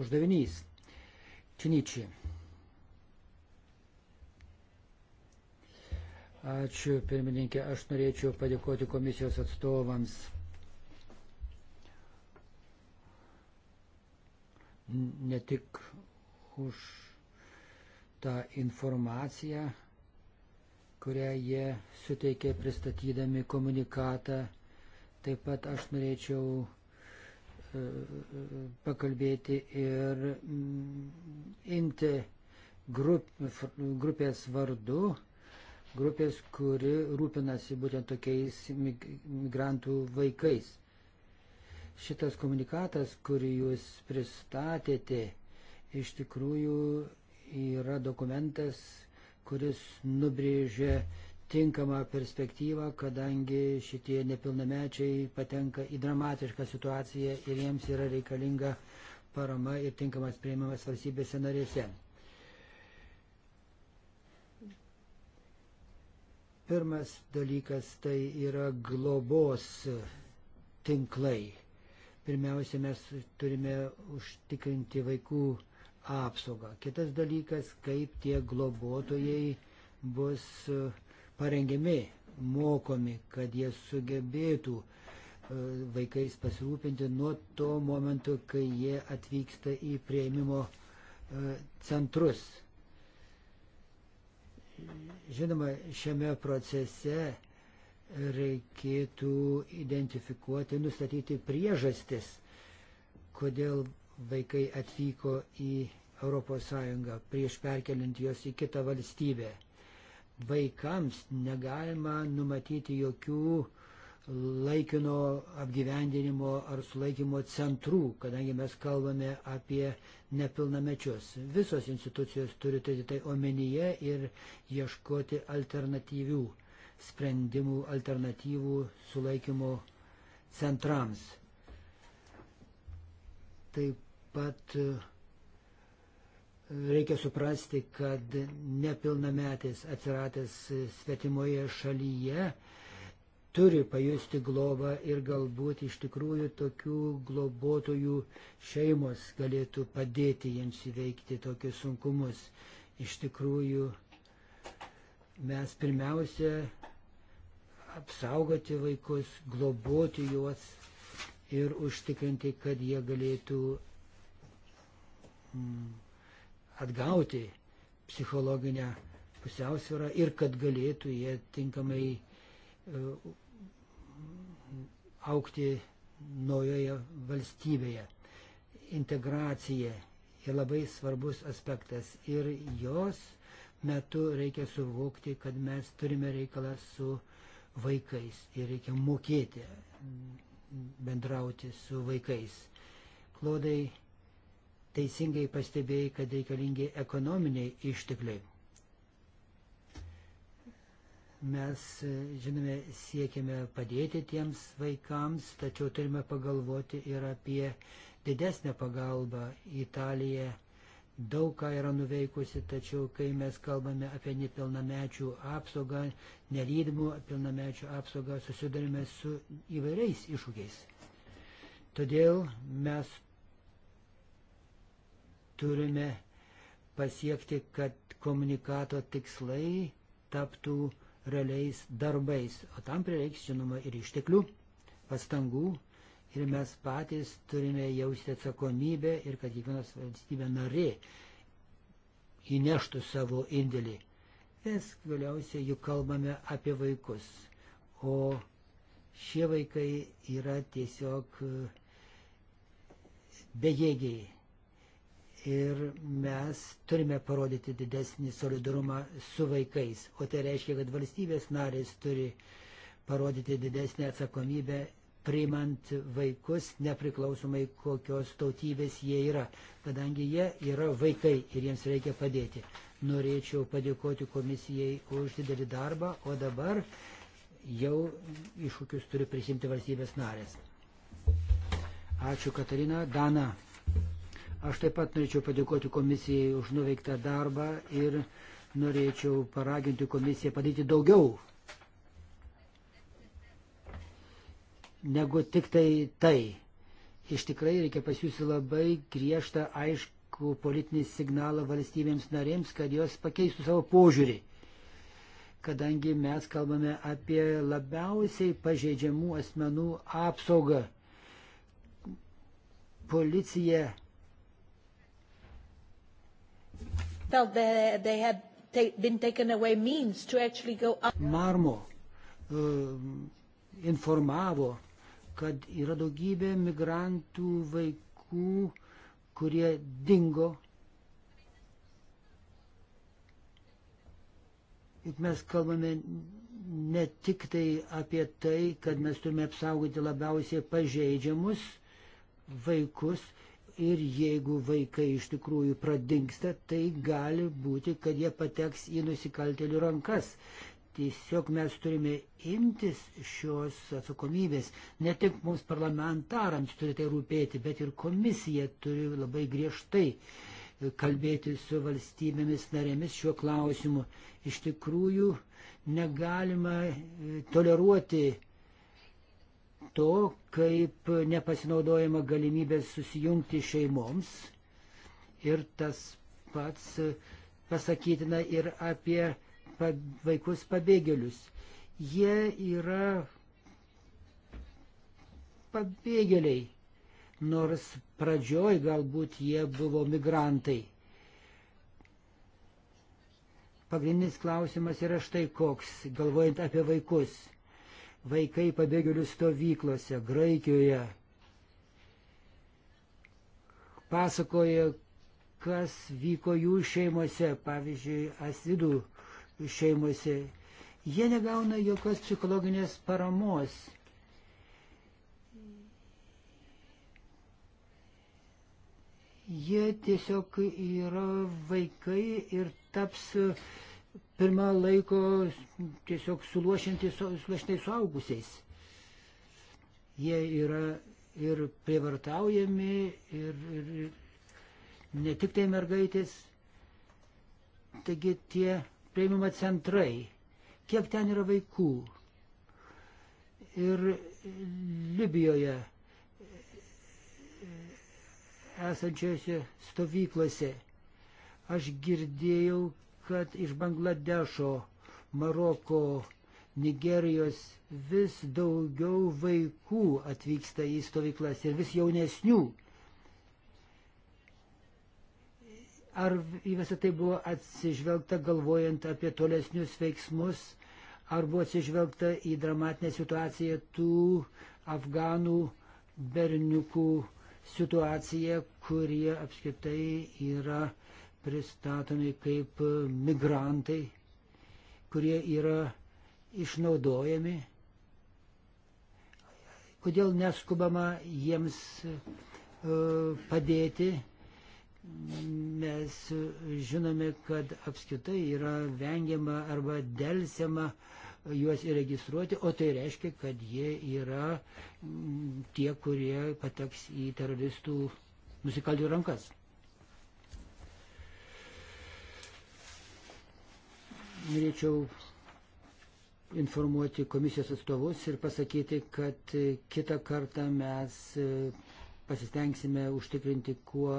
uždavinys. Činičiai. Ačiū, pirmininkė. Aš norėčiau padėkoti komisijos atstovams. Ne tik už tą informaciją, kurią jie suteikė pristatydami komunikatą. Taip pat aš norėčiau e, pakalbėti ir mm, Inte grup, grupės vardu, grupės, kuri rūpinasi būtent tokiais migrantų vaikais. Šitas komunikatas, kurį jūs pristatėte, iš tikrųjų yra dokumentas, kuris nubrėžė tinkamą perspektyvą, kadangi šitie nepilnamečiai patenka į dramatišką situaciją ir jiems yra reikalinga parama ir tinkamas priėmimas valstybėse narėse. Pirmas dalykas tai yra globos tinklai. Pirmiausia, mes turime užtikrinti vaikų apsaugą. Kitas dalykas, kaip tie globotojai bus e, parengiami, mokomi, kad jie sugebėtų e, vaikais pasirūpinti nuo to momento, kai jie atvyksta į prieimimo e, centrus. Žinoma, šiame procese reikėtų identifikuoti, nustatyti priežastis, kodėl vaikai atvyko į ES prieš perkeliant juos į kitą valstybę. Vaikams negalima numatyti jokių laikino apgyvendinimo ar sulaikymo centrų, kadangi mes kalbame apie nepilnamečius. Visos institucijos turi turėti tai omenyje ir ieškoti alternatyvių sprendimų, alternatyvų sulaikymo centrams. Taip pat e, reikia suprasti, kad nepilnametis atsiradęs svetimoje šalyje turi pajusti globą ir galbūt iš tikrųjų tokių globotojų šeimos galėtų padėti jiems įveikti tokius sunkumus. Iš tikrųjų, mes pirmiausia apsaugoti vaikus, globoti juos ir užtikrinti, kad jie galėtų Mm. atgauti psichologinę pusiausvyrą ir kad galėtų jie tinkamai e, aukti naujoje valstybėje. Integracija yra labai svarbus aspektas ir jos metu reikia suvokti, kad mes turime reikalą su vaikais ir reikia mokėti mm, bendrauti su vaikais. Klodai, teisingai pastebėjai, kad reikalingi ekonominiai ištekliai. Mes, e, žinome, siekiame padėti tiems vaikams, tačiau turime pagalvoti ir apie didesnę pagalbą. Italija daug ką yra nuveikusi, tačiau kai mes kalbame apie nepilnamečių apsaugą, nelydimų pilnamečių apsaugą, susidurime su įvairiais iššūkiais. Todėl mes turime pasiekti, kad komunikato tikslai taptų realiais darbais. O tam prireiks, žinoma, ir išteklių, pastangų. Ir mes patys turime jausti atsakomybę ir kad kiekvienas valstybė narė įneštų savo indėlį. Nes galiausiai juk kalbame apie vaikus. O šie vaikai yra tiesiog bejėgiai ir mes turime parodyti didesnį solidarumą su vaikais. O tai reiškia, kad valstybės narės turi parodyti didesnį atsakomybę priimant vaikus nepriklausomai kokios tautybės jie yra, kadangi jie yra vaikai ir jiems reikia padėti. Norėčiau padėkoti komisijai už didelį darbą, o dabar jau iššūkius turi prisimti valstybės narės. Ačiū Katarina. Dana. Aš taip pat norėčiau padėkoti komisijai už nuveiktą darbą ir norėčiau paraginti komisiją padaryti daugiau negu tik tai tai. Iš tikrai reikia pasiūsti labai griežtą, aišku, politinį signalą valstybėms narėms, kad jos pakeistų savo požiūrį. Kadangi mes kalbame apie labiausiai pažeidžiamų asmenų apsaugą, policija felt that they had ta been taken away means to actually go up. Marmo um, informavo, kad yra daugybė migrantų vaikų, kurie dingo. Juk mes kalbame ne tik tai apie tai, kad mes turime apsaugoti labiausiai pažeidžiamus vaikus, ir jeigu vaikai iš tikrųjų pradingsta, tai gali būti, kad jie pateks į nusikaltelių rankas. Tiesiog mes turime imtis šios atsakomybės. Ne tik mums parlamentarams turi tai rūpėti, bet ir komisija turi labai griežtai kalbėti su valstybėmis narėmis šiuo klausimu. Iš tikrųjų negalima toleruoti to, kaip nepasinaudojama galimybė susijungti šeimoms. Ir tas pats pasakytina ir apie vaikus pabėgėlius. Jie yra pabėgėliai, nors pradžioj galbūt jie buvo migrantai. Pagrindinis klausimas yra štai koks, galvojant apie vaikus – vaikai pabėgėlių stovyklose Graikijoje pasakoja, kas vyko jų šeimose, pavyzdžiui, asidų šeimose. Jie negauna jokios psichologinės paramos. Jie tiesiog yra vaikai ir taps uh, pirmą laiko tiesiog suluošinti suluošinai suaugusiais. Jie yra ir prievartaujami, ir, ir ne tik tai mergaitės. Taigi tie prieimimo centrai, kiek ten yra vaikų. Ir Libijoje esančiose stovyklose aš girdėjau, kad iš Bangladešo, Maroko, Nigerijos vis daugiau vaikų atvyksta į stovyklas ir vis jaunesnių. Ar į visą tai buvo atsižvelgta galvojant apie tolesnius veiksmus, ar buvo atsižvelgta į dramatinę situaciją tų afganų berniukų situaciją, kurie apskritai yra uh, pristatomi kaip migrantai, kurie yra išnaudojami. Kodėl neskubama jiems e, padėti? Mes žinome, kad apskritai yra vengiama arba dėlsiama juos įregistruoti, o tai reiškia, kad jie yra tie, kurie pateks į teroristų nusikaltėlių rankas. norėčiau informuoti komisijos atstovus ir pasakyti, kad kitą kartą mes e, pasistengsime užtikrinti kuo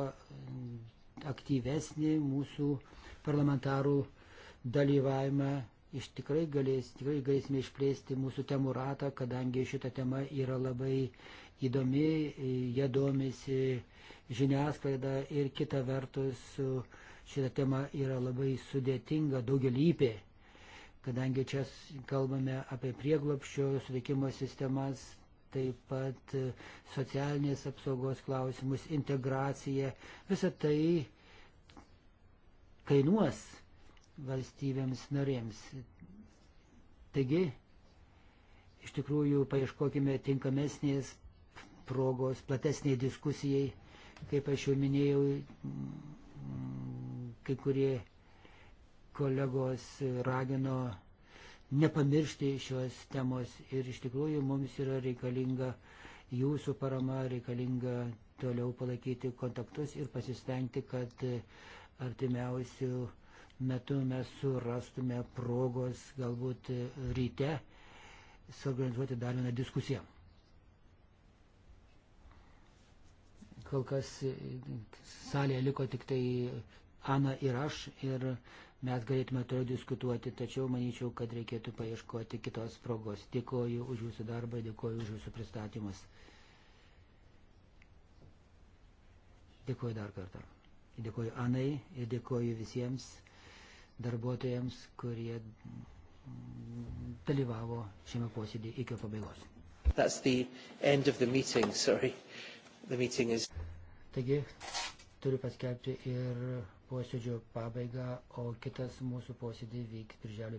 aktyvesnį mūsų parlamentarų dalyvavimą. Iš tikrai, galės, tikrai galėsime išplėsti mūsų temų ratą, kadangi šita tema yra labai įdomi, jie domisi žiniasklaida ir kita vertus. Uh, Šita tema yra labai sudėtinga, daugelypė, kadangi čia kalbame apie prieglopščio suveikimo sistemas, taip pat e, socialinės apsaugos klausimus, integraciją. Visą tai kainuos valstybėms narėms. Taigi, iš tikrųjų, paieškokime tinkamesnės progos platesniai diskusijai, kaip aš jau minėjau, kai kurie kolegos ragino nepamiršti šios temos ir iš tikrųjų mums yra reikalinga jūsų parama, reikalinga toliau palaikyti kontaktus ir pasistengti, kad e, artimiausių metų mes surastume progos galbūt e, ryte suorganizuoti dar vieną diskusiją. Kol kas e, salėje liko tik tai Ana ir aš ir mes galėtume toliau diskutuoti, tačiau manyčiau, kad reikėtų paieškoti kitos progos. Dėkoju už jūsų darbą, dėkoju už jūsų pristatymus. Dėkoju dar kartą. Dėkoju Anai ir dėkoju visiems darbuotojams, kurie dalyvavo šiame posėdėje iki pabaigos. That's the end of the meeting, sorry. The meeting is... Taigi, turiu paskelbti ir posėdžio pabaigą, o kitas mūsų posėdį vyks birželio